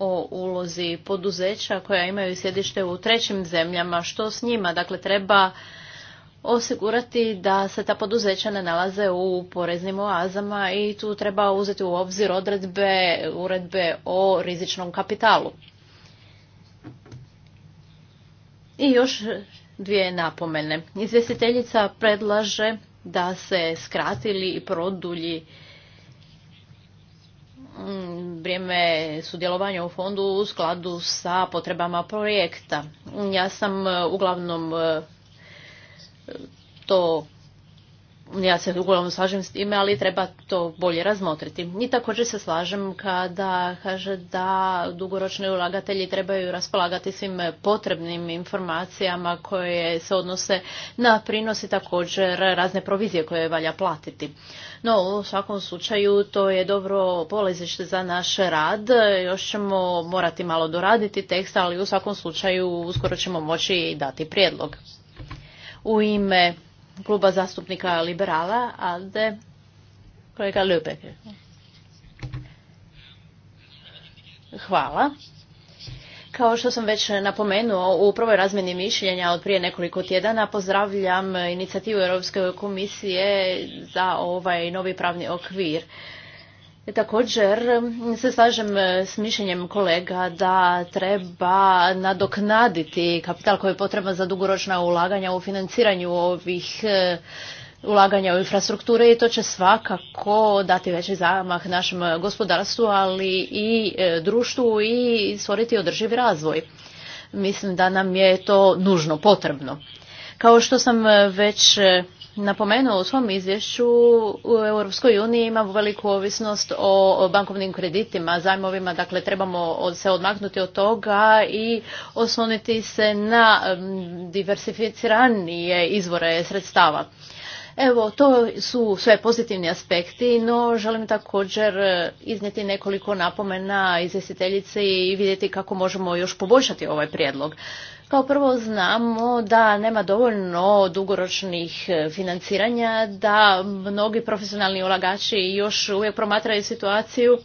o ulozi poduzeća koja imaju sjedište u trećim zemljama, što s njima. Dakle, treba osigurati da se ta poduzeća ne nalaze u poreznim oazama i tu treba uzeti u obzir odredbe uredbe o rizičnom kapitalu. I još dvije napomene. Izvjestiteljica predlaže da se skratili i produlji mm, vrijeme sudjelovanja u fondu u skladu sa potrebama projekta. Ja sam e, uglavnom e, to ja se uglavnom slažem s time, ali treba to bolje razmotriti. I također se slažem kada kaže da dugoročni ulagatelji trebaju raspolagati svim potrebnim informacijama koje se odnose na prinos i također razne provizije koje valja platiti. No, u svakom slučaju to je dobro polazište za naš rad. Još ćemo morati malo doraditi tekst, ali u svakom slučaju uskoro ćemo moći dati prijedlog. U ime kluba zastupnika liberala, ALDE, kolega Hvala. Kao što sam već napomenuo, u prvoj razmjeni mišljenja od prije nekoliko tjedana pozdravljam inicijativu Europske komisije za ovaj novi pravni okvir. Također se slažem e, s mišljenjem kolega da treba nadoknaditi kapital koji je potreban za dugoročna ulaganja u financiranju ovih e, ulaganja u infrastrukture i to će svakako dati veći zamah našem gospodarstvu, ali i e, društvu i stvoriti održivi razvoj. Mislim da nam je to nužno potrebno. Kao što sam već napomenuo u svom izvješću, u Europskoj uniji ima veliku ovisnost o bankovnim kreditima, zajmovima, dakle trebamo se odmaknuti od toga i osloniti se na diversificiranije izvore sredstava. Evo, to su sve pozitivni aspekti, no želim također e, iznijeti nekoliko napomena izvjestiteljice i vidjeti kako možemo još poboljšati ovaj prijedlog. Kao prvo znamo da nema dovoljno dugoročnih e, financiranja, da mnogi profesionalni ulagači još uvijek promatraju situaciju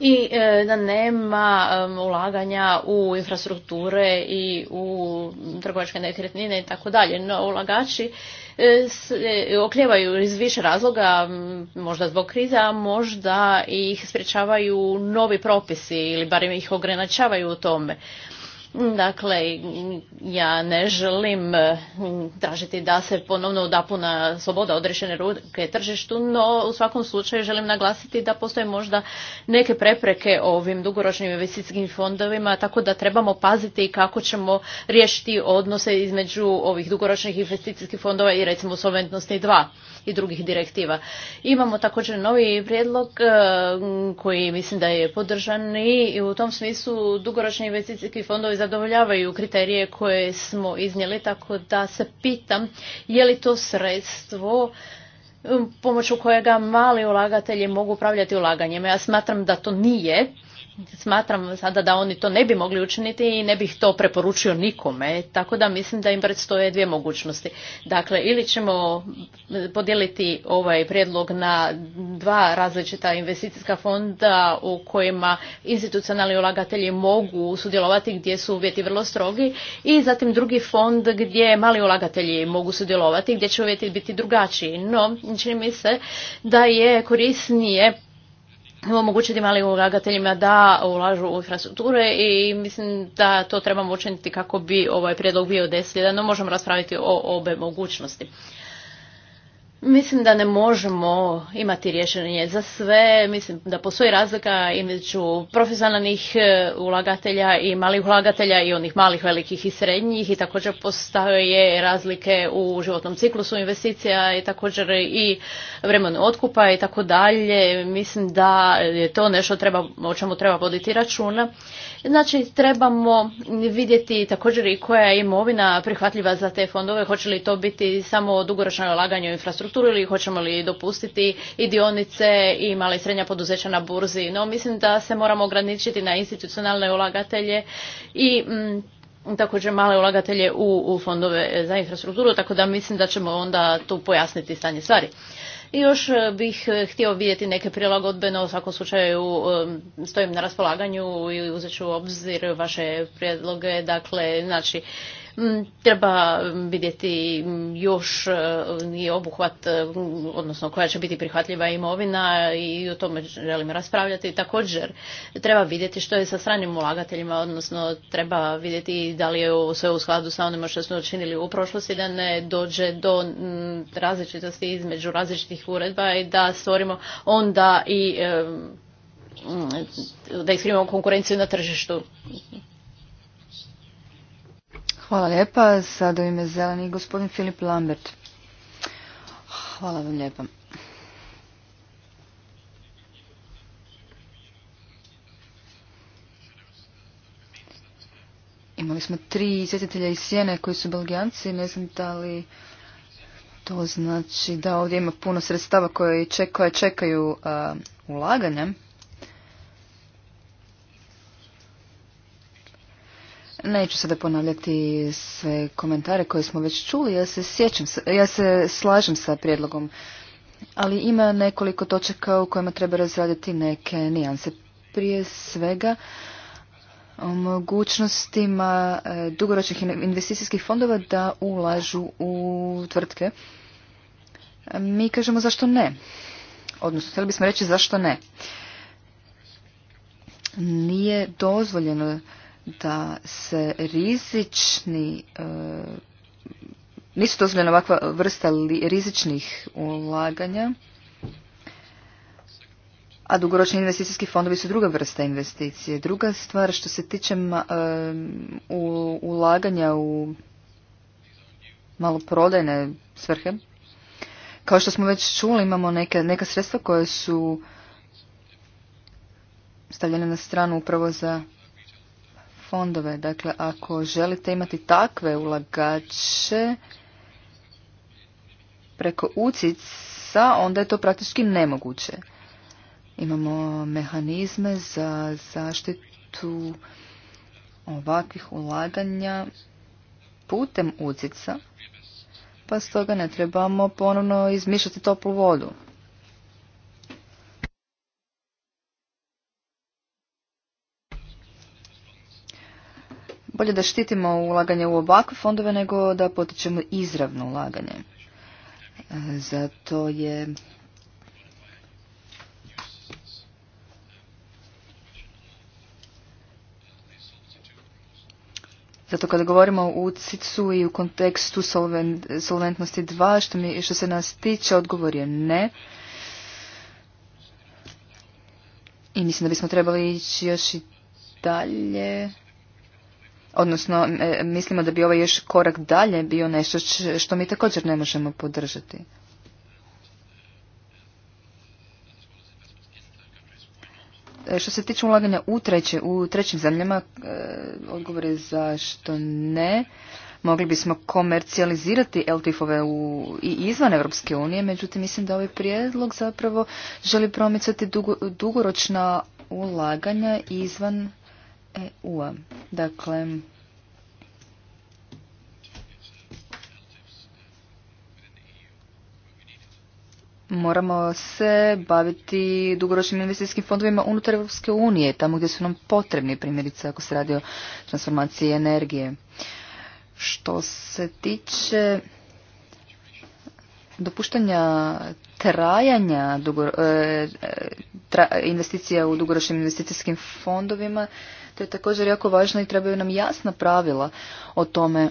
i e, da nema ulaganja u infrastrukture i u trgovačke nekretnine i tako dalje. No, ulagači e, okljevaju iz više razloga, možda zbog kriza, možda ih sprječavaju novi propisi ili barem ih ograničavaju u tome. Dakle, ja ne želim e, tražiti da se ponovno odapuna sloboda odrešene ruke tržištu, no u svakom slučaju želim naglasiti da postoje možda neke prepreke ovim dugoročnim investicijskim fondovima, tako da trebamo paziti kako ćemo riješiti odnose između ovih dugoročnih investicijskih fondova i recimo solventnosti dva i drugih direktiva. Imamo također novi prijedlog e, koji mislim da je podržan i u tom smislu dugoročni investicijski fondovi zadovoljavaju kriterije koje smo iznijeli, tako da se pitam je li to sredstvo e, pomoću kojega mali ulagatelji mogu upravljati ulaganjem. Ja smatram da to nije smatram sada da oni to ne bi mogli učiniti i ne bih to preporučio nikome, tako da mislim da im predstoje dvije mogućnosti. Dakle, ili ćemo podijeliti ovaj prijedlog na dva različita investicijska fonda u kojima institucionalni ulagatelji mogu sudjelovati gdje su uvjeti vrlo strogi i zatim drugi fond gdje mali ulagatelji mogu sudjelovati gdje će uvjeti biti drugačiji. No, čini mi se da je korisnije omogućiti malim ulagateljima da ulažu u infrastrukture i mislim da to trebamo učiniti kako bi ovaj prijedlog bio desljedan, no možemo raspraviti o obe mogućnosti. Mislim da ne možemo imati rješenje za sve. Mislim da postoji razlika između profesionalnih e, ulagatelja i malih ulagatelja i onih malih, velikih i srednjih i također postoje razlike u životnom ciklusu investicija i također i vremenu otkupa i tako dalje. Mislim da je to nešto treba, o čemu treba voditi računa. Znači, trebamo vidjeti također i koja je imovina prihvatljiva za te fondove, hoće li to biti samo dugoročno ulaganje u infrastrukturu ili hoćemo li dopustiti i dionice i mala i srednja poduzeća na burzi. No, mislim da se moramo ograničiti na institucionalne ulagatelje i mm, također male ulagatelje u, u fondove za infrastrukturu, tako da mislim da ćemo onda tu pojasniti stanje stvari. I još e, bih e, htio vidjeti neke prilagodbe, no u svakom slučaju e, stojim na raspolaganju i uzet ću u obzir vaše prijedloge. Dakle, znači, Mm, treba vidjeti još e, i obuhvat, e, odnosno koja će biti prihvatljiva imovina i o tome želim raspravljati. Također treba vidjeti što je sa stranim ulagateljima, odnosno treba vidjeti da li je ovo sve u skladu sa onima što smo učinili u prošlosti, da ne dođe do mm, različitosti između različitih uredba i da stvorimo onda i e, mm, da iskrivimo konkurenciju na tržištu. Hvala lijepa. Sada u ime zeleni gospodin Filip Lambert. Hvala vam lijepa. Imali smo tri izvjetitelja iz Sjene koji su belgijanci. Ne znam da li to znači da ovdje ima puno sredstava koje, čekaju ulaganjem. Neću sada ponavljati sve komentare koje smo već čuli, ja se, sjećam, ja se slažem sa prijedlogom, ali ima nekoliko točaka u kojima treba razraditi neke nijanse. Prije svega o mogućnostima e, dugoročnih investicijskih fondova da ulažu u tvrtke. Mi kažemo zašto ne, odnosno htjeli bismo reći zašto ne. Nije dozvoljeno da se rizični e, nisu dozvoljena ovakva vrsta rizičnih ulaganja, a dugoročni investicijski fondovi su druga vrsta investicije. Druga stvar što se tiče e, u, ulaganja u maloprodajne svrhe, kao što smo već čuli imamo neka, neka sredstva koje su stavljena na stranu upravo za fondove. Dakle, ako želite imati takve ulagače preko ucica, onda je to praktički nemoguće. Imamo mehanizme za zaštitu ovakvih ulaganja putem ucica, pa stoga ne trebamo ponovno izmišljati toplu vodu. Bolje da štitimo ulaganje u ovakve fondove nego da potičemo izravno ulaganje. E, zato je Zato kada govorimo o ucic i u kontekstu solventnosti 2, što, mi, što se nas tiče, odgovor je ne. I mislim da bismo trebali ići još i dalje odnosno e, mislimo da bi ovaj još korak dalje bio nešto što mi također ne možemo podržati. E, što se tiče ulaganja u, treće, u trećim zemljama, e, odgovor je zašto ne. Mogli bismo komercijalizirati LTIF-ove i izvan Europske unije, međutim mislim da ovaj prijedlog zapravo želi promicati dugoročna ulaganja izvan EU-a. Dakle, moramo se baviti dugoročnim investicijskim fondovima unutar Europske unije, tamo gdje su nam potrebni, primjerice ako se radi o transformaciji energije. Što se tiče dopuštanja trajanja e, e, investicija u dugoročnim investicijskim fondovima, to je također jako važno i trebaju nam jasna pravila o tome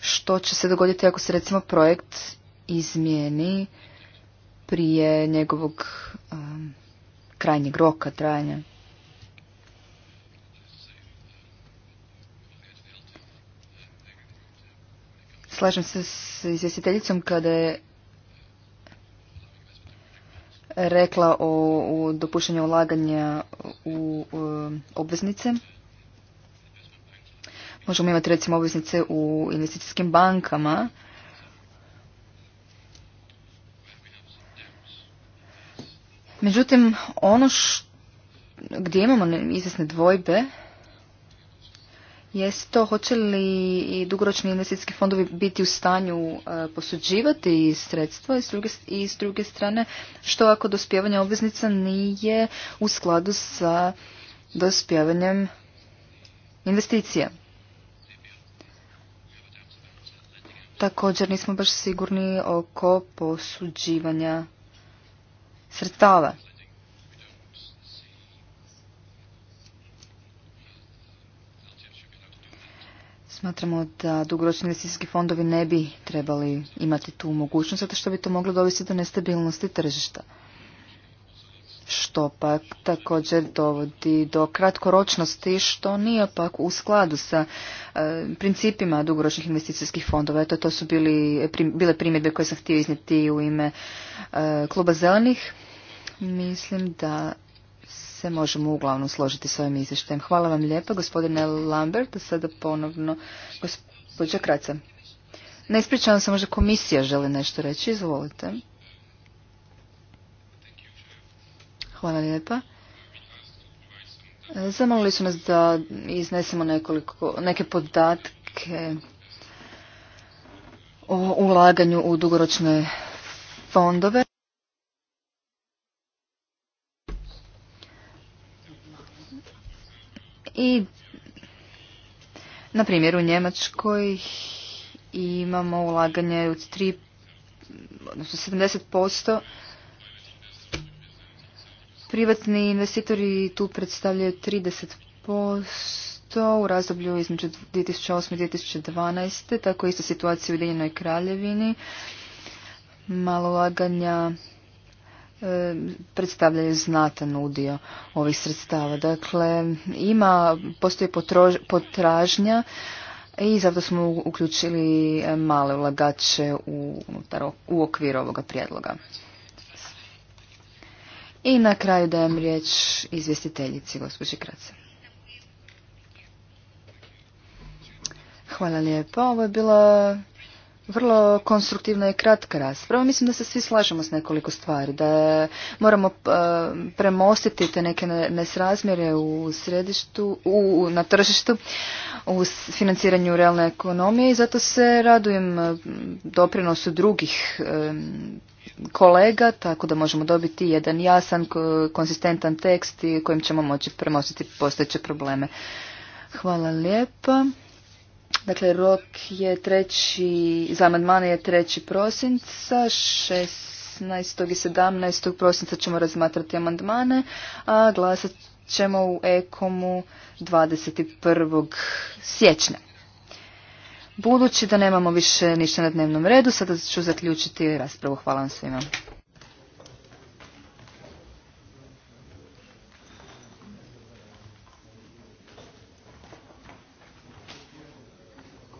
što će se dogoditi ako se recimo projekt izmijeni prije njegovog um, krajnjeg roka trajanja. Slažem se s izvjestiteljicom kada je rekla o dopuštenju ulaganja u obveznice. Možemo imati recimo obveznice u investicijskim bankama. Međutim, ono gdje imamo izvjesne dvojbe jest to hoće li i dugoročni investicijski fondovi biti u stanju e, posuđivati sredstva i s, druge, i s druge strane što ako dospjevanje obveznica nije u skladu sa dospjevanjem investicija. Također nismo baš sigurni oko posuđivanja sredstava. Smatramo da dugoročni investicijski fondovi ne bi trebali imati tu mogućnost, zato što bi to moglo dovesti do nestabilnosti tržišta. Što pak također dovodi do kratkoročnosti, što nije pak u skladu sa e, principima dugoročnih investicijskih fondova. Eto, to su bili, bile primjedbe koje sam htio iznijeti u ime e, kluba zelenih. Mislim da se možemo uglavnom složiti s ovim izvještajem. Hvala vam lijepa, gospodine Lambert, a sada ponovno gospođa Kraca. Ne ispričavam se, možda komisija želi nešto reći, izvolite. Hvala lijepa. Zamolili su nas da iznesemo neke podatke o ulaganju u dugoročne fondove. I, na primjer, u Njemačkoj imamo ulaganje od 3, odnosno 70%. Privatni investitori tu predstavljaju 30% u razdoblju između 2008. i 2012. Tako je isto situacija u Ujedinjenoj kraljevini. Malo ulaganja E, predstavljaju znatan udio ovih sredstava. Dakle, ima, postoji potražnja i zato smo uključili e, male ulagače u, u okvir ovoga prijedloga. I na kraju dajem riječ izvjestiteljici, gospođi Krace. Hvala lijepo. Ovo je bila vrlo konstruktivna i kratka rasprava. Mislim da se svi slažemo s nekoliko stvari, da moramo eh, premostiti te neke nesrazmjere u središtu, u, na tržištu, u financiranju realne ekonomije i zato se radujem eh, doprinosu drugih kolega, tako da možemo dobiti jedan jasan, konsistentan tekst i kojim ćemo moći premostiti postojeće probleme. Hvala lijepa. Dakle, rok je treći, za amandmane je treći prosinca, 16. i 17. prosinca ćemo razmatrati amandmane, a glasat ćemo u Ekomu 21. siječnja. Budući da nemamo više ništa na dnevnom redu, sada ću zaključiti raspravu. Hvala vam svima.